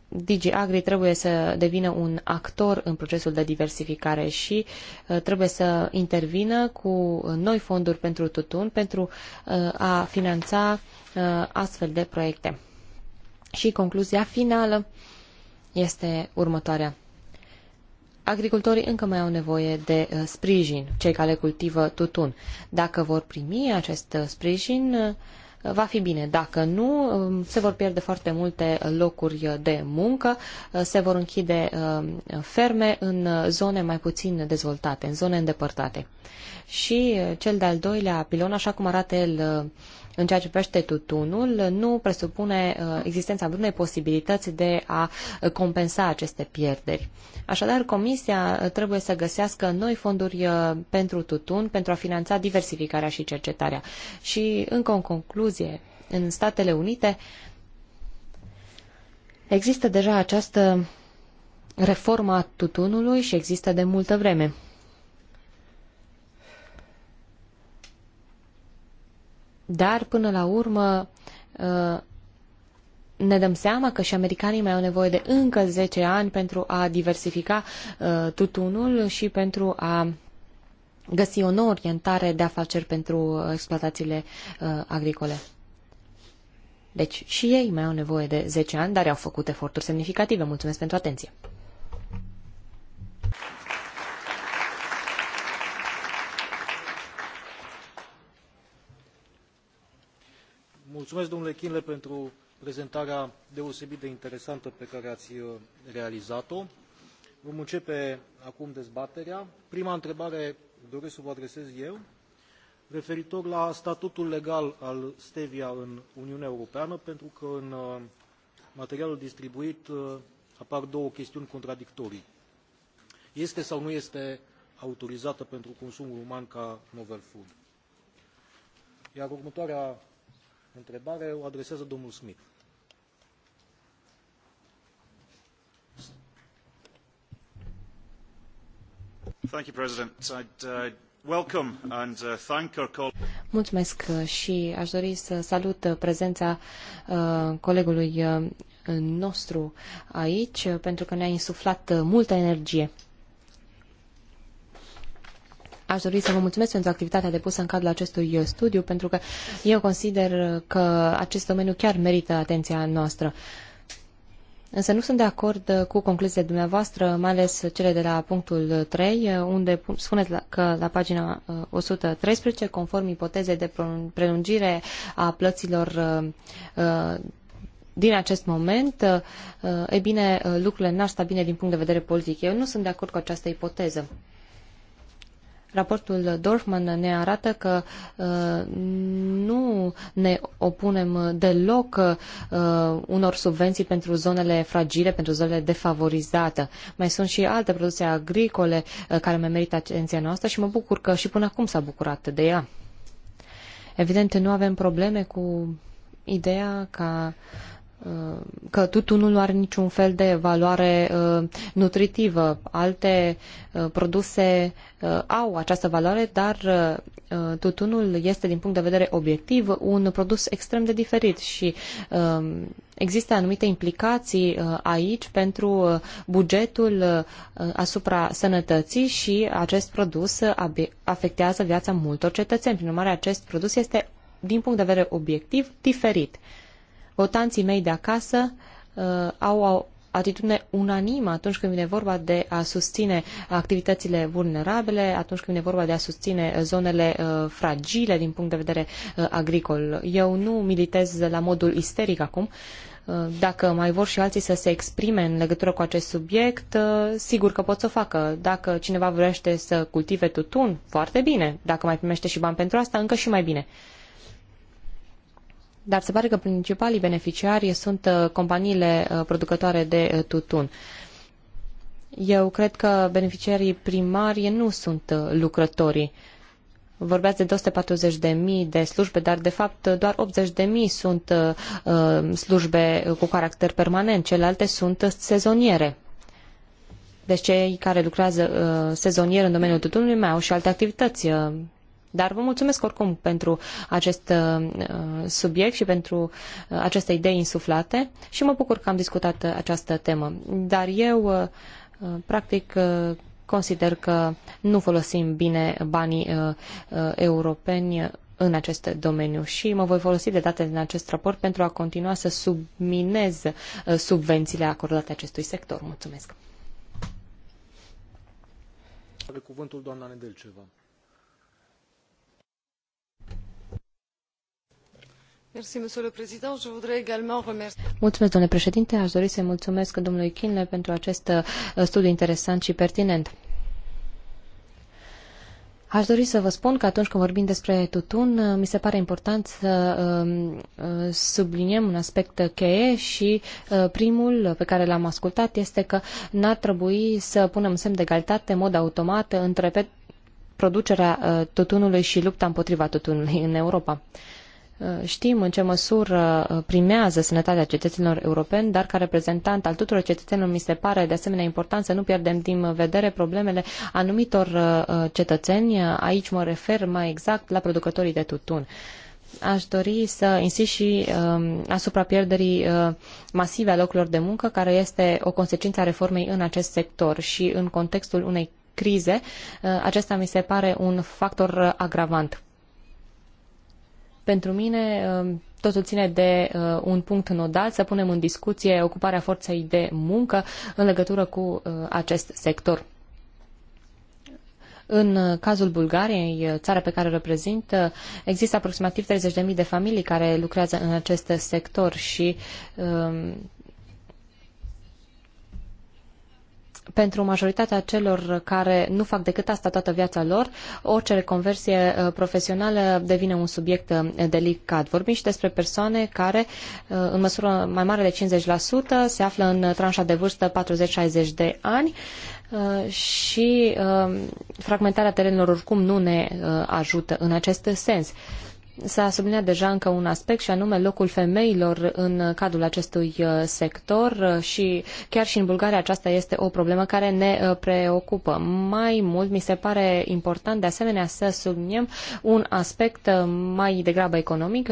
Digi Agri trebuie să devină un actor în procesul de diversificare și uh, trebuie să intervină cu noi fonduri pentru tutun pentru uh, a finanța uh, astfel de proiecte. Și concluzia finală este următoarea. Agricultorii încă mai au nevoie de sprijin, cei care cultivă tutun. Dacă vor primi acest sprijin, va fi bine. Dacă nu, um, se vor pierde foarte multe locuri de muncă, uh, se vor închide um, ferme în uh, zone mai puțin dezvoltate, în zone îndepărtate. Și uh, cel de-al doilea pilon, așa cum arată el în ceea ce privește tutunul nu presupune uh, existența vreunei posibilități de a uh, compensa aceste pierderi. Așadar, Comisia uh, trebuie să găsească noi fonduri pentru tutun pentru a finanța diversificarea și cercetarea. Și, încă o concluzie, în Statele Unite există deja această reformă a tutunului și există de multă vreme. Dar, până la urmă, uh, ne dăm seama că și americanii mai au nevoie de încă 10 ani pentru a diversifica uh, tutunul și pentru a găsi o nouă orientare de afaceri pentru uh, exploatațiile agricole. Deci și ei mai au nevoie de 10 ani, dar au făcut eforturi semnificative. Mulțumesc pentru atenție! Mulțumesc, domnule Chinle, pentru prezentarea deosebit de interesantă pe care ați uh, realizat-o. Vom începe acum dezbaterea. Prima întrebare doresc să vă adresez eu, referitor la statutul legal al stevia în Uniunea Europeană, pentru că în uh, materialul distribuit uh, apar două chestiuni contradictorii. Este sau nu este autorizată pentru consumul uman ca novel food? Iar următoarea întrebare o adresează domnul Smith. Thank you, President. I'd uh, welcome and uh, thank our Mulțumesc uh, și aș dori să salut uh, prezența uh, colegului uh, nostru aici pentru că ne-a insuflat multă energie. Aș dori să vă mulțumesc pentru activitatea depusă în cadrul acestui studiu, pentru că eu consider că acest domeniu chiar merită atenția noastră. Însă nu sunt de acord cu concluziile dumneavoastră, mai ales cele de la punctul 3, unde spuneți că la pagina 113, uh, conform ipotezei de prelungire a plăților uh, uh, din acest moment, e bine, lucrurile n-ar sta bine din punct de vedere politic. Eu nu sunt de acord cu această ipoteză. Raportul Dorfman ne arată că uh, nu ne opunem deloc uh, unor subvenții pentru zonele fragile, pentru zonele defavorizate. Mai sunt și alte produse agricole uh, care mai merită atenția noastră și mă bucur că și până acum s-a bucurat de ea. Evident, nu avem probleme cu ideea ca Uh, că tutunul nu are niciun fel de valoare uh, nutritivă. Alte uh, produse au această valoare, dar tutunul este, din punct de vedere obiectiv, un produs extrem de diferit și um, există anumite implicații aici pentru bugetul asupra sănătății și acest produs afectează viața multor cetățeni. Prin urmare, acest produs este, din punct de vedere obiectiv, diferit. Votanții mei de acasă uh, au o atitudine unanimă atunci când vine vorba de a susține activitățile vulnerabile, atunci când vine vorba de a susține zonele uh, fragile din punct de vedere uh, agricol. Eu nu militez la modul isteric acum, uh, dacă mai vor și alții să se exprime în legătură cu acest subiect, uh, sigur că pot să o facă. Dacă cineva vrește să cultive tutun, foarte bine. Dacă mai primește și bani pentru asta, încă și mai bine. Dar se pare că principalii beneficiari sunt uh, companiile uh, producătoare de uh, tutun. Eu cred că beneficiarii primari nu sunt lucrătorii. Vorbeați de 240.000 de slujbe, dar de fapt doar 80.000 sunt slujbe cu caracter permanent, celelalte sunt sezoniere. Deci cei care lucrează sezonier în domeniul tutunului mai au și alte activități, dar vă mulțumesc oricum pentru acest uh, uh, subiect și pentru uh, aceste idei insuflate și mă bucur că am discutat această temă. Dar eu, practic, consider că nu folosim bine banii europeni în acest domeniu și mă voi folosi de date din acest raport pentru a continua să subminez subvențiile acordate acestui sector. Mulțumesc! Are cuvântul doamna Nedelceva. Mulțumesc, domnule președinte. Aș dori să-i mulțumesc domnului Kinle pentru acest uh, studiu interesant și pertinent. Aș dori să vă spun că atunci când vorbim despre tutun, uh, mi se pare important să um, uh, subliniem un aspect cheie și primul pe care l-am ascultat este că n-ar trebui să punem semn de egalitate în mod automat între producerea tutunului și lupta împotriva tutunului în Europa. Știm în ce măsură uh, primează sănătatea cetățenilor europeni, dar ca reprezentant al tuturor cetățenilor mi se pare de asemenea important să nu pierdem din vedere problemele anumitor uh, uh, cetățeni. Aici mă refer mai exact la producătorii de tutun aș dori să insist și um, asupra pierderii uh, masive a locurilor de muncă, care este o consecință a reformei în acest sector și în contextul unei crize, uh, acesta mi se pare un factor agravant. Pentru mine, um, totul ține de uh, un punct nodal să punem în discuție ocuparea forței de muncă în legătură cu uh, acest sector. În uh, cazul Bulgariei, țara pe care o reprezint, există aproximativ 30.000 de familii care lucrează în acest sector și um, pentru majoritatea celor care nu fac decât asta toată viața lor, orice reconversie uh, profesională devine un subiect uh, delicat. Vorbim și despre persoane care, uh, în măsură mai mare de 50%, se află în tranșa de vârstă 40-60 de ani și fragmentarea terenilor oricum nu ne ajută în acest sens. S-a subliniat deja încă un aspect și anume locul femeilor în cadrul acestui uh, sector și chiar și în Bulgaria aceasta este o problemă care ne uh, preocupă. Mai mult mi se pare important de asemenea să subliniem un aspect uh, mai degrabă economic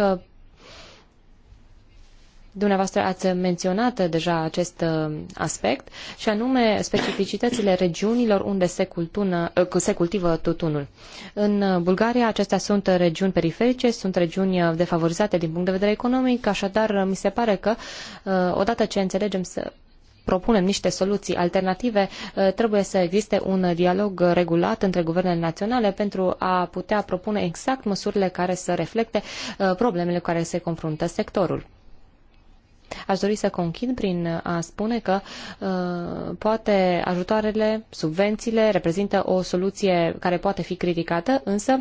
Dumneavoastră ați menționat deja acest uh, aspect și anume specificitățile regiunilor unde se, cultună, uh, se cultivă tutunul. În uh, Bulgaria acestea sunt regiuni periferice, sunt regiuni defavorizate din punct de vedere economic, așadar mi se pare că odată ce înțelegem să propunem niște soluții alternative, trebuie să existe un dialog regulat între guvernele naționale pentru a putea propune exact măsurile care să reflecte problemele cu care se confruntă sectorul. Aș dori să conchid prin a spune că uh, poate ajutoarele, subvențiile reprezintă o soluție care poate fi criticată, însă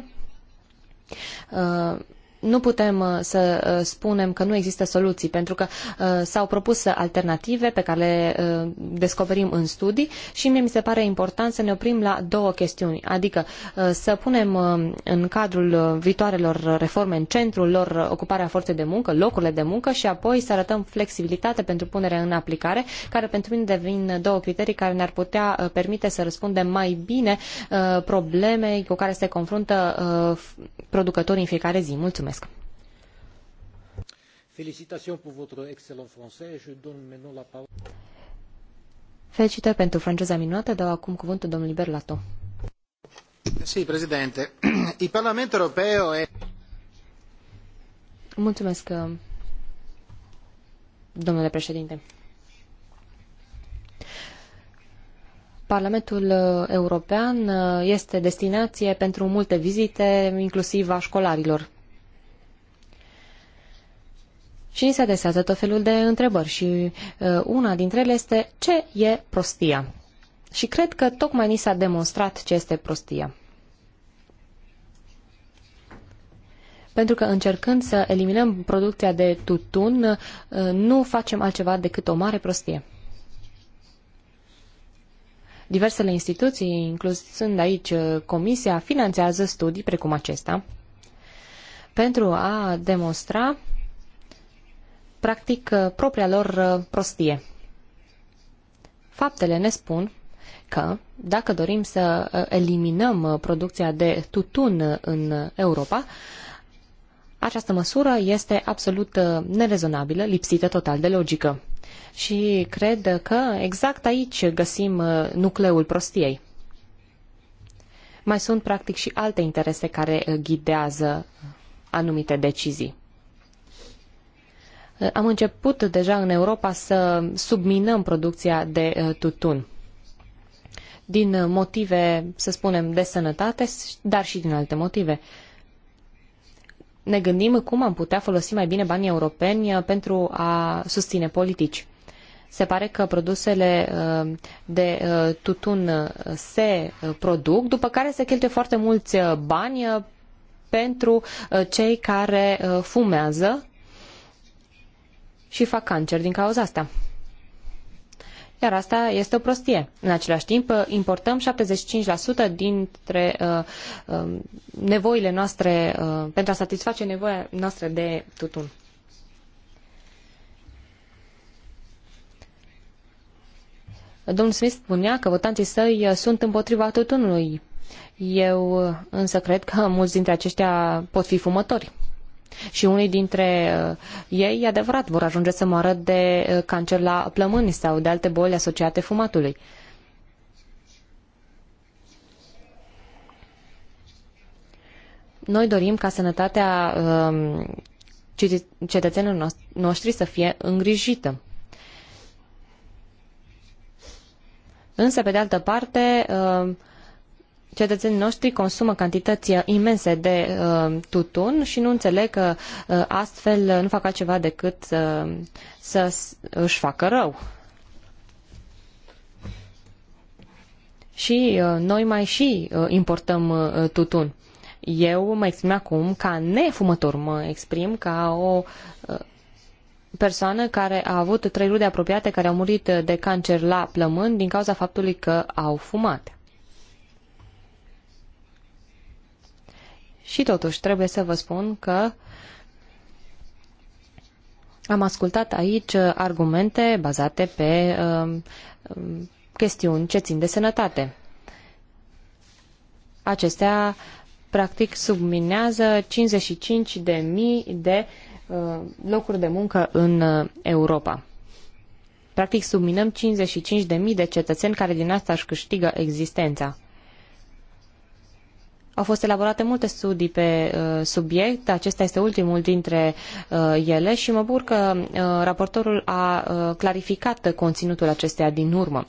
uh, nu putem uh, să uh, spunem că nu există soluții, pentru că uh, s-au propus alternative pe care le descoperim în studii și mie mi se pare important să ne oprim la două chestiuni, adică să punem în cadrul viitoarelor reforme în centrul lor ocuparea forței de muncă, locurile de muncă și apoi să arătăm flexibilitate pentru punerea în aplicare, care pentru mine devin două criterii care ne-ar putea permite să răspundem mai bine problemei cu care se confruntă producătorii în fiecare zi. Mulțumesc! Felicitations pour votre excellent français. Je donne maintenant la parole. Felicitări pentru franceza minunată, dau acum cuvântul domnului Berlato. Si, Il Parlamento Europeo Mulțumesc, uh, domnule președinte. Parlamentul uh, European uh, este destinație pentru multe vizite, inclusiv a școlarilor și se adesează tot felul de întrebări și uh, una dintre ele este ce e prostia? Și cred că tocmai ni s-a demonstrat ce este prostia. Pentru că încercând să eliminăm producția de tutun, uh, nu facem altceva decât o mare prostie. Diversele instituții, sunt aici uh, Comisia, finanțează studii precum acesta pentru a demonstra practic uh, propria lor uh, prostie. Faptele ne spun că dacă dorim să uh, eliminăm producția de tutun în Europa, această măsură este absolut nerezonabilă, lipsită total de logică. Și cred că exact aici găsim nucleul prostiei. Mai sunt practic și alte interese care ghidează anumite decizii. Eh, am început deja în Europa să subminăm producția de eh, tutun din motive, să spunem, de sănătate, dar și din alte motive. Ne gândim cum am putea folosi mai bine banii europeni eh, pentru a susține politici. Se pare că produsele de tutun se produc, după care se cheltuie foarte mulți bani pentru cei care fumează și fac cancer din cauza asta. Iar asta este o prostie. În același timp, uh, importăm 75% dintre uh, uh, nevoile noastre, uh, pentru a satisface nevoia noastră de tutun. Domnul Smith spunea că votanții săi uh, sunt împotriva tutunului. Eu uh, însă cred că mulți dintre aceștia pot fi fumători. Și unii dintre uh, ei, e adevărat, vor ajunge să moară de uh, cancer la plămâni sau de alte boli asociate fumatului. Noi dorim ca sănătatea um, cetățenilor noștri să fie îngrijită. Însă, pe de altă parte, um, cetățenii noștri consumă cantități imense de uh, tutun și nu înțeleg că uh, astfel nu fac altceva decât uh, să își facă rău. Și uh, noi mai și uh, importăm uh, tutun. Eu mă exprim acum ca nefumător, mă exprim ca o uh, persoană care a avut trei rude apropiate care au murit de cancer la plămâni din cauza faptului că au fumat. Și totuși, trebuie să vă spun că am ascultat aici uh, argumente bazate pe uh, um, chestiuni ce țin de sănătate. Acestea, practic, subminează 55.000 de, mii de uh, locuri de muncă în uh, Europa. Practic, subminăm 55.000 de, mii de cetățeni care din asta își câștigă existența. Au fost elaborate multe studii pe uh, subiect, acesta este ultimul dintre uh, ele și mă bucur că uh, raportorul a uh, clarificat conținutul acesteia din urmă.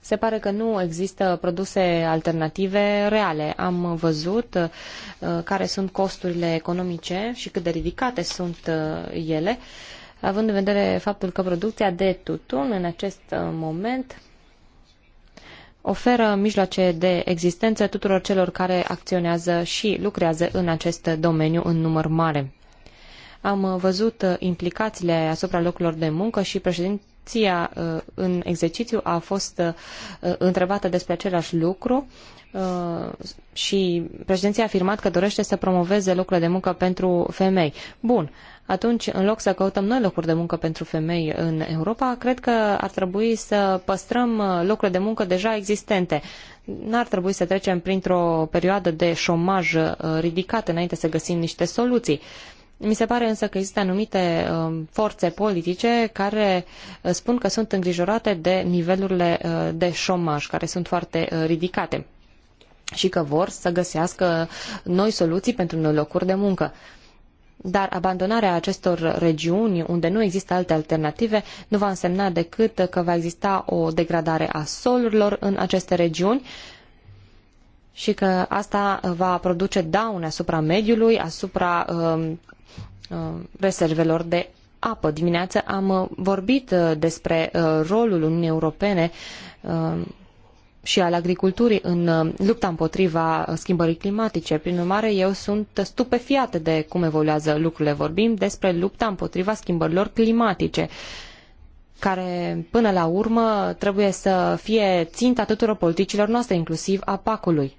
Se pare că nu există produse alternative reale. Am văzut uh, care sunt costurile economice și cât de ridicate sunt uh, ele, având în vedere faptul că producția de tutun în acest moment oferă mijloace de existență tuturor celor care acționează și lucrează în acest domeniu în număr mare. Am văzut uh, implicațiile asupra locurilor de muncă și președinția uh, în exercițiu a fost uh, întrebată despre același lucru și președinția a afirmat că dorește să promoveze locurile de muncă pentru femei. Bun, atunci, în loc să căutăm noi locuri de muncă pentru femei în Europa, cred că ar trebui să păstrăm uh, locurile de muncă deja existente. N-ar trebui să trecem printr-o perioadă de șomaj uh, ridicat înainte să găsim niște soluții. Mi se pare însă că există anumite uh, forțe politice care spun că sunt îngrijorate de nivelurile de șomaj, care sunt foarte ridicate și că vor să găsească noi soluții pentru noi locuri de muncă. Dar abandonarea acestor regiuni unde nu există alte alternative nu va însemna decât că va exista o degradare a solurilor în aceste regiuni și că asta va produce daune asupra mediului, asupra uh, um, uh, um, reservelor de apă. Dimineața am vorbit uh, despre uh, rolul Uniunii Europene um, și al agriculturii în uh, lupta împotriva schimbării climatice. Prin urmare, eu sunt stupefiată de cum evoluează lucrurile. Vorbim despre lupta împotriva schimbărilor climatice care, până la urmă, trebuie să fie ținta tuturor politicilor noastre, inclusiv a PAC-ului.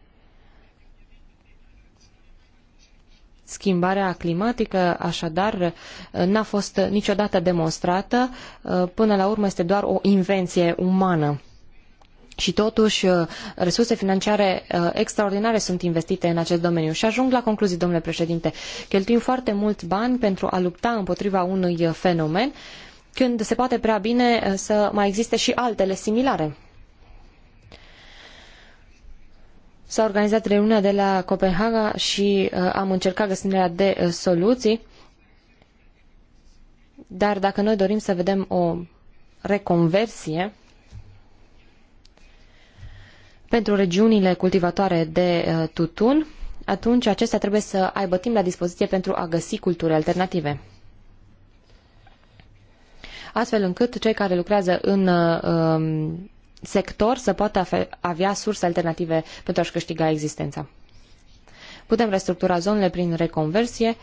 Schimbarea climatică, așadar, n-a fost niciodată demonstrată, uh, până la urmă este doar o invenție umană și totuși uh, resurse financiare uh, extraordinare sunt investite în acest domeniu. Și ajung la concluzii, domnule președinte. Cheltuim foarte mulți bani pentru a lupta împotriva unui uh, fenomen, când se poate prea bine să mai existe și altele similare. S-a organizat reuniunea de la Copenhaga și am încercat găsirea de soluții, dar dacă noi dorim să vedem o reconversie, pentru regiunile cultivatoare de uh, tutun, atunci acestea trebuie să aibă timp la dispoziție pentru a găsi culturi alternative. Astfel încât cei care lucrează în uh, um, sector să poată avea surse alternative pentru a-și câștiga existența. Putem restructura zonele prin reconversie, uh,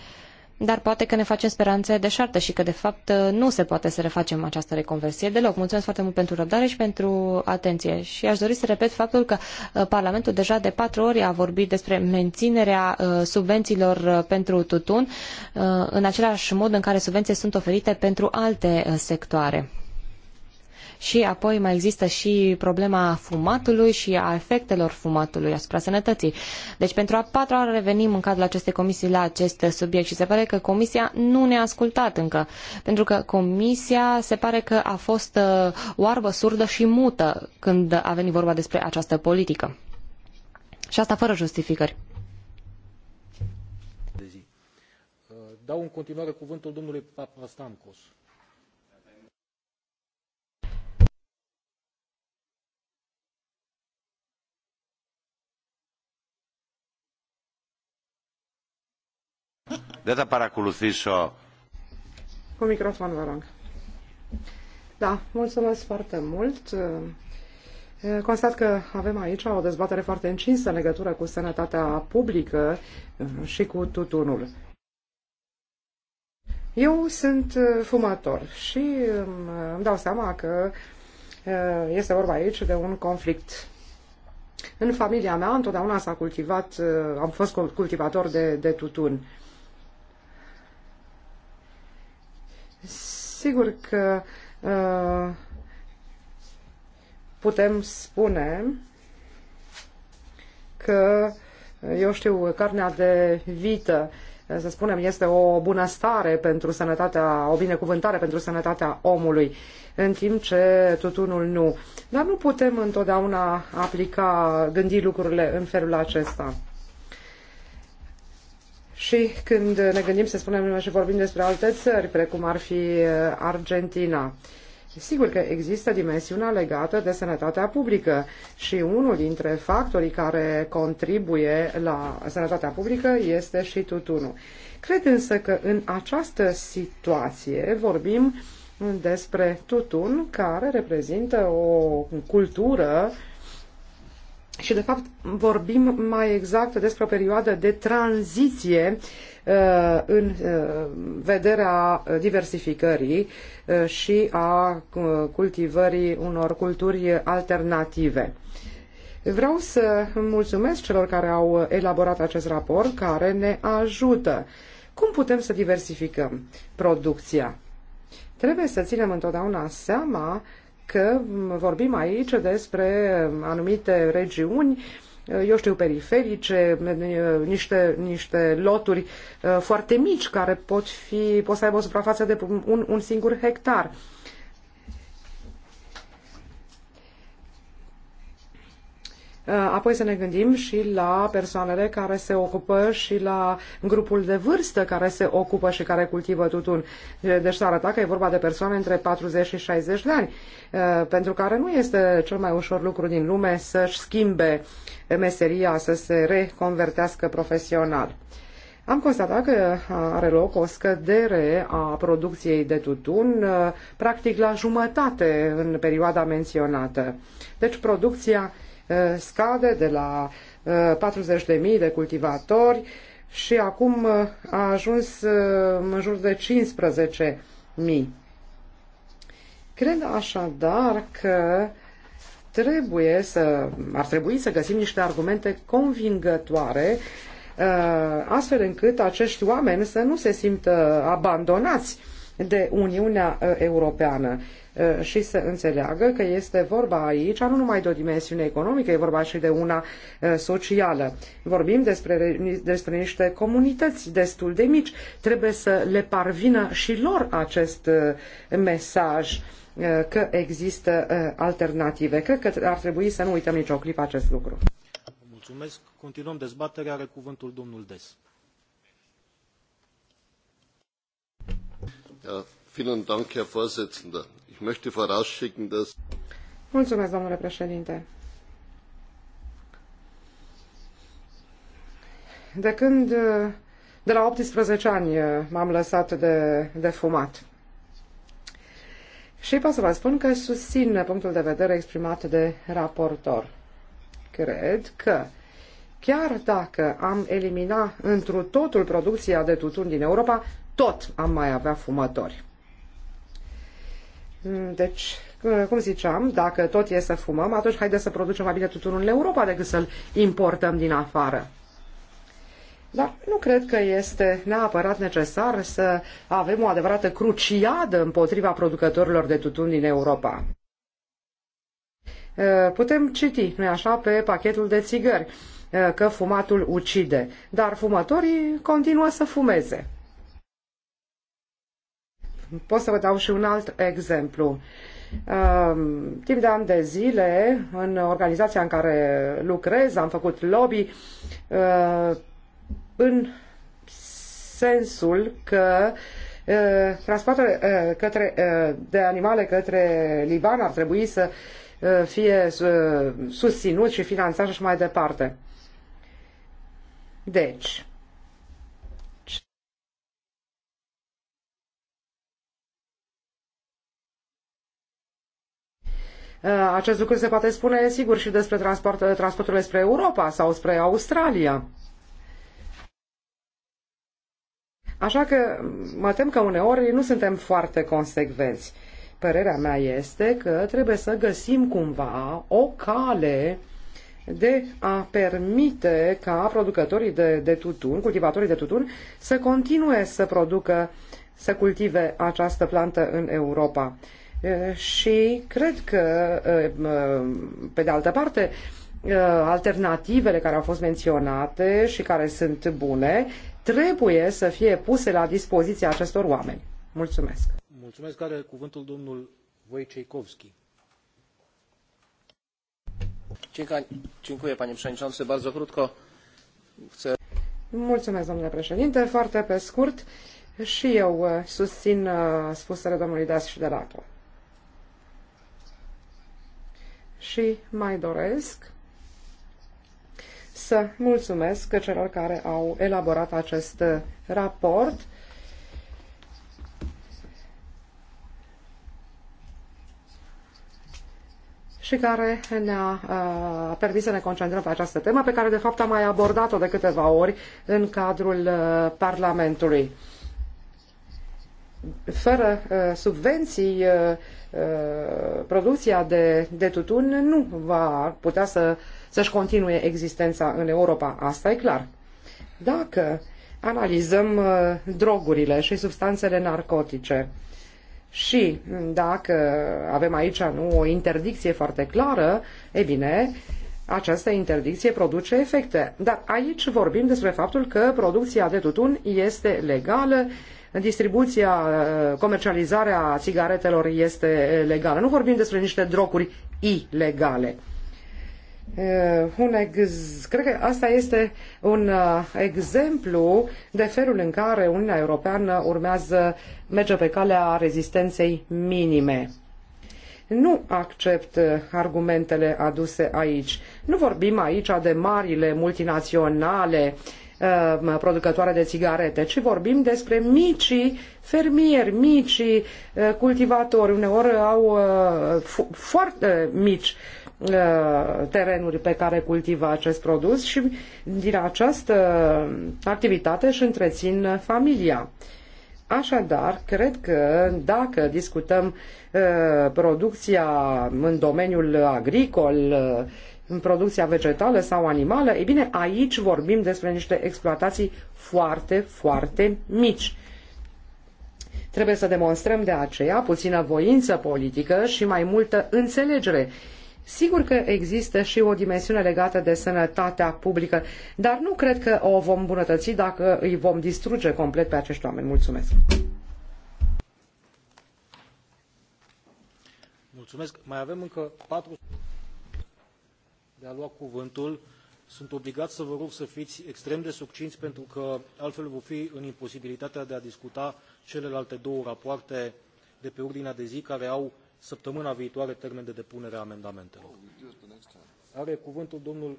dar poate că ne facem speranțe deșartă și că, de fapt, nu se poate să refacem această reconversie deloc. Mulțumesc foarte mult pentru răbdare și pentru atenție. Și aș dori să repet faptul că uh, Parlamentul deja de patru ori a vorbit despre menținerea uh, subvențiilor uh, pentru tutun în același mod în care subvenții sunt oferite pentru alte sectoare. Și apoi mai există și problema fumatului și a efectelor fumatului asupra sănătății. Deci pentru a patra oară revenim în cadrul acestei comisii la acest subiect și se pare că comisia nu ne-a ascultat încă. Pentru că comisia se pare că a fost uh, oarbă, surdă și mută când a venit vorba despre această politică. Și asta fără justificări. Dau în continuare cuvântul domnului Papastamcos. Δεν θα παρακολουθήσω. Cu microfon, vă rog. Da, mulțumesc foarte mult. Constat că avem aici o dezbatere foarte încinsă în legătură cu sănătatea publică uh, și cu tutunul. Eu sunt uh, fumător și um, îmi dau seama că uh, este vorba aici de un conflict. În familia mea întotdeauna s-a cultivat, am fost cultivator de, de tutun. Sigur că uh, putem spune că, uh, eu știu, carnea de vită, uh, să spunem, este o bunăstare pentru sănătatea, o binecuvântare pentru sănătatea omului, în timp ce tutunul nu. Dar nu putem întotdeauna aplica, gândi lucrurile în felul acesta. Și când ne gândim, să spunem, și vorbim despre alte țări, precum ar fi uh, Argentina, Sigur că există dimensiunea legată de sănătatea publică și unul dintre factorii care contribuie la sănătatea publică este și tutunul. Cred însă că în această situație vorbim despre tutun care reprezintă o cultură uh, și, de fapt, vorbim mai exact despre o perioadă de tranziție uh, în uh, vederea diversificării uh, și a cultivării unor culturi alternative. Vreau să mulțumesc celor care au elaborat acest raport care ne ajută. Cum putem să diversificăm producția? Trebuie să ținem întotdeauna seama că vorbim aici despre anumite regiuni eu știu, periferice, niște, niște loturi uh, foarte mici care pot, fi, pot să aibă o suprafață de un, un singur hectar. Uh, apoi să ne gândim și la persoanele care se ocupă și la grupul de vârstă care se ocupă și care cultivă tutun. Uh, deci s-a arătat că e vorba de persoane între 40 și 60 de ani, uh, pentru care nu este cel mai ușor lucru din lume să-și schimbe meseria, să se reconvertească profesional. Am constatat că are loc o scădere a producției de tutun practic la jumătate în perioada menționată. Deci producția Uh, scade de la 40.000 uh, de cultivatori și acum uh, a ajuns în jur de 15.000. Cred așadar că trebuie să, ar trebui să găsim niște argumente convingătoare astfel încât acești oameni să nu se simtă abandonați de Uniunea Europeană Eh, și să înțeleagă că este vorba aici nu numai de o dimensiune economică, e vorba și de una eh, socială. Vorbim despre, despre niște comunități destul de mici. Trebuie să le parvină și lor acest eh, mesaj că există alternative. Cred că ar trebui să nu uităm nicio clipă acest lucru. Mulțumesc. Continuăm dezbaterea. Are cuvântul domnul Des. Vielen Dank, Herr Vorsitzender. Ich möchte vorausschicken, dass Mulțumesc, domnule președinte. De când, de la 18 ani, eh, m-am lăsat de, de fumat. Și pot să vă spun că susțin punctul de vedere exprimat de raportor. Cred că chiar dacă am eliminat întru totul producția de tutun din Europa, tot am mai avea fumători. Mm, deci, mm, cum ziceam, dacă tot e să fumăm, atunci haide să producem mai bine tutunul în Europa decât să-l importăm din afară. Dar nu cred că este neapărat necesar să avem o adevărată cruciadă împotriva producătorilor de tutun din Europa. Putem citi, nu așa, pe pachetul de țigări că fumatul ucide, dar fumătorii continuă să fumeze. Pot să vă dau și un alt exemplu. Um, timp de ani de zile, în organizația în care lucrez, am făcut lobby uh, în sensul că uh, transportul uh, către, de animale către Liban ar trebui să fie susținut și finanțat și mai departe. Deci, Uh, acest lucru se poate spune, sigur, și despre transport, uh, transporturile spre Europa sau spre Australia. Așa că mă tem că uneori nu suntem foarte consecvenți. Părerea mea este că trebuie să găsim cumva o cale de a permite ca producătorii de, de tutun, cultivatorii de tutun, să continue să producă, să cultive această plantă în Europa și cred că, pe de altă parte, alternativele care au fost menționate și care sunt bune trebuie să fie puse la dispoziția acestor oameni. Mulțumesc. Mulțumesc. Are cuvântul domnul Wojciechowski. Dziękuję, panie przewodniczący. Bardzo krótko. Chcę... Mulțumesc, domnule președinte. Foarte pe scurt. Și eu susțin spusele domnului Das și de la Lato. și mai doresc să mulțumesc celor care au elaborat acest raport. și care ne-a uh, permis să ne concentrăm pe această temă, pe care de fapt am mai abordat-o de câteva ori în cadrul uh, Parlamentului. Fără uh, subvenții, Uh, producția de, de tutun nu va putea să, să-și continue existența în Europa. Asta e clar. Dacă analizăm uh, drogurile și substanțele narcotice și dacă avem aici nu, o interdicție foarte clară, e bine, această interdicție produce efecte. Dar aici vorbim despre faptul că producția de tutun este legală distribuția, uh, comercializarea țigaretelor este legală. Nu vorbim despre niște droguri ilegale. Uh, un ex... Cred că asta este un uh, exemplu de felul în care Uniunea Europeană urmează, merge pe calea rezistenței minime. Nu accept argumentele aduse aici. Nu vorbim aici de marile multinaționale uh, Um, producătoare de țigarete, ci vorbim despre micii fermieri, micii uh, cultivatori, uneori au uh, foarte mici uh, terenuri pe care cultivă acest produs și din această activitate își întrețin familia. Așadar, cred că dacă discutăm producția în domeniul agricol, în producția vegetală sau animală, e bine, aici vorbim despre niște exploatații foarte, foarte mici. Trebuie să demonstrăm de aceea puțină voință politică și mai multă înțelegere. Sigur că există și o dimensiune legată de sănătatea publică, dar nu cred că o vom îmbunătăți dacă îi vom distruge complet pe acești oameni. Mulțumesc! Mulțumesc! Mai avem încă patru de a lua cuvântul. Sunt obligat să vă rog să fiți extrem de succinți pentru că altfel vom fi în imposibilitatea de a discuta celelalte două rapoarte de pe ordinea de zi care au săptămâna viitoare termen de depunere a amendamentelor. Are cuvântul domnul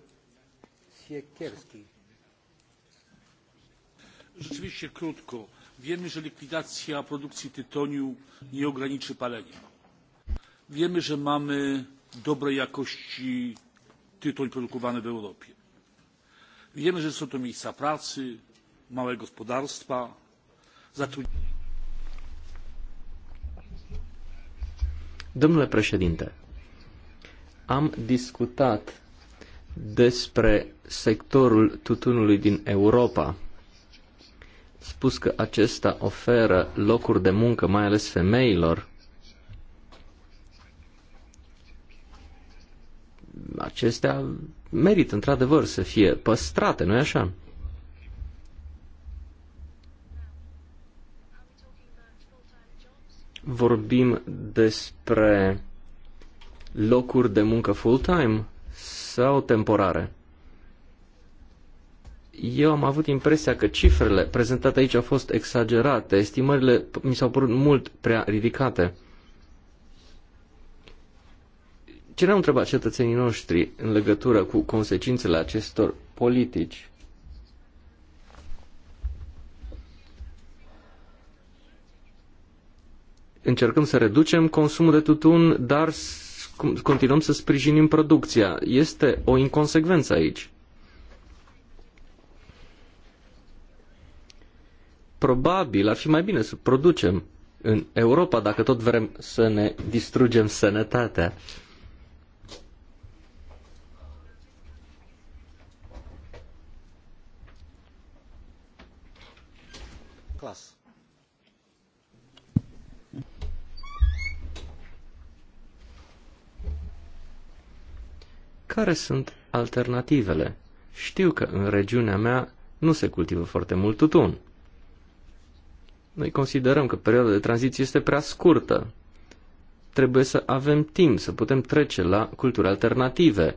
Siekierski. Rzeczywiście krótko. Wiemy, że likwidacja produkcji tytoniu nie ograniczy palenia. Wiemy, że mamy dobrej jakości tytoń produkowany w europie. wiemy że są to miejsca pracy małe gospodarstwa Domnule președinte, am discutat despre sectorul tutunului din Europa. Spus că acesta oferă locuri de muncă, mai ales femeilor, acestea merită într-adevăr să fie păstrate, nu-i așa? Vorbim despre locuri de muncă full-time sau temporare? Eu am avut impresia că cifrele prezentate aici au fost exagerate, estimările mi s-au părut mult prea ridicate. Ce ne-au întrebat cetățenii noștri în legătură cu consecințele acestor politici? Încercăm să reducem consumul de tutun, dar continuăm să sprijinim producția. Este o inconsecvență aici. Probabil ar fi mai bine să producem în Europa dacă tot vrem să ne distrugem sănătatea. Care sunt alternativele? Știu că în regiunea mea nu se cultivă foarte mult tutun. Noi considerăm că perioada de tranziție este prea scurtă. Trebuie să avem timp, să putem trece la culturi alternative.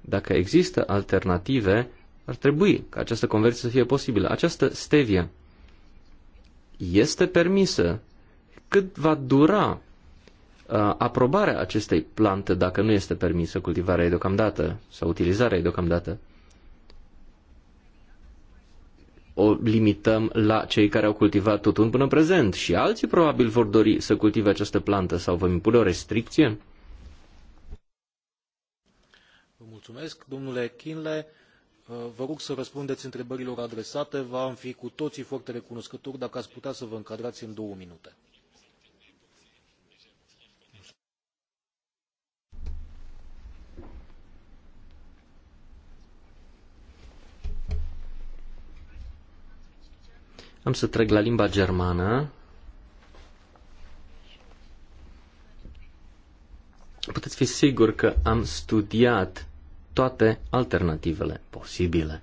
Dacă există alternative, ar trebui ca această conversie să fie posibilă. Această stevie este permisă. Cât va dura Uh, aprobarea acestei plante dacă nu este permisă cultivarea ei deocamdată sau utilizarea ei deocamdată. O limităm la cei care au cultivat tutun până în prezent și alții probabil vor dori să cultive această plantă sau vom impune o restricție? Vă mulțumesc, domnule Kinle. Uh, vă rog să răspundeți întrebărilor adresate. V-am fi cu toții foarte recunoscători dacă ați putea să vă încadrați în două minute. Am să trec la limba germană. Puteți fi sigur că am studiat toate alternativele posibile.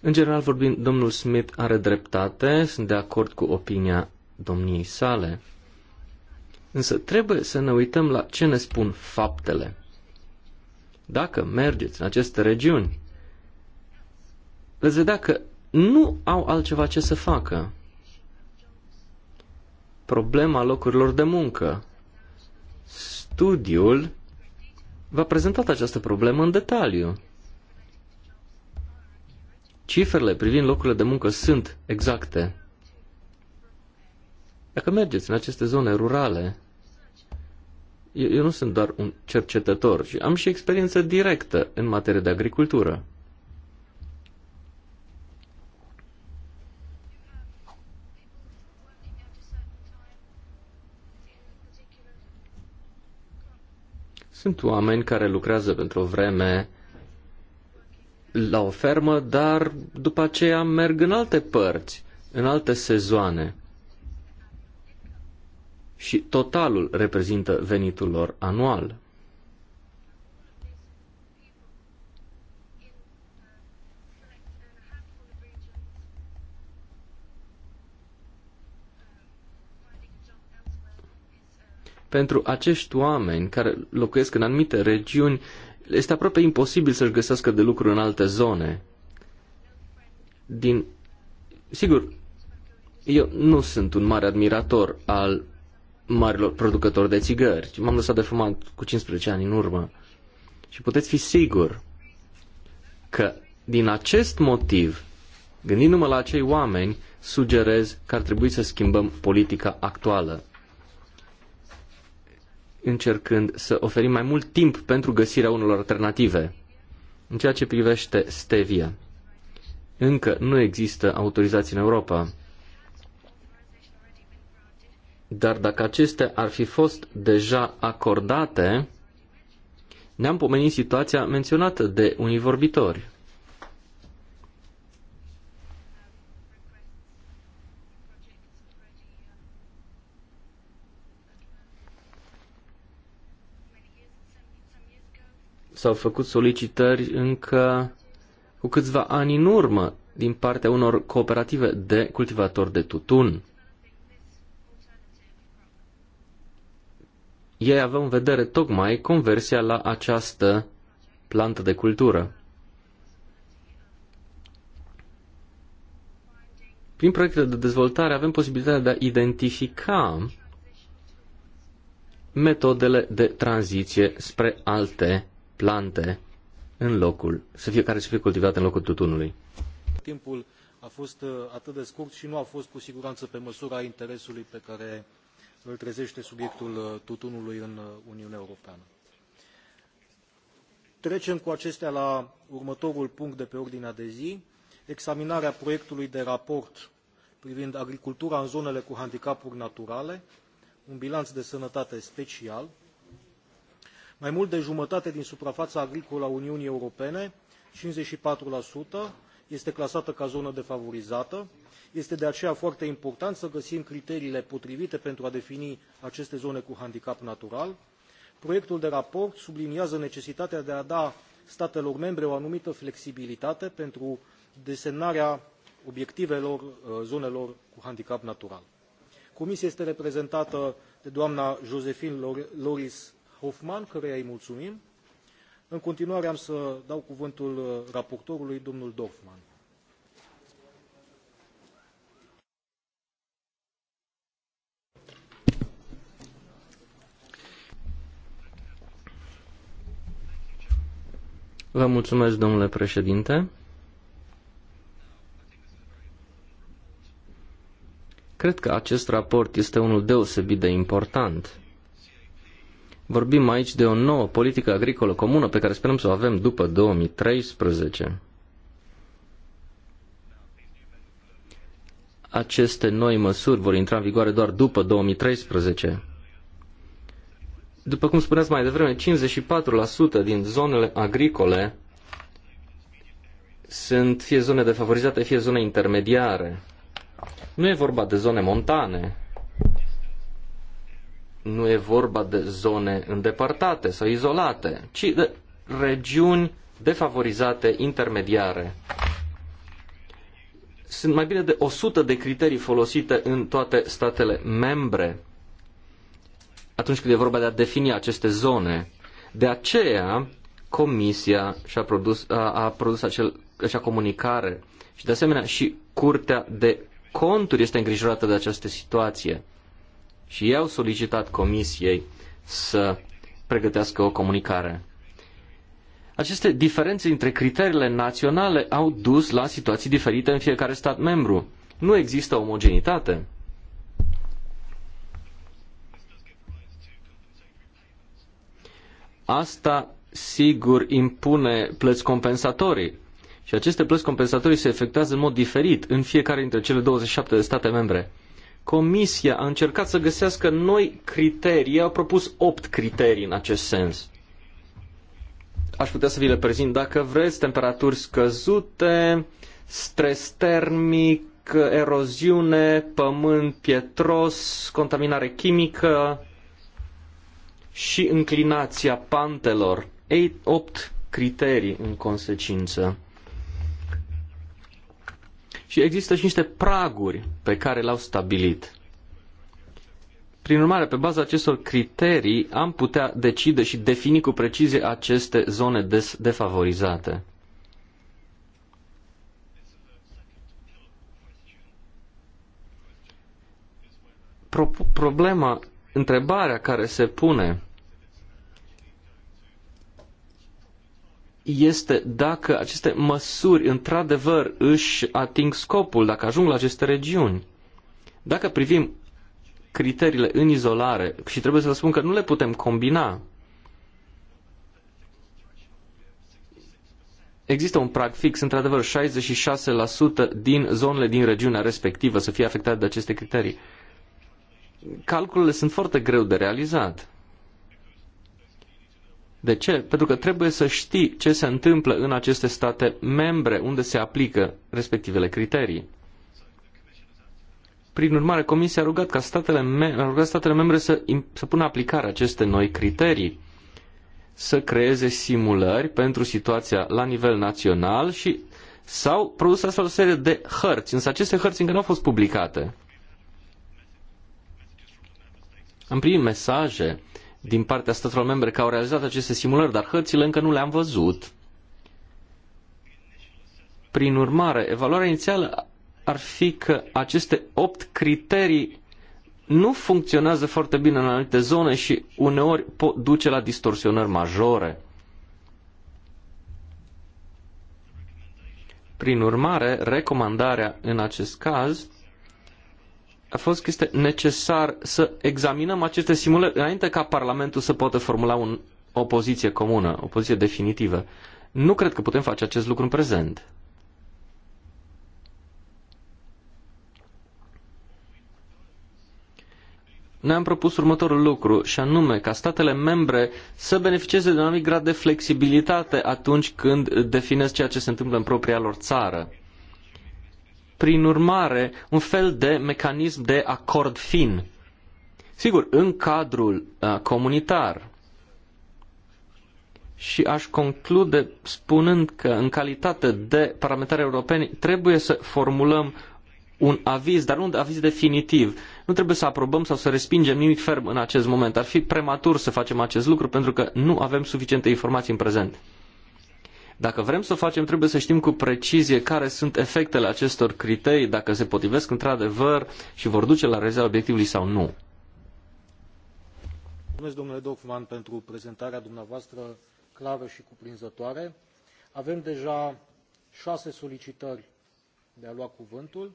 În general vorbind, domnul Smith are dreptate, sunt de acord cu opinia domniei sale, însă trebuie să ne uităm la ce ne spun faptele. Dacă mergeți în aceste regiuni veți vedea că nu au altceva ce să facă. Problema locurilor de muncă. Studiul v-a prezentat această problemă în detaliu. Cifrele privind locurile de muncă sunt exacte. Dacă mergeți în aceste zone rurale, eu, eu nu sunt doar un cercetător, ci am și experiență directă în materie de agricultură. Sunt oameni care lucrează pentru o vreme la o fermă, dar după aceea merg în alte părți, în alte sezoane. Și totalul reprezintă venitul lor anual. Pentru acești oameni care locuiesc în anumite regiuni, este aproape imposibil să-și găsească de lucru în alte zone. Din... Sigur, eu nu sunt un mare admirator al marilor producători de țigări. M-am lăsat de fumat cu 15 ani în urmă. Și puteți fi sigur că din acest motiv, gândindu-mă la acei oameni, sugerez că ar trebui să schimbăm politica actuală încercând să oferim mai mult timp pentru găsirea unor alternative. În ceea ce privește stevia, încă nu există autorizații în Europa. Dar dacă acestea ar fi fost deja acordate, ne-am pomenit situația menționată de unii vorbitori. s-au făcut solicitări încă cu câțiva ani în urmă din partea unor cooperative de cultivatori de tutun. Ei aveau în vedere tocmai conversia la această plantă de cultură. Prin proiectele de dezvoltare avem posibilitatea de a identifica metodele de tranziție spre alte plante în locul, să fie, care să fie cultivate în locul tutunului. Timpul a fost uh, atât de scurt și nu a fost cu siguranță pe măsura interesului pe care îl trezește subiectul uh, tutunului în uh, Uniunea Europeană. Trecem cu acestea la următorul punct de pe ordinea de zi, examinarea proiectului de raport privind agricultura în zonele cu handicapuri naturale, un bilanț de sănătate special, mai mult de jumătate din suprafața agricolă a Uniunii Europene, 54%, este clasată ca zonă defavorizată. Este de aceea foarte important să găsim criteriile potrivite pentru a defini aceste zone cu handicap natural. Proiectul de raport subliniază necesitatea de a da statelor membre o anumită flexibilitate pentru desemnarea obiectivelor uh, zonelor cu handicap natural. Comisia este reprezentată de doamna Josephine Loris Hoffman, căreia îi mulțumim. În continuare am să dau cuvântul uh, raportorului, domnul Dorfman. Vă mulțumesc, domnule președinte. Cred că acest raport este unul deosebit de important. Vorbim aici de o nouă politică agricolă comună pe care sperăm să o avem după 2013. Aceste noi măsuri vor intra în vigoare doar după 2013. După cum spuneați mai devreme, 54% din zonele agricole sunt fie zone defavorizate, fie zone intermediare. Nu e vorba de zone montane, nu e vorba de zone îndepărtate sau izolate, ci de regiuni defavorizate intermediare. Sunt mai bine de 100 de criterii folosite în toate statele membre atunci când e vorba de a defini aceste zone. De aceea, Comisia și-a produs, a, a produs acel, acea comunicare și, de asemenea, și Curtea de Conturi este îngrijorată de această situație și eu solicitat comisiei să pregătească o comunicare. Aceste diferențe între criteriile naționale au dus la situații diferite în fiecare stat membru. Nu există omogenitate. Asta, sigur, impune plăți compensatorii. Și aceste plăți compensatorii se efectuează în mod diferit în fiecare dintre cele 27 de state membre. Comisia a încercat să găsească noi criterii, au propus opt criterii în acest sens. Aș putea să vi le prezint dacă vreți, temperaturi scăzute, stres termic, eroziune, pământ pietros, contaminare chimică și înclinația pantelor. Ei, opt criterii în consecință. Și există și niște praguri pe care le-au stabilit. Prin urmare, pe baza acestor criterii, am putea decide și defini cu precizie aceste zone defavorizate. Pro problema, întrebarea care se pune este dacă aceste măsuri într-adevăr își ating scopul, dacă ajung la aceste regiuni. Dacă privim criteriile în izolare, și trebuie să vă spun că nu le putem combina, Există un prag fix, într-adevăr, 66% din zonele din regiunea respectivă să fie afectate de aceste criterii. Calculele sunt foarte greu de realizat. De ce? Pentru că trebuie să știi ce se întâmplă în aceste state membre unde se aplică respectivele criterii. Prin urmare, Comisia a rugat, ca statele, mem- a rugat statele membre să, să pună aplicare aceste noi criterii, să creeze simulări pentru situația la nivel național și s-au produs astfel o serie de hărți, însă aceste hărți încă nu au fost publicate. Am primit mesaje din partea statelor membre care au realizat aceste simulări, dar hărțile încă nu le-am văzut. Prin urmare, evaluarea inițială ar fi că aceste opt criterii nu funcționează foarte bine în anumite zone și uneori pot duce la distorsionări majore. Prin urmare, recomandarea în acest caz a fost că este necesar să examinăm aceste simulări înainte ca Parlamentul să poată formula un, o poziție comună, o poziție definitivă. Nu cred că putem face acest lucru în prezent. Noi am propus următorul lucru, și anume ca statele membre să beneficieze de un anumit grad de flexibilitate atunci când definesc ceea ce se întâmplă în propria lor țară prin urmare, un fel de mecanism de acord fin. Sigur, în cadrul uh, comunitar. Și aș conclude spunând că, în calitate de parlamentari europeni, trebuie să formulăm un aviz, dar nu un aviz definitiv. Nu trebuie să aprobăm sau să respingem nimic ferm în acest moment. Ar fi prematur să facem acest lucru pentru că nu avem suficiente informații în prezent. Dacă vrem să o facem, trebuie să știm cu precizie care sunt efectele acestor criterii, dacă se potrivesc într-adevăr și vor duce la realizarea obiectivului sau nu. Mulțumesc, domnule Dorfman, pentru prezentarea dumneavoastră clară și cuprinzătoare. Avem deja șase solicitări de a lua cuvântul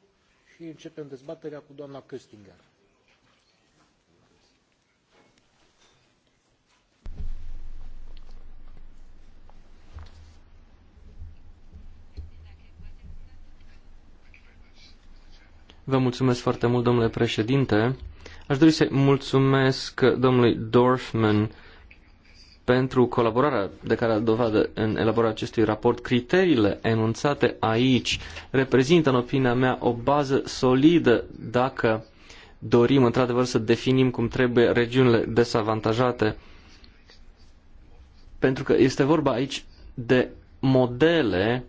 și începem dezbaterea cu doamna Köstinger. Vă mulțumesc foarte mult, domnule președinte. Aș dori să-i mulțumesc domnului Dorfman pentru colaborarea de care a dovadă în elaborarea acestui raport. Criteriile enunțate aici reprezintă, în opinia mea, o bază solidă dacă dorim, într-adevăr, să definim cum trebuie regiunile desavantajate, Pentru că este vorba aici de modele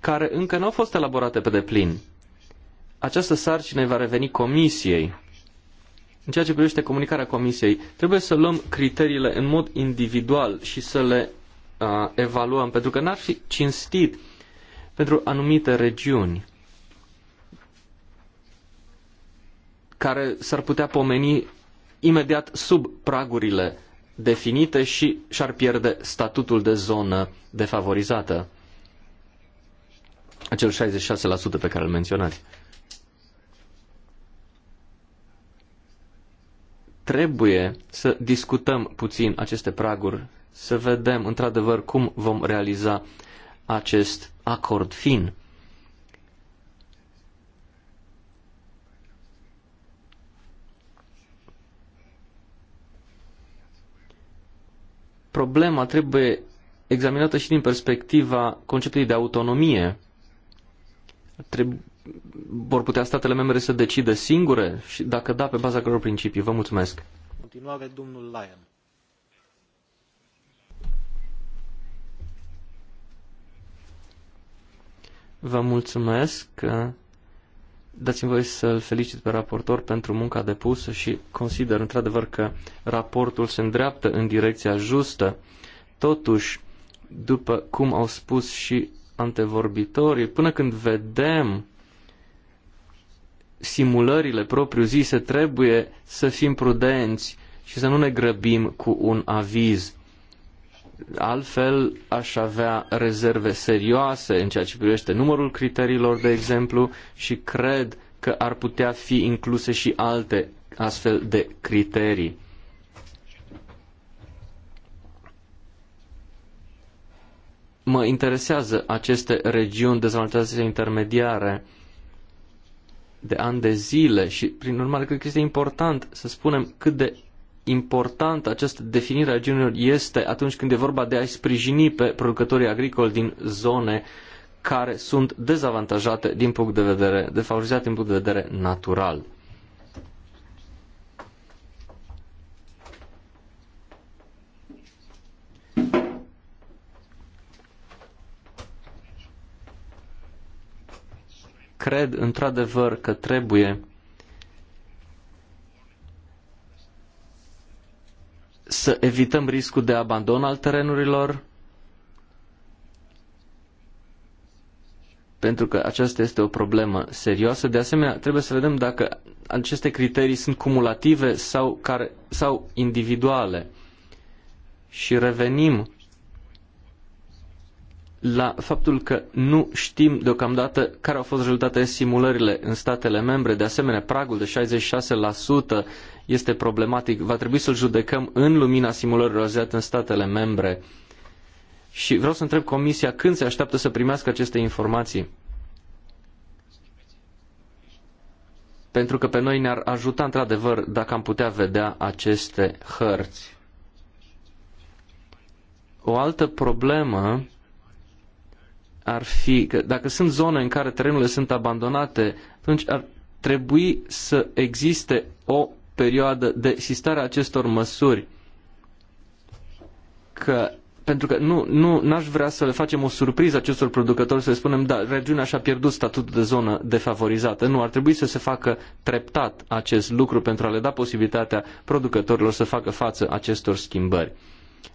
care încă nu au fost elaborate pe deplin. Această sarcină va reveni comisiei. În ceea ce privește comunicarea comisiei, trebuie să luăm criteriile în mod individual și să le uh, evaluăm, pentru că n-ar fi cinstit pentru anumite regiuni care s-ar putea pomeni imediat sub pragurile definite și și-ar pierde statutul de zonă defavorizată. Acel 66% pe care îl menționați. trebuie să discutăm puțin aceste praguri, să vedem într-adevăr cum vom realiza acest acord fin. Problema trebuie examinată și din perspectiva conceptului de autonomie. Trebuie vor putea statele membre să decide singure și dacă da, pe baza căror principii? Vă mulțumesc. Continuare, domnul Lyon. Vă mulțumesc. Dați-mi voie să-l felicit pe raportor pentru munca depusă și consider într-adevăr că raportul se îndreaptă în direcția justă. Totuși, după cum au spus și antevorbitorii, până când vedem simulările propriu-zise, trebuie să fim prudenți și să nu ne grăbim cu un aviz. Altfel, aș avea rezerve serioase în ceea ce privește numărul criteriilor, de exemplu, și cred că ar putea fi incluse și alte astfel de criterii. Mă interesează aceste regiuni dezvoltate intermediare de ani de zile și, prin urmare, cred că este important să spunem cât de importantă această definire a genurilor este atunci când e vorba de a-i sprijini pe producătorii agricoli din zone care sunt dezavantajate din punct de vedere, defavorizate din punct de vedere natural. cred într-adevăr că trebuie să evităm riscul de abandon al terenurilor, pentru că aceasta este o problemă serioasă. De asemenea, trebuie să vedem dacă aceste criterii sunt cumulative sau, care, sau individuale. Și revenim la faptul că nu știm deocamdată care au fost rezultatele simulările în statele membre. De asemenea, pragul de 66% este problematic. Va trebui să-l judecăm în lumina simulărilor realizate în statele membre. Și vreau să întreb Comisia când se așteaptă să primească aceste informații. Pentru că pe noi ne-ar ajuta într-adevăr dacă am putea vedea aceste hărți. O altă problemă ar fi că dacă sunt zone în care terenurile sunt abandonate, atunci ar trebui să existe o perioadă de sistare a acestor măsuri. Că, pentru că nu, nu n-aș vrea să le facem o surpriză acestor producători, să le spunem, da, regiunea și-a pierdut statutul de zonă defavorizată. Nu, ar trebui să se facă treptat acest lucru pentru a le da posibilitatea producătorilor să facă față acestor schimbări.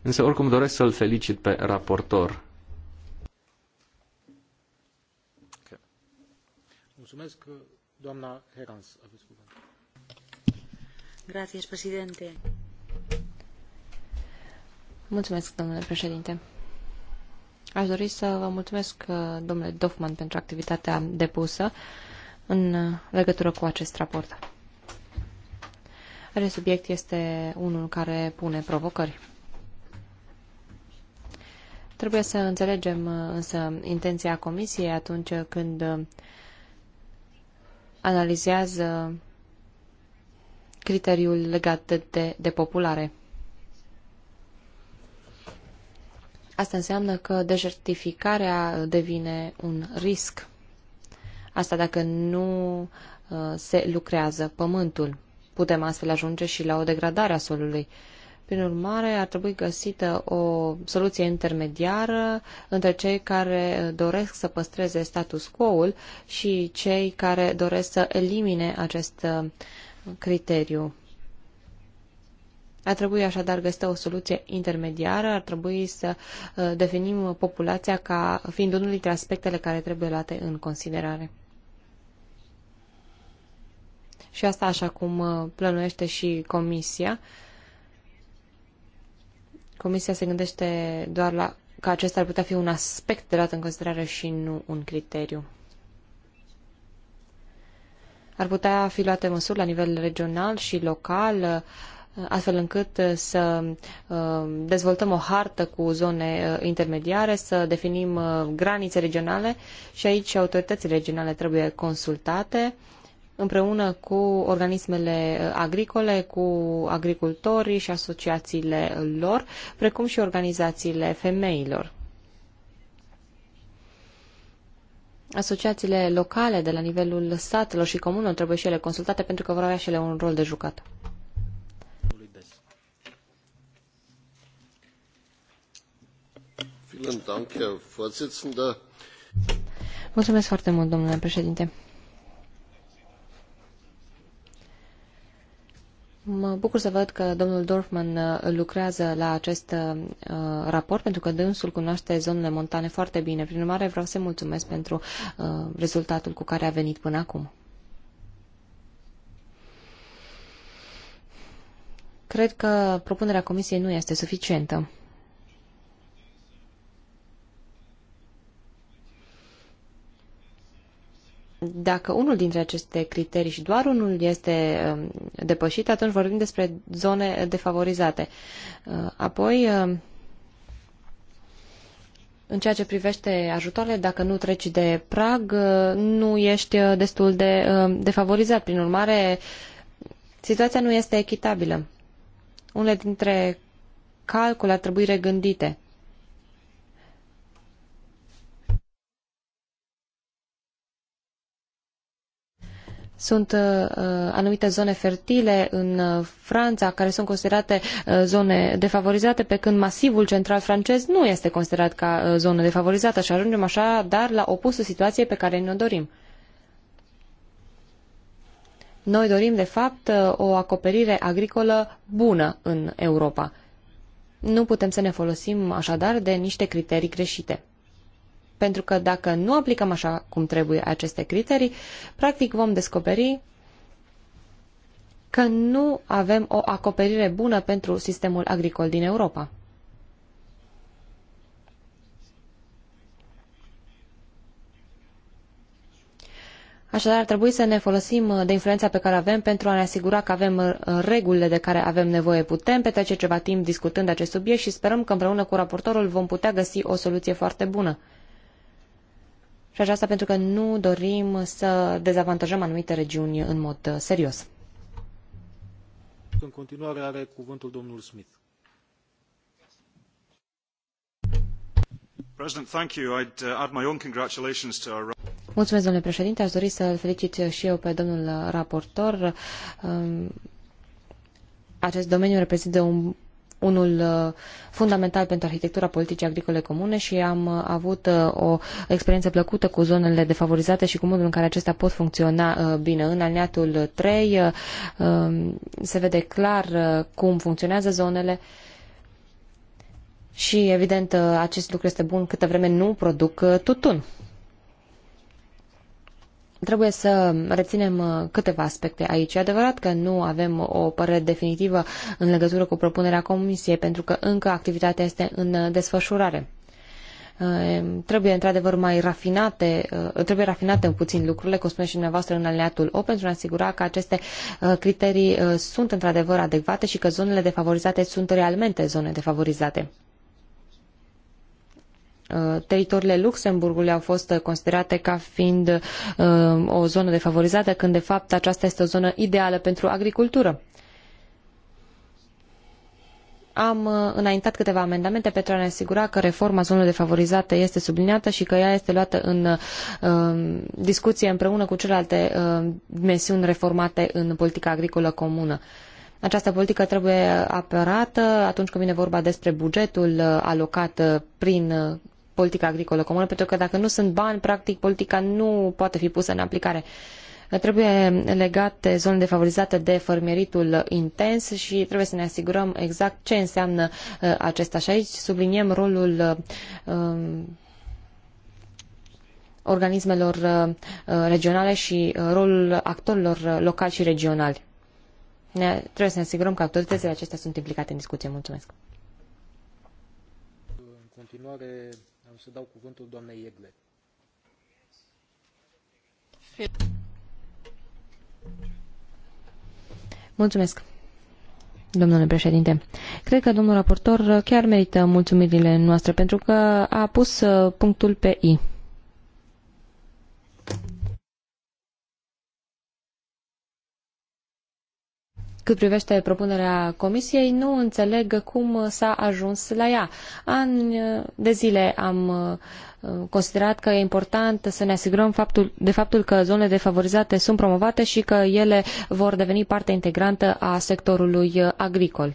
Însă, oricum, doresc să-l felicit pe raportor Mulțumesc, președinte. Mulțumesc, președinte. Aș dori să vă mulțumesc, uh, domnule Dofman, pentru activitatea depusă în uh, legătură cu acest raport. Acest subiect este unul care pune provocări. Trebuie să înțelegem uh, însă intenția Comisiei atunci când analizează criteriul legat de depopulare. Asta înseamnă că dejertificarea devine un risc. Asta dacă nu uh, se lucrează pământul. Putem astfel ajunge și la o degradare a solului. Uh, prin urmare, ar trebui găsită o soluție intermediară între cei care doresc să păstreze status quo-ul și cei care doresc să elimine acest uh, criteriu. Ar trebui așadar găsită o soluție intermediară, ar trebui să uh, definim populația ca fiind unul dintre aspectele care trebuie luate în considerare. Și asta așa cum uh, plănuiește și Comisia, Comisia se gândește doar la că acesta ar putea fi un aspect de luat în considerare și nu un criteriu. Ar putea fi luate măsuri la nivel regional și local, astfel încât să uh, dezvoltăm o hartă cu zone uh, intermediare, să definim uh, granițe regionale și aici autoritățile regionale trebuie consultate împreună cu organismele agricole, cu agricultorii și asociațiile lor, precum și organizațiile femeilor. Asociațiile locale de la nivelul statelor și comunelor trebuie și ele consultate pentru că vor avea și ele un rol de jucat. Mulțumesc foarte mult, domnule președinte. Mă bucur să văd că domnul Dorfman uh, lucrează la acest uh, raport, pentru că dânsul cunoaște zonele montane foarte bine. Prin urmare, vreau să mulțumesc pentru uh, rezultatul cu care a venit până acum. Cred că propunerea comisiei nu este suficientă. Dacă unul dintre aceste criterii și doar unul este um, depășit, atunci vorbim despre zone defavorizate. Uh, apoi, um, în ceea ce privește ajutoarele, dacă nu treci de prag, uh, nu ești uh, destul de um, defavorizat. Prin urmare, situația nu este echitabilă. Unele dintre calcule ar trebui regândite. Sunt uh, uh, anumite zone fertile în uh, Franța care sunt considerate zone defavorizate, pe când masivul central francez nu este considerat ca zonă defavorizată și ajungem așa, dar la opusul situației pe care ne-o dorim. Noi dorim, de fapt, o acoperire agricolă bună în Europa. Nu putem să ne folosim așadar de niște criterii greșite. Pentru că dacă nu aplicăm așa cum trebuie aceste criterii, practic vom descoperi că nu avem o acoperire bună pentru sistemul agricol din Europa. Așadar, ar trebui să ne folosim uh, de influența pe care avem pentru a ne asigura că avem uh, regulile de care avem nevoie. Putem petrece ceva timp discutând acest subiect și sperăm că împreună cu raportorul vom putea găsi o soluție foarte bună. Și aceasta pentru că nu dorim să dezavantajăm anumite regiuni în mod uh, serios. În continuare are cuvântul domnul Smith. Uh, Mulțumesc, domnule președinte. Aș dori să felicit și eu pe domnul raportor. Um, acest domeniu reprezintă un unul uh, fundamental pentru arhitectura politicii agricole comune și am uh, avut uh, o experiență plăcută cu zonele defavorizate și cu modul în care acestea pot funcționa bine. În aliniatul 3 um, se vede clar cum funcționează zonele și, evident, acest lucru este bun câtă vreme nu produc tutun. Trebuie să reținem uh, câteva aspecte aici. E adevărat că nu avem o părere definitivă în legătură cu propunerea Comisiei, pentru că încă activitatea este în uh, desfășurare. Uh, trebuie într-adevăr mai rafinate, trebuie rafinate în puțin lucrurile, cum spuneți și dumneavoastră în aliatul O, pentru a asigura că aceste criterii sunt într-adevăr adecvate și că zonele defavorizate sunt realmente zone defavorizate. Uh, teritoriile Luxemburgului au fost uh, considerate ca fiind uh, o zonă defavorizată, când de fapt aceasta este o zonă ideală pentru agricultură. Am înaintat câteva amendamente pentru a ne asigura că reforma zonelor defavorizate este subliniată și că ea este luată în uh, discuție împreună cu celelalte uh, dimensiuni reformate în politica agricolă comună. Această politică trebuie apărată atunci când vine vorba despre bugetul alocat prin politica agricolă comună, pentru că dacă nu sunt bani, practic politica nu poate fi pusă în aplicare. Trebuie legate zone defavorizate de fermieritul intens și trebuie să ne asigurăm exact ce înseamnă uh, acesta. Și aici subliniem rolul uh, um, organismelor uh, uh, regionale și uh, rolul actorilor uh, locali și regionali. Ne, trebuie să ne asigurăm că autoritățile acestea sunt implicate în discuție. Mulțumesc! În continuare, am să dau cuvântul doamnei Egle. Mulțumesc, domnule președinte. Cred că domnul raportor chiar merită mulțumirile noastre pentru că a pus uh, punctul pe I. Cât privește propunerea comisiei, nu înțeleg cum s-a ajuns la ea. Ani de zile am uh, considerat că e important să ne asigurăm faptul, de faptul că zonele defavorizate sunt promovate și că ele vor deveni parte integrantă a sectorului agricol.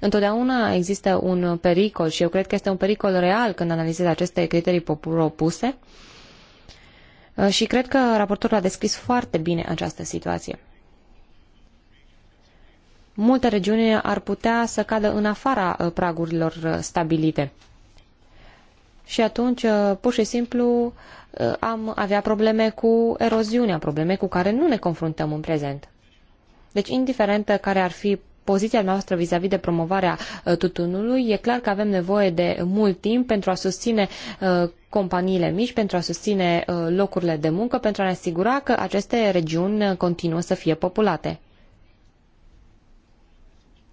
Întotdeauna există un pericol și eu cred că este un pericol real când analizez aceste criterii propuse uh, și cred că raportorul a descris foarte bine această situație multe regiuni ar putea să cadă în afara uh, pragurilor uh, stabilite. Și atunci, uh, pur și simplu, am avea probleme cu eroziunea, probleme cu care nu ne confruntăm în prezent. Deci, indiferent care ar fi poziția noastră vis-a-vis -vis de promovarea tutunului, e clar că avem nevoie de mult timp pentru a susține companiile mici, pentru a susține locurile de muncă, pentru a ne asigura că aceste regiuni continuă să fie populate.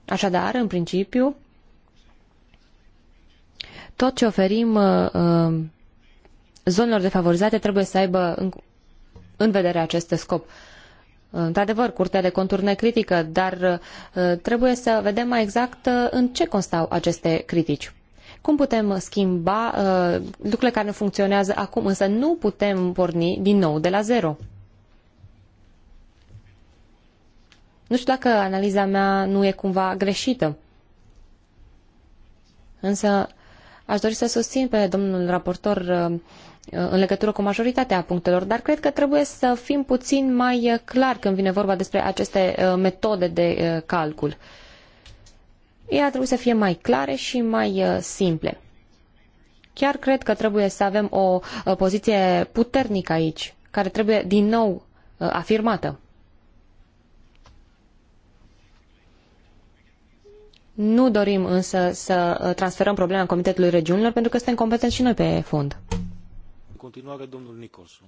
Așadar, în principiu, tot ce oferim uh, uh, zonelor defavorizate trebuie să aibă în vedere acest scop. Uh, într-adevăr, Curtea de Conturi ne critică, dar trebuie să vedem mai exact în ce constau aceste critici. Cum putem schimba lucrurile care nu funcționează acum, însă nu putem porni din nou de la zero. Nu știu dacă analiza mea nu e cumva greșită. Însă aș dori să susțin pe domnul raportor uh, uh, în legătură cu majoritatea punctelor, dar cred că trebuie să fim puțin mai uh, clar când vine vorba despre aceste metode de calcul. Ea ar trebui să fie mai clare și mai simple. Chiar cred că trebuie să avem o poziție puternică aici, care trebuie din nou afirmată. Nu dorim însă să uh, transferăm problema Comitetului Regiunilor pentru că suntem competenți și noi pe fond. În continuare, domnul Nicholson.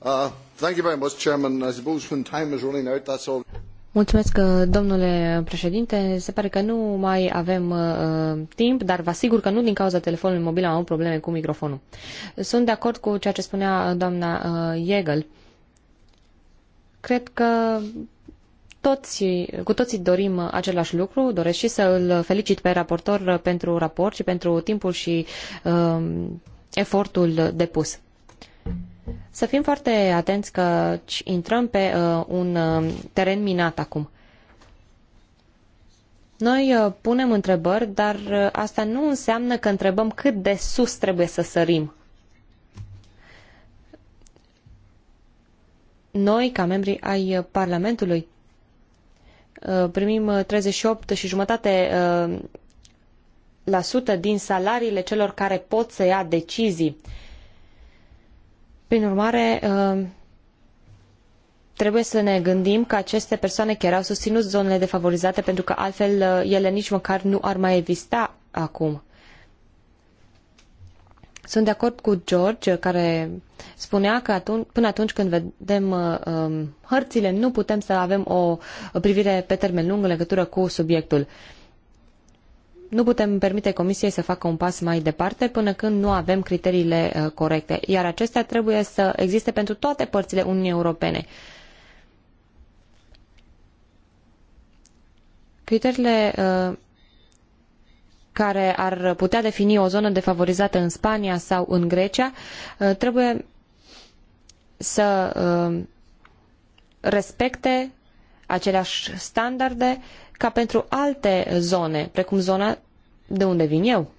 Uh, Mulțumesc, uh, domnule președinte. Se pare că nu mai avem uh, timp, dar vă asigur că nu din cauza telefonului mobil am avut probleme cu microfonul. Sunt de acord cu ceea ce spunea uh, doamna uh, Cred că toți, cu toții dorim uh, același lucru. Doresc și să îl felicit pe raportor pentru raport și pentru timpul și uh, efortul depus. Să fim foarte atenți că intrăm pe uh, un uh, teren minat acum. Noi uh, punem întrebări, dar uh, asta nu înseamnă că întrebăm cât de sus trebuie să sărim. Noi, ca membri ai uh, Parlamentului, uh, primim 38 uh, și jumătate la sută din salariile celor care pot să ia decizii. Prin urmare, uh, trebuie să ne gândim că aceste persoane chiar au susținut zonele defavorizate pentru că altfel uh, ele nici măcar nu ar mai exista acum. Sunt de acord cu George uh, care spunea că atunci, până atunci când vedem um, hărțile nu putem să avem o privire pe termen lung în legătură cu subiectul. Uh, nu putem permite Comisiei să facă un pas mai departe până când nu avem criteriile uh, corecte, iar acestea trebuie să existe pentru toate părțile Uniunii Europene. Criteriile uh, care ar putea defini o zonă defavorizată în Spania sau în Grecia uh, trebuie să respecte aceleași standarde uh, ca pentru alte zone, precum zona de unde vin eu.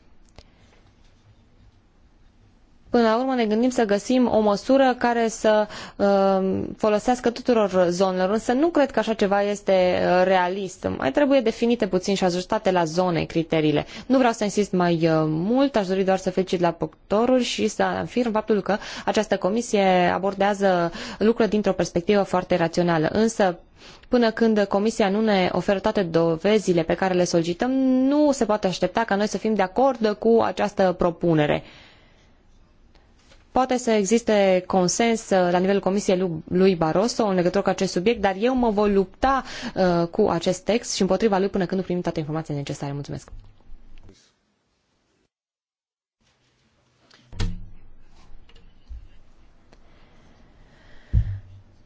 Până la urmă ne gândim să găsim o măsură care să uh, folosească tuturor zonelor, însă nu cred că așa ceva este uh, realist. Mai trebuie definite puțin și ajustate la zone criteriile. Nu vreau să insist mai uh, mult, aș dori doar să felicit la doctorul și să afirm faptul că această comisie abordează lucrurile dintr-o perspectivă foarte rațională. Însă, Până când Comisia nu ne oferă toate dovezile pe care le solicităm, nu se poate aștepta ca noi să fim de acord cu această propunere. Poate să existe consens uh, la nivelul Comisiei lui Barroso în legătură cu acest subiect, dar eu mă voi lupta uh, cu acest text și împotriva lui până când nu primim toate informațiile necesare. Mulțumesc!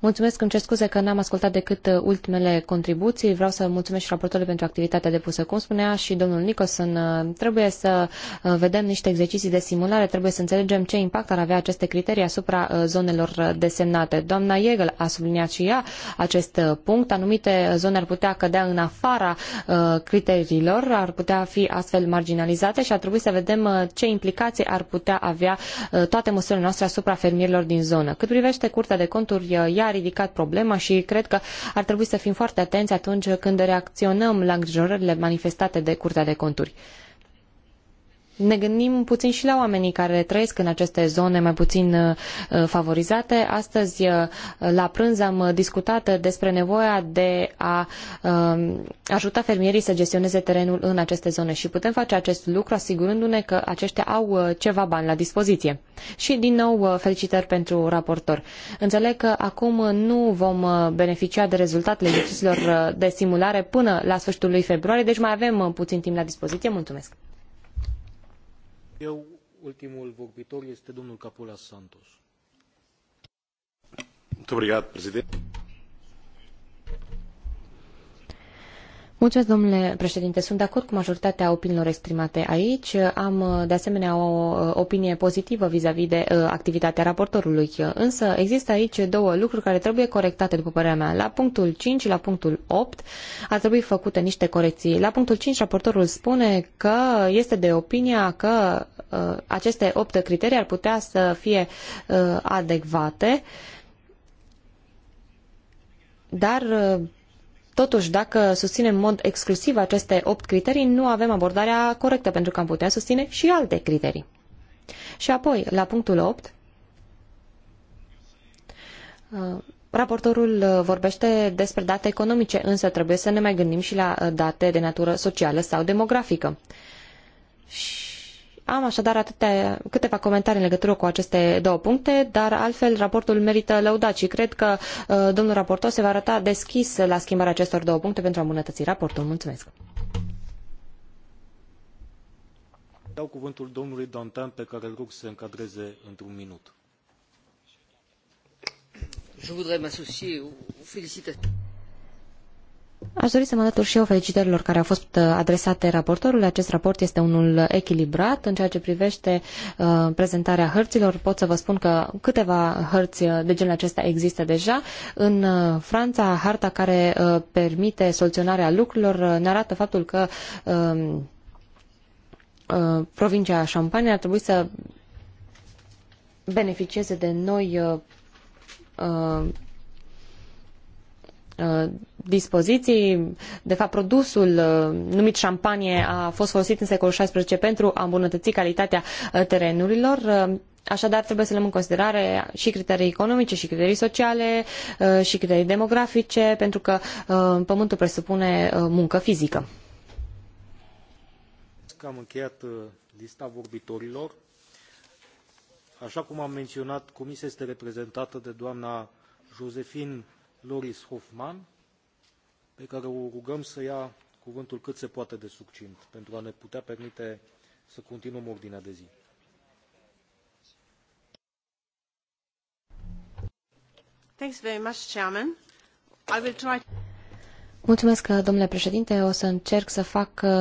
Mulțumesc, îmi cer scuze că n-am ascultat decât uh, ultimele contribuții. Vreau să mulțumesc și raportorului pentru activitatea depusă. Cum spunea și domnul Nicholson, uh, trebuie să uh, vedem niște exerciții de simulare, trebuie să înțelegem ce impact ar avea aceste criterii asupra zonelor desemnate. Doamna Iegel a subliniat și ea acest punct. Anumite zone ar putea cădea în afara criteriilor, ar putea fi astfel marginalizate și ar trebui să vedem ce implicații ar putea avea toate măsurile noastre asupra fermierilor din zonă. Cât privește Curtea de Conturi, ea ridicat problema și cred că ar trebui să fim foarte atenți atunci când reacționăm la îngrijorările manifestate de Curtea de Conturi ne gândim puțin și la oamenii care trăiesc în aceste zone mai puțin uh, uh, favorizate. Astăzi, uh, la prânz, am discutat despre nevoia de a um, ajuta fermierii să gestioneze terenul în aceste zone și putem face acest lucru asigurându-ne că aceștia au ceva bani la dispoziție. Și, din nou, felicitări pentru raportor. Înțeleg că acum nu vom beneficia de rezultatele exercițiilor de simulare până la sfârșitul lui februarie, deci mai avem puțin timp la dispoziție. Mulțumesc! Eu, ultimul vorbitor este domnul Capula Santos. Muito obrigado, Mulțumesc, domnule președinte. Sunt de acord cu majoritatea opiniilor exprimate aici. Am, uh, de asemenea, o uh, opinie pozitivă vis-a-vis de uh, activitatea raportorului. Însă există aici două lucruri care trebuie corectate, după părerea mea. La punctul 5 și la punctul 8 ar trebui făcute niște corecții. La punctul 5 raportorul spune că este de opinia că aceste opt criterii ar putea să fie adecvate, dar Totuși, dacă susținem în mod exclusiv aceste opt criterii, nu avem abordarea corectă, pentru că am putea susține și alte criterii. Și apoi, la punctul 8, uh, raportorul uh, vorbește despre date economice, însă trebuie să ne mai gândim și la uh, date de natură socială sau demografică. Și am așadar atâtea, câteva comentarii în legătură cu aceste două puncte, dar altfel raportul merită lăudat și cred că uh, domnul raportor se va arăta deschis la schimbarea acestor două puncte pentru a îmbunătăți raportul. Mulțumesc! Dau cuvântul domnului Dantan pe care îl rog să se încadreze într-un minut. Je voudrais m'associer aux félicitations. Aș dori să mă alătur și eu felicitărilor care au fost uh, adresate raportorului. Acest raport este unul echilibrat în ceea ce privește uh, prezentarea hărților. Pot să vă spun că câteva hărți uh, de genul acesta există deja. În uh, Franța, harta care uh, permite soluționarea lucrurilor uh, ne arată faptul că um, provincia Champagne ar trebui să beneficieze de noi dispoziții. De fapt, produsul uh, numit șampanie a fost folosit în secolul XVI pentru a îmbunătăți calitatea uh, terenurilor. Uh, așadar, trebuie să luăm în considerare și criterii economice, și criterii sociale, și criterii demografice, pentru că pământul presupune muncă fizică. Am încheiat lista vorbitorilor. Așa cum am menționat, comisia este reprezentată de doamna Josephine Loris Hoffman, pe care o rugăm să ia cuvântul cât se poate de succint pentru a ne putea permite să continuăm ordinea de zi. Thanks very much, Chairman. I will try... Mulțumesc, domnule președinte. O să încerc să fac uh,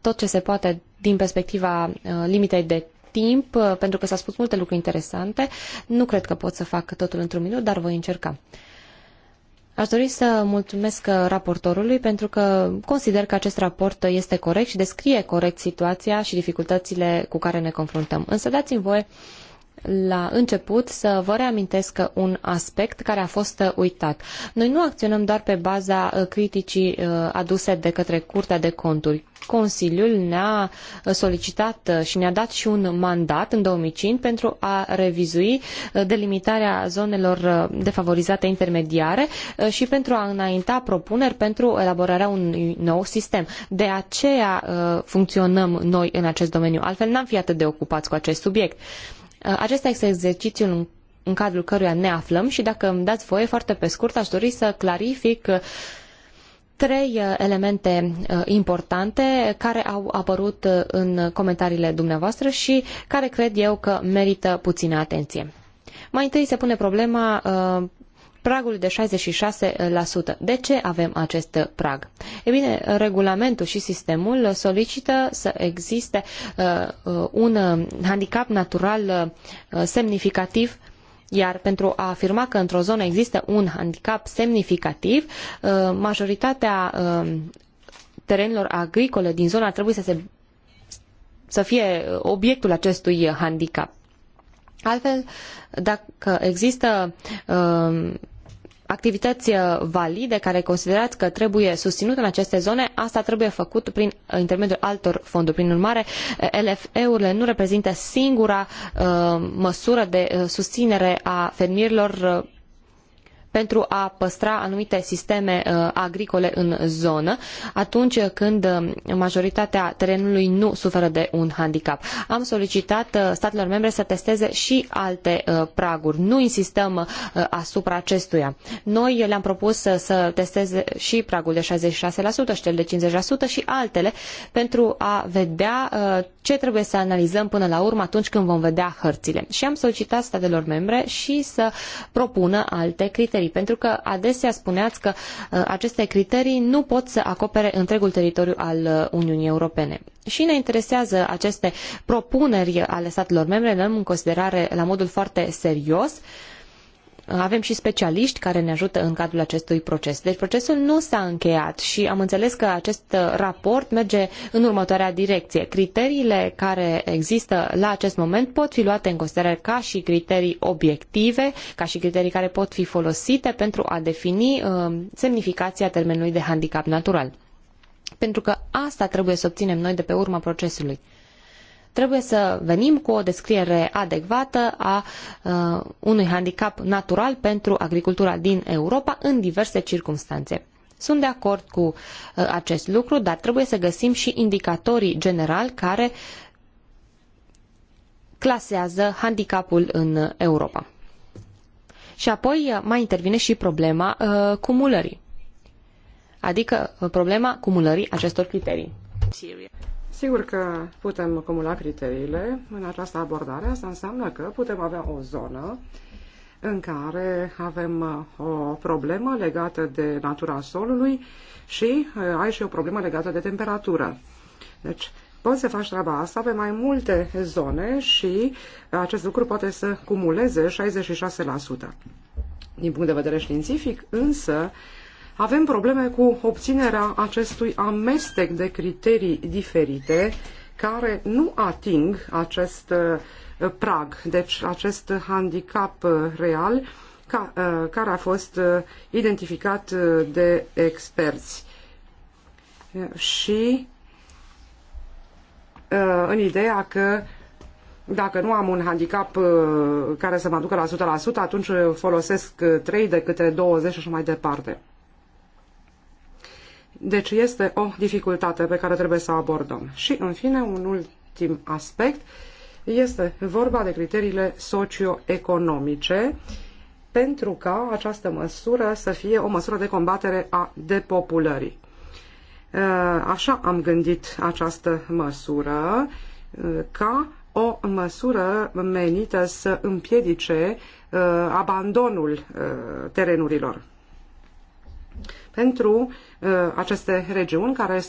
tot ce se poate din perspectiva uh, limitei de timp, uh, pentru că s-a spus multe lucruri interesante. Nu cred că pot să fac totul într-un minut, dar voi încerca. Uh, Aș dori să mulțumesc uh, raportorului pentru că consider că acest raport este corect și descrie corect situația și dificultățile cu care ne confruntăm. Însă dați-mi voie la început să vă reamintesc un aspect care a fost uh, uitat. Noi nu acționăm doar pe baza uh, criticii uh, aduse de către Curtea de Conturi. Consiliul ne-a solicitat și ne-a dat și un mandat în 2005 pentru a revizui delimitarea zonelor defavorizate intermediare și pentru a înainta propuneri pentru elaborarea unui nou sistem. De aceea funcționăm noi în acest domeniu, altfel n-am fi atât de ocupați cu acest subiect. Uh, acesta este exercițiul în cadrul căruia ne aflăm și dacă îmi dați voie, foarte pe scurt, aș dori să clarific uh, trei uh, elemente importante care au apărut în comentariile dumneavoastră și care cred eu că merită puțină atenție. Mai întâi se pune problema Pragul de 66%. De ce avem acest prag? E bine, regulamentul și sistemul solicită să existe uh, uh, un uh, handicap natural semnificativ iar pentru a afirma că într-o zonă există un handicap semnificativ, majoritatea terenilor agricole din zona trebuie să, se, să fie obiectul acestui handicap. Altfel, dacă există um, uh, activități valide care considerați că trebuie susținute în aceste zone, asta trebuie făcut prin intermediul altor fonduri. Prin urmare, LFE-urile nu reprezintă singura uh, măsură de uh, susținere a fermierilor uh, pentru a păstra anumite sisteme uh, agricole în zonă atunci când uh, majoritatea terenului nu suferă de un handicap. Am solicitat uh, statelor membre să testeze și alte praguri. Nu insistăm asupra acestuia. Noi le-am propus să testeze și pragul de 66% și cel de 50% și altele pentru a vedea ce trebuie să analizăm până la urmă atunci când vom vedea hărțile. Și am solicitat statelor membre și să propună alte criterii criterii, pentru că adesea spuneați că uh, aceste criterii nu pot să acopere întregul teritoriu al uh, Uniunii Europene. Și ne interesează aceste propuneri ale statelor membre, le luăm în considerare la modul foarte serios. Avem și specialiști care ne ajută în cadrul acestui proces. Deci procesul nu s-a încheiat și am înțeles că acest uh, raport merge în următoarea direcție. Criteriile care există la acest moment pot fi luate în considerare ca și criterii obiective, ca și criterii care pot fi folosite pentru a defini uh, semnificația termenului de handicap natural. Pentru că asta trebuie să obținem noi de pe urma procesului. Trebuie să venim cu o descriere adecvată a uh, unui handicap natural pentru agricultura din Europa în diverse circunstanțe. Sunt de acord cu uh, acest lucru, dar trebuie să găsim și indicatorii generali care clasează handicapul în Europa. Și apoi uh, mai intervine și problema uh, cumulării, adică uh, problema cumulării acestor criterii. Sigur că putem acumula criteriile în această abordare. Asta înseamnă că putem avea o zonă în care avem uh, o problemă legată de natura solului și uh, ai și o problemă legată de temperatură. Deci, poți să faci treaba asta pe mai multe zone și acest lucru poate să cumuleze 66%. Din punct de vedere științific, însă, avem probleme cu obținerea acestui amestec de criterii diferite care nu ating acest uh, prag, deci acest handicap uh, real ca, uh, care a fost identificat de experți. Și în ideea că dacă nu am un handicap care să mă ducă la 100%, atunci folosesc 3 de către 20 și așa mai departe. Deci este o dificultate pe care trebuie să o abordăm. Și, în fine, un ultim aspect este vorba de criteriile socioeconomice pentru ca această măsură să fie o măsură de combatere a depopulării. Uh, așa am gândit această măsură uh, ca o măsură menită să împiedice uh, abandonul terenurilor pentru uh, aceste regiuni care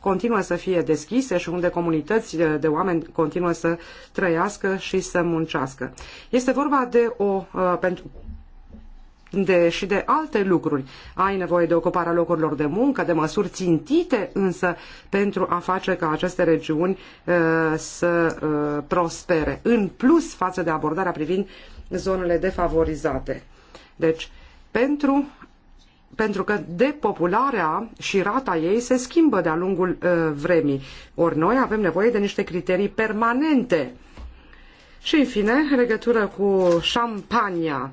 continuă să fie deschise și unde comunități de oameni continuă să trăiască și să muncească. Este vorba de o, uh, pentru, de, și de alte lucruri. Ai nevoie de ocuparea locurilor de muncă, de măsuri țintite însă pentru a face ca aceste regiuni uh, să uh, prospere, în plus față de abordarea privind zonele defavorizate. Deci, pentru pentru că depopularea și rata ei se schimbă de-a lungul uh, vremii. Ori noi avem nevoie de niște criterii permanente. Și, în fine, în legătură cu șampania.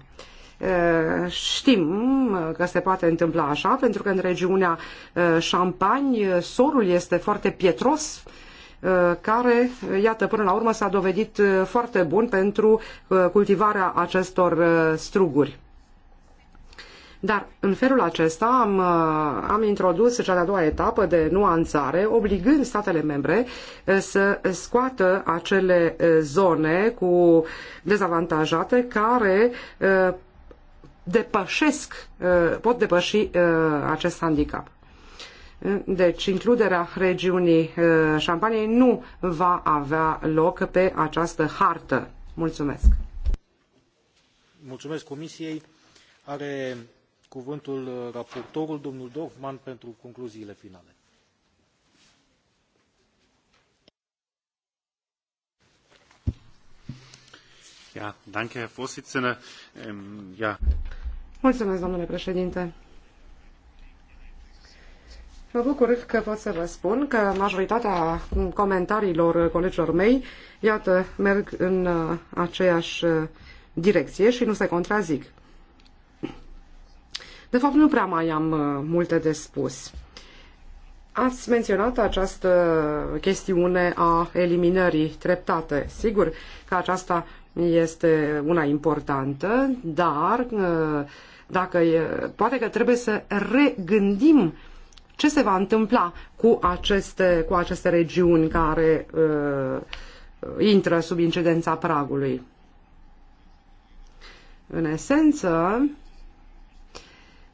Uh, știm că se poate întâmpla așa, pentru că în regiunea Champagne uh, sorul este foarte pietros, uh, care, iată, până la urmă s-a dovedit foarte bun pentru cultivarea acestor struguri. Dar în felul acesta am, uh, am introdus cea de-a doua etapă de nuanțare, obligând statele membre uh, să scoată acele uh, zone cu dezavantajate care depășesc, pot depăși acest handicap. Deci includerea regiunii Șampaniei nu va avea loc pe această hartă. Mulțumesc. Mulțumesc Comisiei. Are cuvântul uh, raportorul, domnul Dorfman, pentru concluziile finale. Ja, danke, Herr Vorsitzender. Ähm, ja. Mulțumesc, domnule președinte. Mă bucur că pot să vă spun că majoritatea comentariilor colegilor mei, iată, merg în uh, aceeași uh, direcție și nu se contrazic. De fapt, nu prea mai am uh, multe de spus. Ați menționat această chestiune a eliminării treptate. Sigur că aceasta este una importantă, dar uh, dacă e, poate că trebuie să regândim ce se va întâmpla cu aceste, cu aceste regiuni care uh, intră sub incidența pragului. În esență,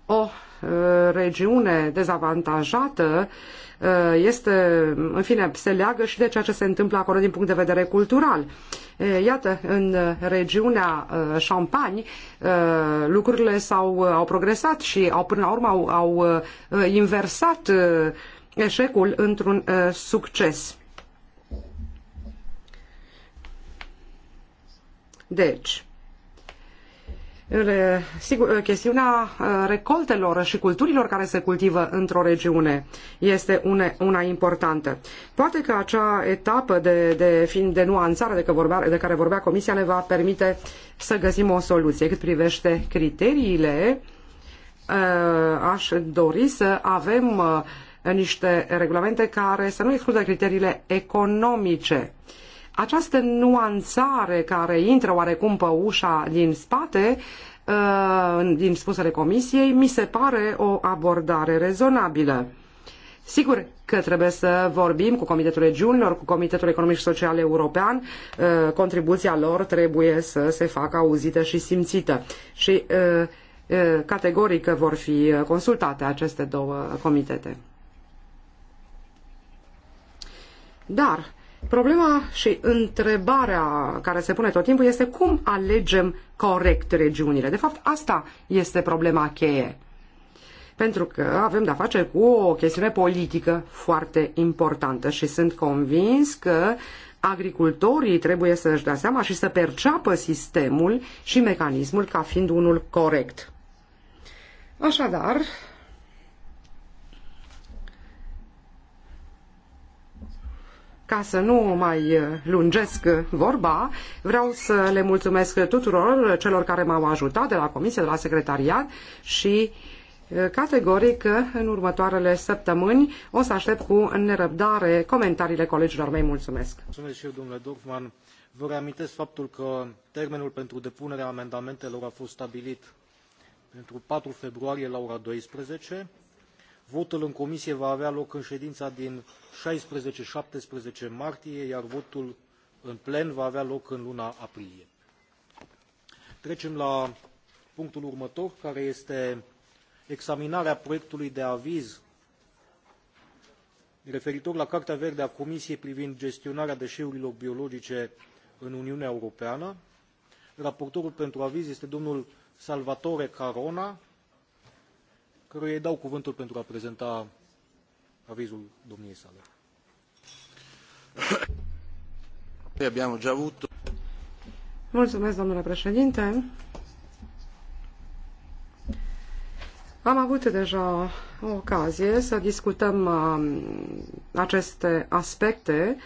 o regiune dezavantajată este, în fine, se leagă și de ceea ce se întâmplă acolo din punct de vedere cultural. Iată, în regiunea Champagne lucrurile s-au, au progresat și au, până la urmă au, au inversat eșecul într-un succes. Deci, Sigur, chestiunea uh, recoltelor și culturilor care se cultivă într-o regiune este une, una importantă. Poate că acea etapă de, de, fiind de nuanțare de, că vorbea, de care vorbea Comisia ne va permite să găsim o soluție. Cât privește criteriile, uh, aș dori să avem uh, niște regulamente care să nu excludă criteriile economice. Această nuanțare care intră oarecum pe ușa din spate, uh, din spusele comisiei, mi se pare o abordare rezonabilă. Sigur că trebuie să vorbim cu Comitetul Regiunilor, cu Comitetul Economic și Social European. Uh, contribuția lor trebuie să se facă auzită și simțită. Și uh, categoric vor fi consultate aceste două comitete. Dar Problema și întrebarea care se pune tot timpul este cum alegem corect regiunile. De fapt, asta este problema cheie. Pentru că avem de-a face cu o chestiune politică foarte importantă și sunt convins că agricultorii trebuie să-și dea seama și să perceapă sistemul și mecanismul ca fiind unul corect. Așadar, ca să nu mai eh, lungesc eh, vorba, vreau să le mulțumesc tuturor celor care m-au ajutat de la Comisie, de la Secretariat și eh, categoric în următoarele săptămâni o să aștept cu nerăbdare comentariile colegilor mei. Mulțumesc! Mulțumesc și eu, domnule Dorfman. Vă reamintesc faptul că termenul pentru depunerea amendamentelor a fost stabilit pentru 4 februarie la ora 12 Votul în comisie va avea loc în ședința din 16-17 martie, iar votul în plen va avea loc în luna aprilie. Trecem la punctul următor, care este examinarea proiectului de aviz referitor la Cartea Verde a Comisiei privind gestionarea deșeurilor biologice în Uniunea Europeană. Raportorul pentru aviz este domnul Salvatore Carona, căruia îi dau cuvântul pentru a prezenta avizul domniei sale. Mulțumesc, domnule președinte. Am avut deja o ocazie să discutăm um, aceste aspecte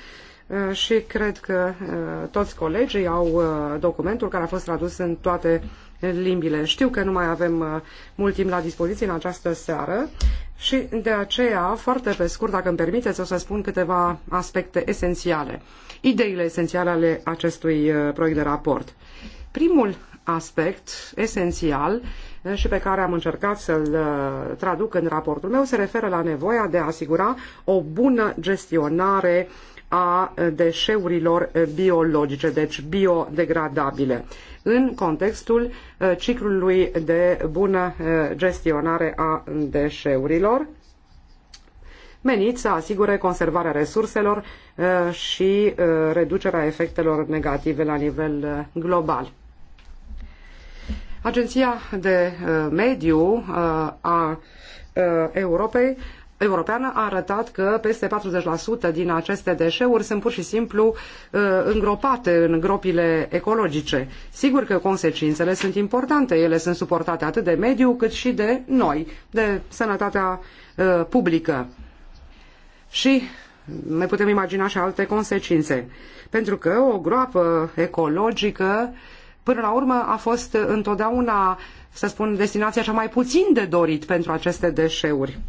uh, și cred că uh, toți colegii au uh, documentul care a fost tradus în toate limbile. Știu că nu mai avem uh, mult timp la dispoziție în această seară și de aceea, foarte pe scurt, dacă îmi permiteți, o să spun câteva aspecte esențiale, ideile esențiale ale acestui uh, proiect de raport. Primul aspect esențial uh, și pe care am încercat să-l traduc în raportul meu se referă la nevoia de a asigura o bună gestionare a deșeurilor biologice, deci biodegradabile în contextul uh, ciclului de bună uh, gestionare a deșeurilor menit să asigure conservarea resurselor uh, și reducerea efectelor negative la nivel global. Agenția de Mediu a Europei europeană a arătat că peste 40% din aceste deșeuri sunt pur și simplu uh, îngropate în gropile ecologice. Sigur că consecințele sunt importante, ele sunt suportate atât de mediu cât și de noi, de sănătatea uh, publică. Și ne putem imagina și alte consecințe. Pentru că o groapă ecologică, până la urmă, a fost întotdeauna, să spun, destinația cea mai puțin de dorit pentru aceste deșeuri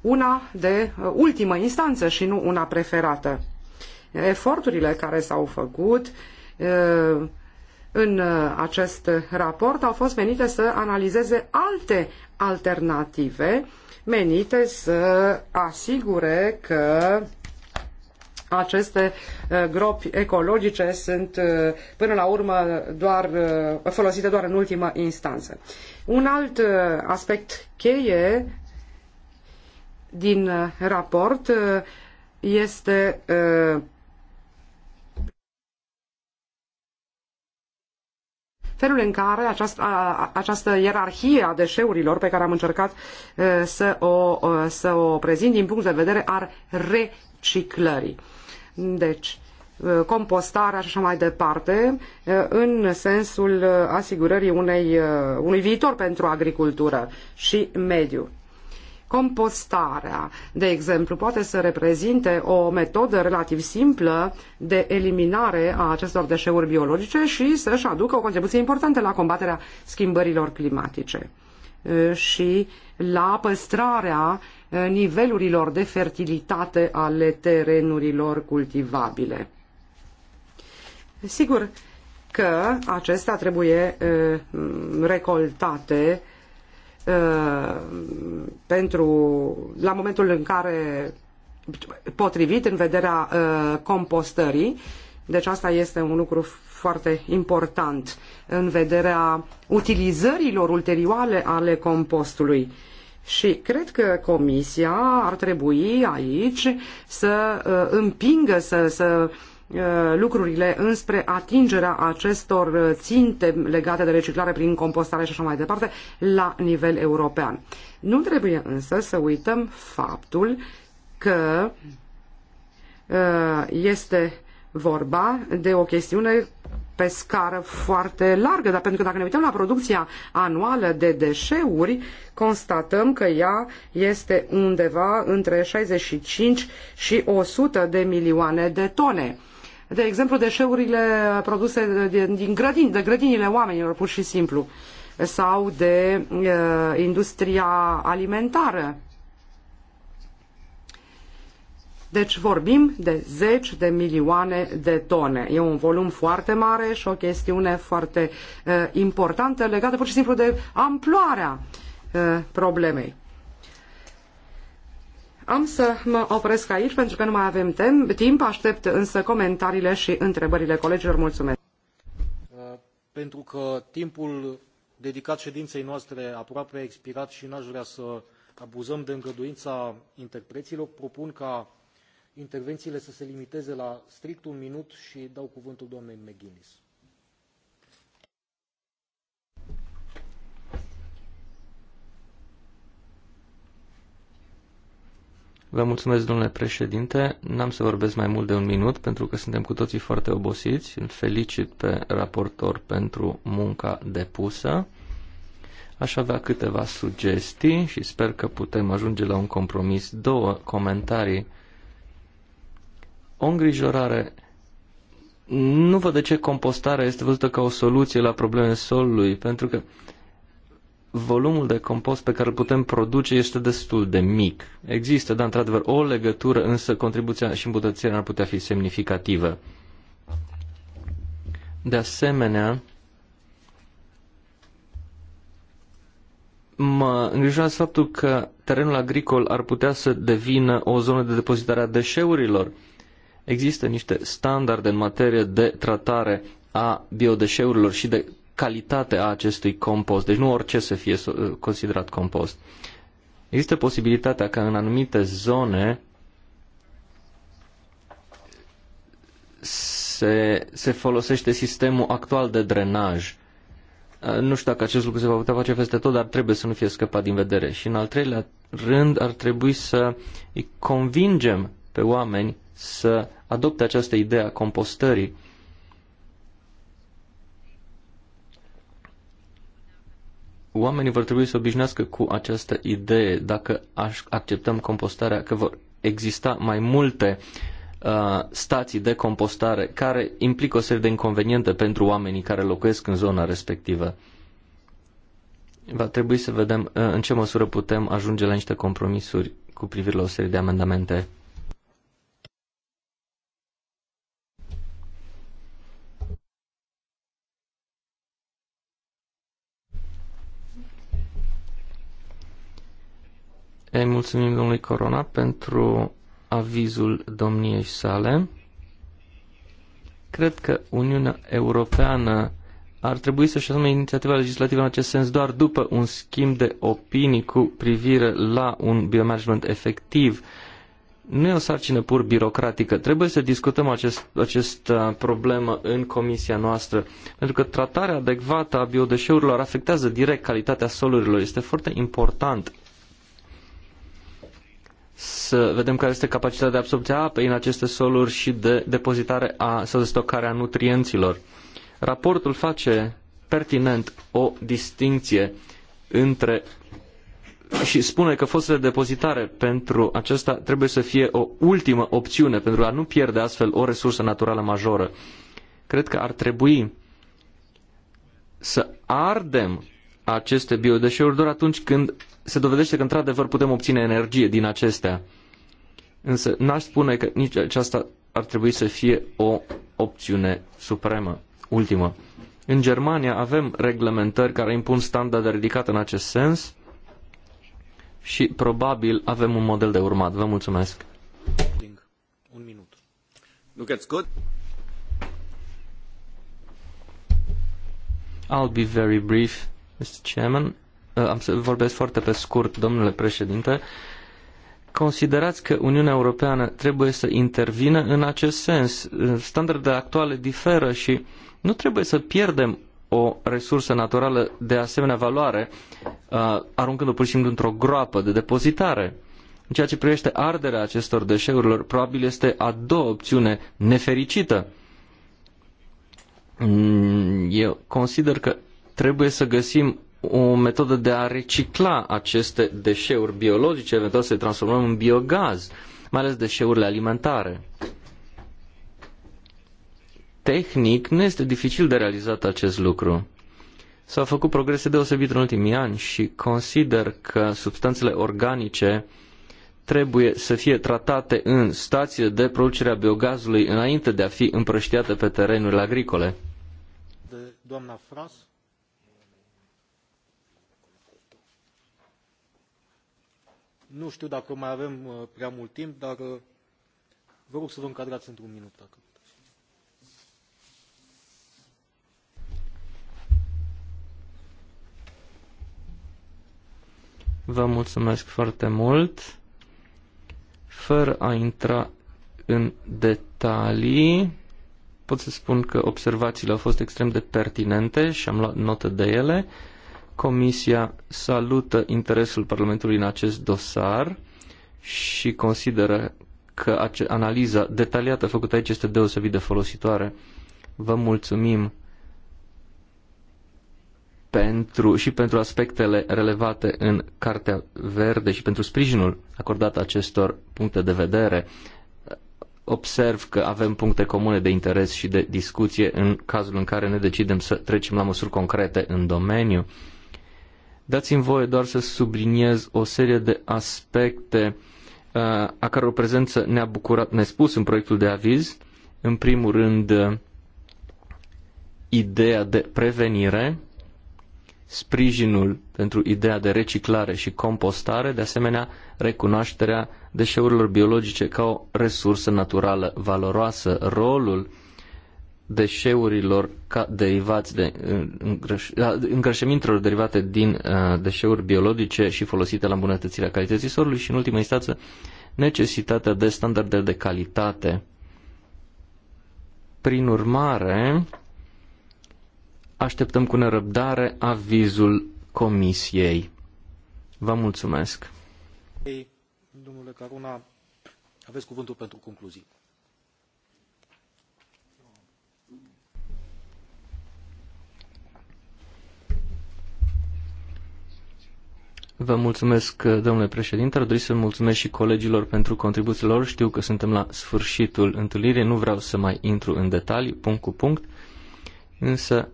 una de uh, ultimă instanță și nu una preferată. Eforturile care s-au făcut uh, în uh, acest raport au fost venite să analizeze alte alternative menite să asigure că aceste gropi ecologice sunt până la urmă doar, folosite doar în ultimă instanță. Un alt aspect cheie din uh, raport uh, este uh, felul în care această, această ierarhie a deșeurilor pe care am încercat să o, să o prezint din punct de vedere al reciclării. Deci, compostarea și așa mai departe, în sensul asigurării unei, unui viitor pentru agricultură și mediu. Compostarea, de exemplu, poate să reprezinte o metodă relativ simplă de eliminare a acestor deșeuri biologice și să-și aducă o contribuție importantă la combaterea schimbărilor climatice eh, și la păstrarea eh, nivelurilor de fertilitate ale terenurilor cultivabile. Sigur că acestea trebuie eh, recoltate Uh, pentru, la momentul în care potrivit în vederea uh, compostării. Deci asta este un lucru foarte important în vederea utilizărilor ulterioare ale compostului. Și cred că Comisia ar trebui aici să uh, împingă, să, să Uh, lucrurile înspre atingerea acestor uh, ținte legate de reciclare prin compostare și așa mai departe la nivel european. Nu trebuie însă să uităm faptul că uh, este vorba de o chestiune pe scară foarte largă, dar pentru că dacă ne uităm la producția anuală de deșeuri, constatăm că ea este undeva între 65 și 100 de milioane de tone de exemplu, deșeurile produse din grădini, de grădinile oamenilor, pur și simplu, sau de uh, industria alimentară. Deci vorbim de zeci de milioane de tone. E un volum foarte mare și o chestiune foarte uh, importantă legată pur și simplu de amploarea uh, problemei. Am să mă opresc aici pentru că nu mai avem timp, aștept însă comentariile și întrebările colegilor. Mulțumesc! Uh, pentru că timpul dedicat ședinței noastre aproape a expirat și n-aș vrea să abuzăm de îngăduința interpreților, propun ca intervențiile să se limiteze la strict un minut și dau cuvântul doamnei McGuinness. Vă mulțumesc, domnule președinte. N-am să vorbesc mai mult de un minut, pentru că suntem cu toții foarte obosiți. Îl felicit pe raportor pentru munca depusă. Aș avea câteva sugestii și sper că putem ajunge la un compromis. Două comentarii. O îngrijorare. Nu văd de ce compostarea este văzută ca o soluție la probleme solului, pentru că volumul de compost pe care îl putem produce este destul de mic. Există, dar într-adevăr, o legătură, însă contribuția și îmbunătățirea ar putea fi semnificativă. De asemenea, mă îngrijorează faptul că terenul agricol ar putea să devină o zonă de depozitare a deșeurilor. Există niște standarde în materie de tratare a biodeșeurilor și de calitate a acestui compost, deci nu orice să fie uh, considerat compost. Există posibilitatea ca în anumite zone se, se folosește sistemul actual de drenaj. Uh, nu știu dacă acest lucru se va putea face peste tot, dar trebuie să nu fie scăpat din vedere. Și în al treilea rând ar trebui să îi convingem pe oameni să adopte această idee a compostării oamenii vor trebui să obișnuiască cu această idee dacă aș, acceptăm compostarea, că vor exista mai multe uh, stații de compostare care implică o serie de inconveniente pentru oamenii care locuiesc în zona respectivă. Va trebui să vedem uh, în ce măsură putem ajunge la niște compromisuri cu privire la o serie de amendamente. Îi mulțumim domnului Corona pentru avizul domniei sale. Cred că Uniunea Europeană ar trebui să-și asume inițiativa legislativă în acest sens doar după un schimb de opinii cu privire la un biomanagement efectiv. Nu e o sarcină pur birocratică. Trebuie să discutăm acest, această problemă în comisia noastră, pentru că tratarea adecvată a biodeșeurilor afectează direct calitatea solurilor. Este foarte important să vedem care este capacitatea de absorbție a apei în aceste soluri și de depozitare a, sau de stocare a nutrienților. Raportul face pertinent o distinție între și spune că fostele de depozitare pentru acesta trebuie să fie o ultimă opțiune pentru a nu pierde astfel o resursă naturală majoră. Cred că ar trebui să ardem aceste biodeșeuri doar atunci când se dovedește că într-adevăr putem obține energie din acestea. Însă n-aș spune că nici aceasta ar trebui să fie o opțiune supremă, ultimă. În Germania avem reglementări care impun standarde ridicate în acest sens și probabil avem un model de urmat. Vă mulțumesc. Un minut. Look at good. I'll be very brief. Mr. Chairman, uh, am să vorbesc foarte pe scurt, domnule președinte. Considerați că Uniunea Europeană trebuie să intervină în acest sens? Uh, standardele actuale diferă și nu trebuie să pierdem o resursă naturală de asemenea valoare, uh, aruncând-o pur și simplu într-o groapă de depozitare. În ceea ce privește arderea acestor deșeurilor, probabil este a doua opțiune nefericită. Mm, eu consider că Trebuie să găsim o metodă de a recicla aceste deșeuri biologice, eventual să le transformăm în biogaz, mai ales deșeurile alimentare. Tehnic nu este dificil de realizat acest lucru. S-au făcut progrese deosebit în ultimii ani și consider că substanțele organice trebuie să fie tratate în stațiile de producere a biogazului înainte de a fi împrăștiate pe terenurile agricole. De doamna Fras. Nu știu dacă mai avem uh, prea mult timp, dar uh, vă rog să vă încadrați într-un minut, dacă Vă mulțumesc foarte mult. Fără a intra în detalii, pot să spun că observațiile au fost extrem de pertinente și am luat notă de ele. Comisia salută interesul Parlamentului în acest dosar și consideră că analiza detaliată făcută aici este deosebit de folositoare. Vă mulțumim pentru, și pentru aspectele relevate în Cartea Verde și pentru sprijinul acordat acestor puncte de vedere. Observ că avem puncte comune de interes și de discuție în cazul în care ne decidem să trecem la măsuri concrete în domeniu. Dați-mi voie doar să subliniez o serie de aspecte uh, a căror prezență ne-a bucurat nespus în proiectul de aviz. În primul rând, uh, ideea de prevenire, sprijinul pentru ideea de reciclare și compostare, de asemenea recunoașterea deșeurilor biologice ca o resursă naturală valoroasă, rolul deșeurilor ca derivați de îngreș, îngrășămintelor derivate din deșeuri biologice și folosite la îmbunătățirea calității solului și, în ultima instanță, necesitatea de standarde de calitate. Prin urmare, așteptăm cu nerăbdare avizul Comisiei. Vă mulțumesc. Ei, domnule Caruna, aveți cuvântul pentru concluzii. Vă mulțumesc, domnule președinte. Ar dori să mulțumesc și colegilor pentru contribuțiile lor. Știu că suntem la sfârșitul întâlnirii, nu vreau să mai intru în detalii, punct cu punct, însă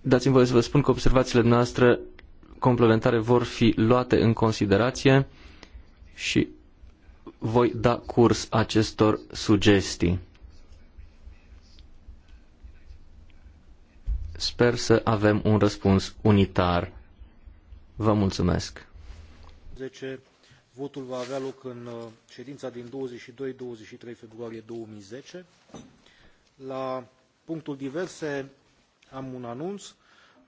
dați-mi voie să vă spun că observațiile noastre complementare vor fi luate în considerație și voi da curs acestor sugestii. Sper să avem un răspuns unitar Vă mulțumesc. 10. Votul va avea loc în uh, ședința din 22-23 februarie 2010. La punctul diverse am un anunț.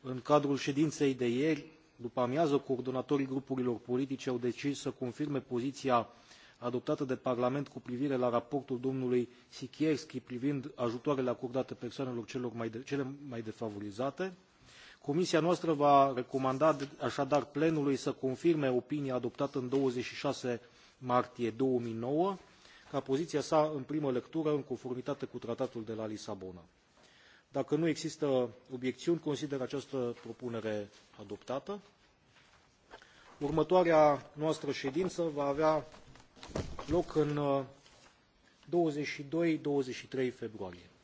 În cadrul ședinței de ieri, după amiază, coordonatorii grupurilor politice au decis să confirme poziția adoptată de Parlament cu privire la raportul domnului Sikierski privind ajutoarele acordate persoanelor celor mai de, cele mai defavorizate Comisia noastră va recomanda așadar plenului să confirme opinia adoptată în 26 martie 2009 ca poziția sa în primă lectură în conformitate cu tratatul de la Lisabona. Dacă nu există obiecțiuni, consider această propunere adoptată. Următoarea noastră ședință va avea loc în 22-23 uh, februarie.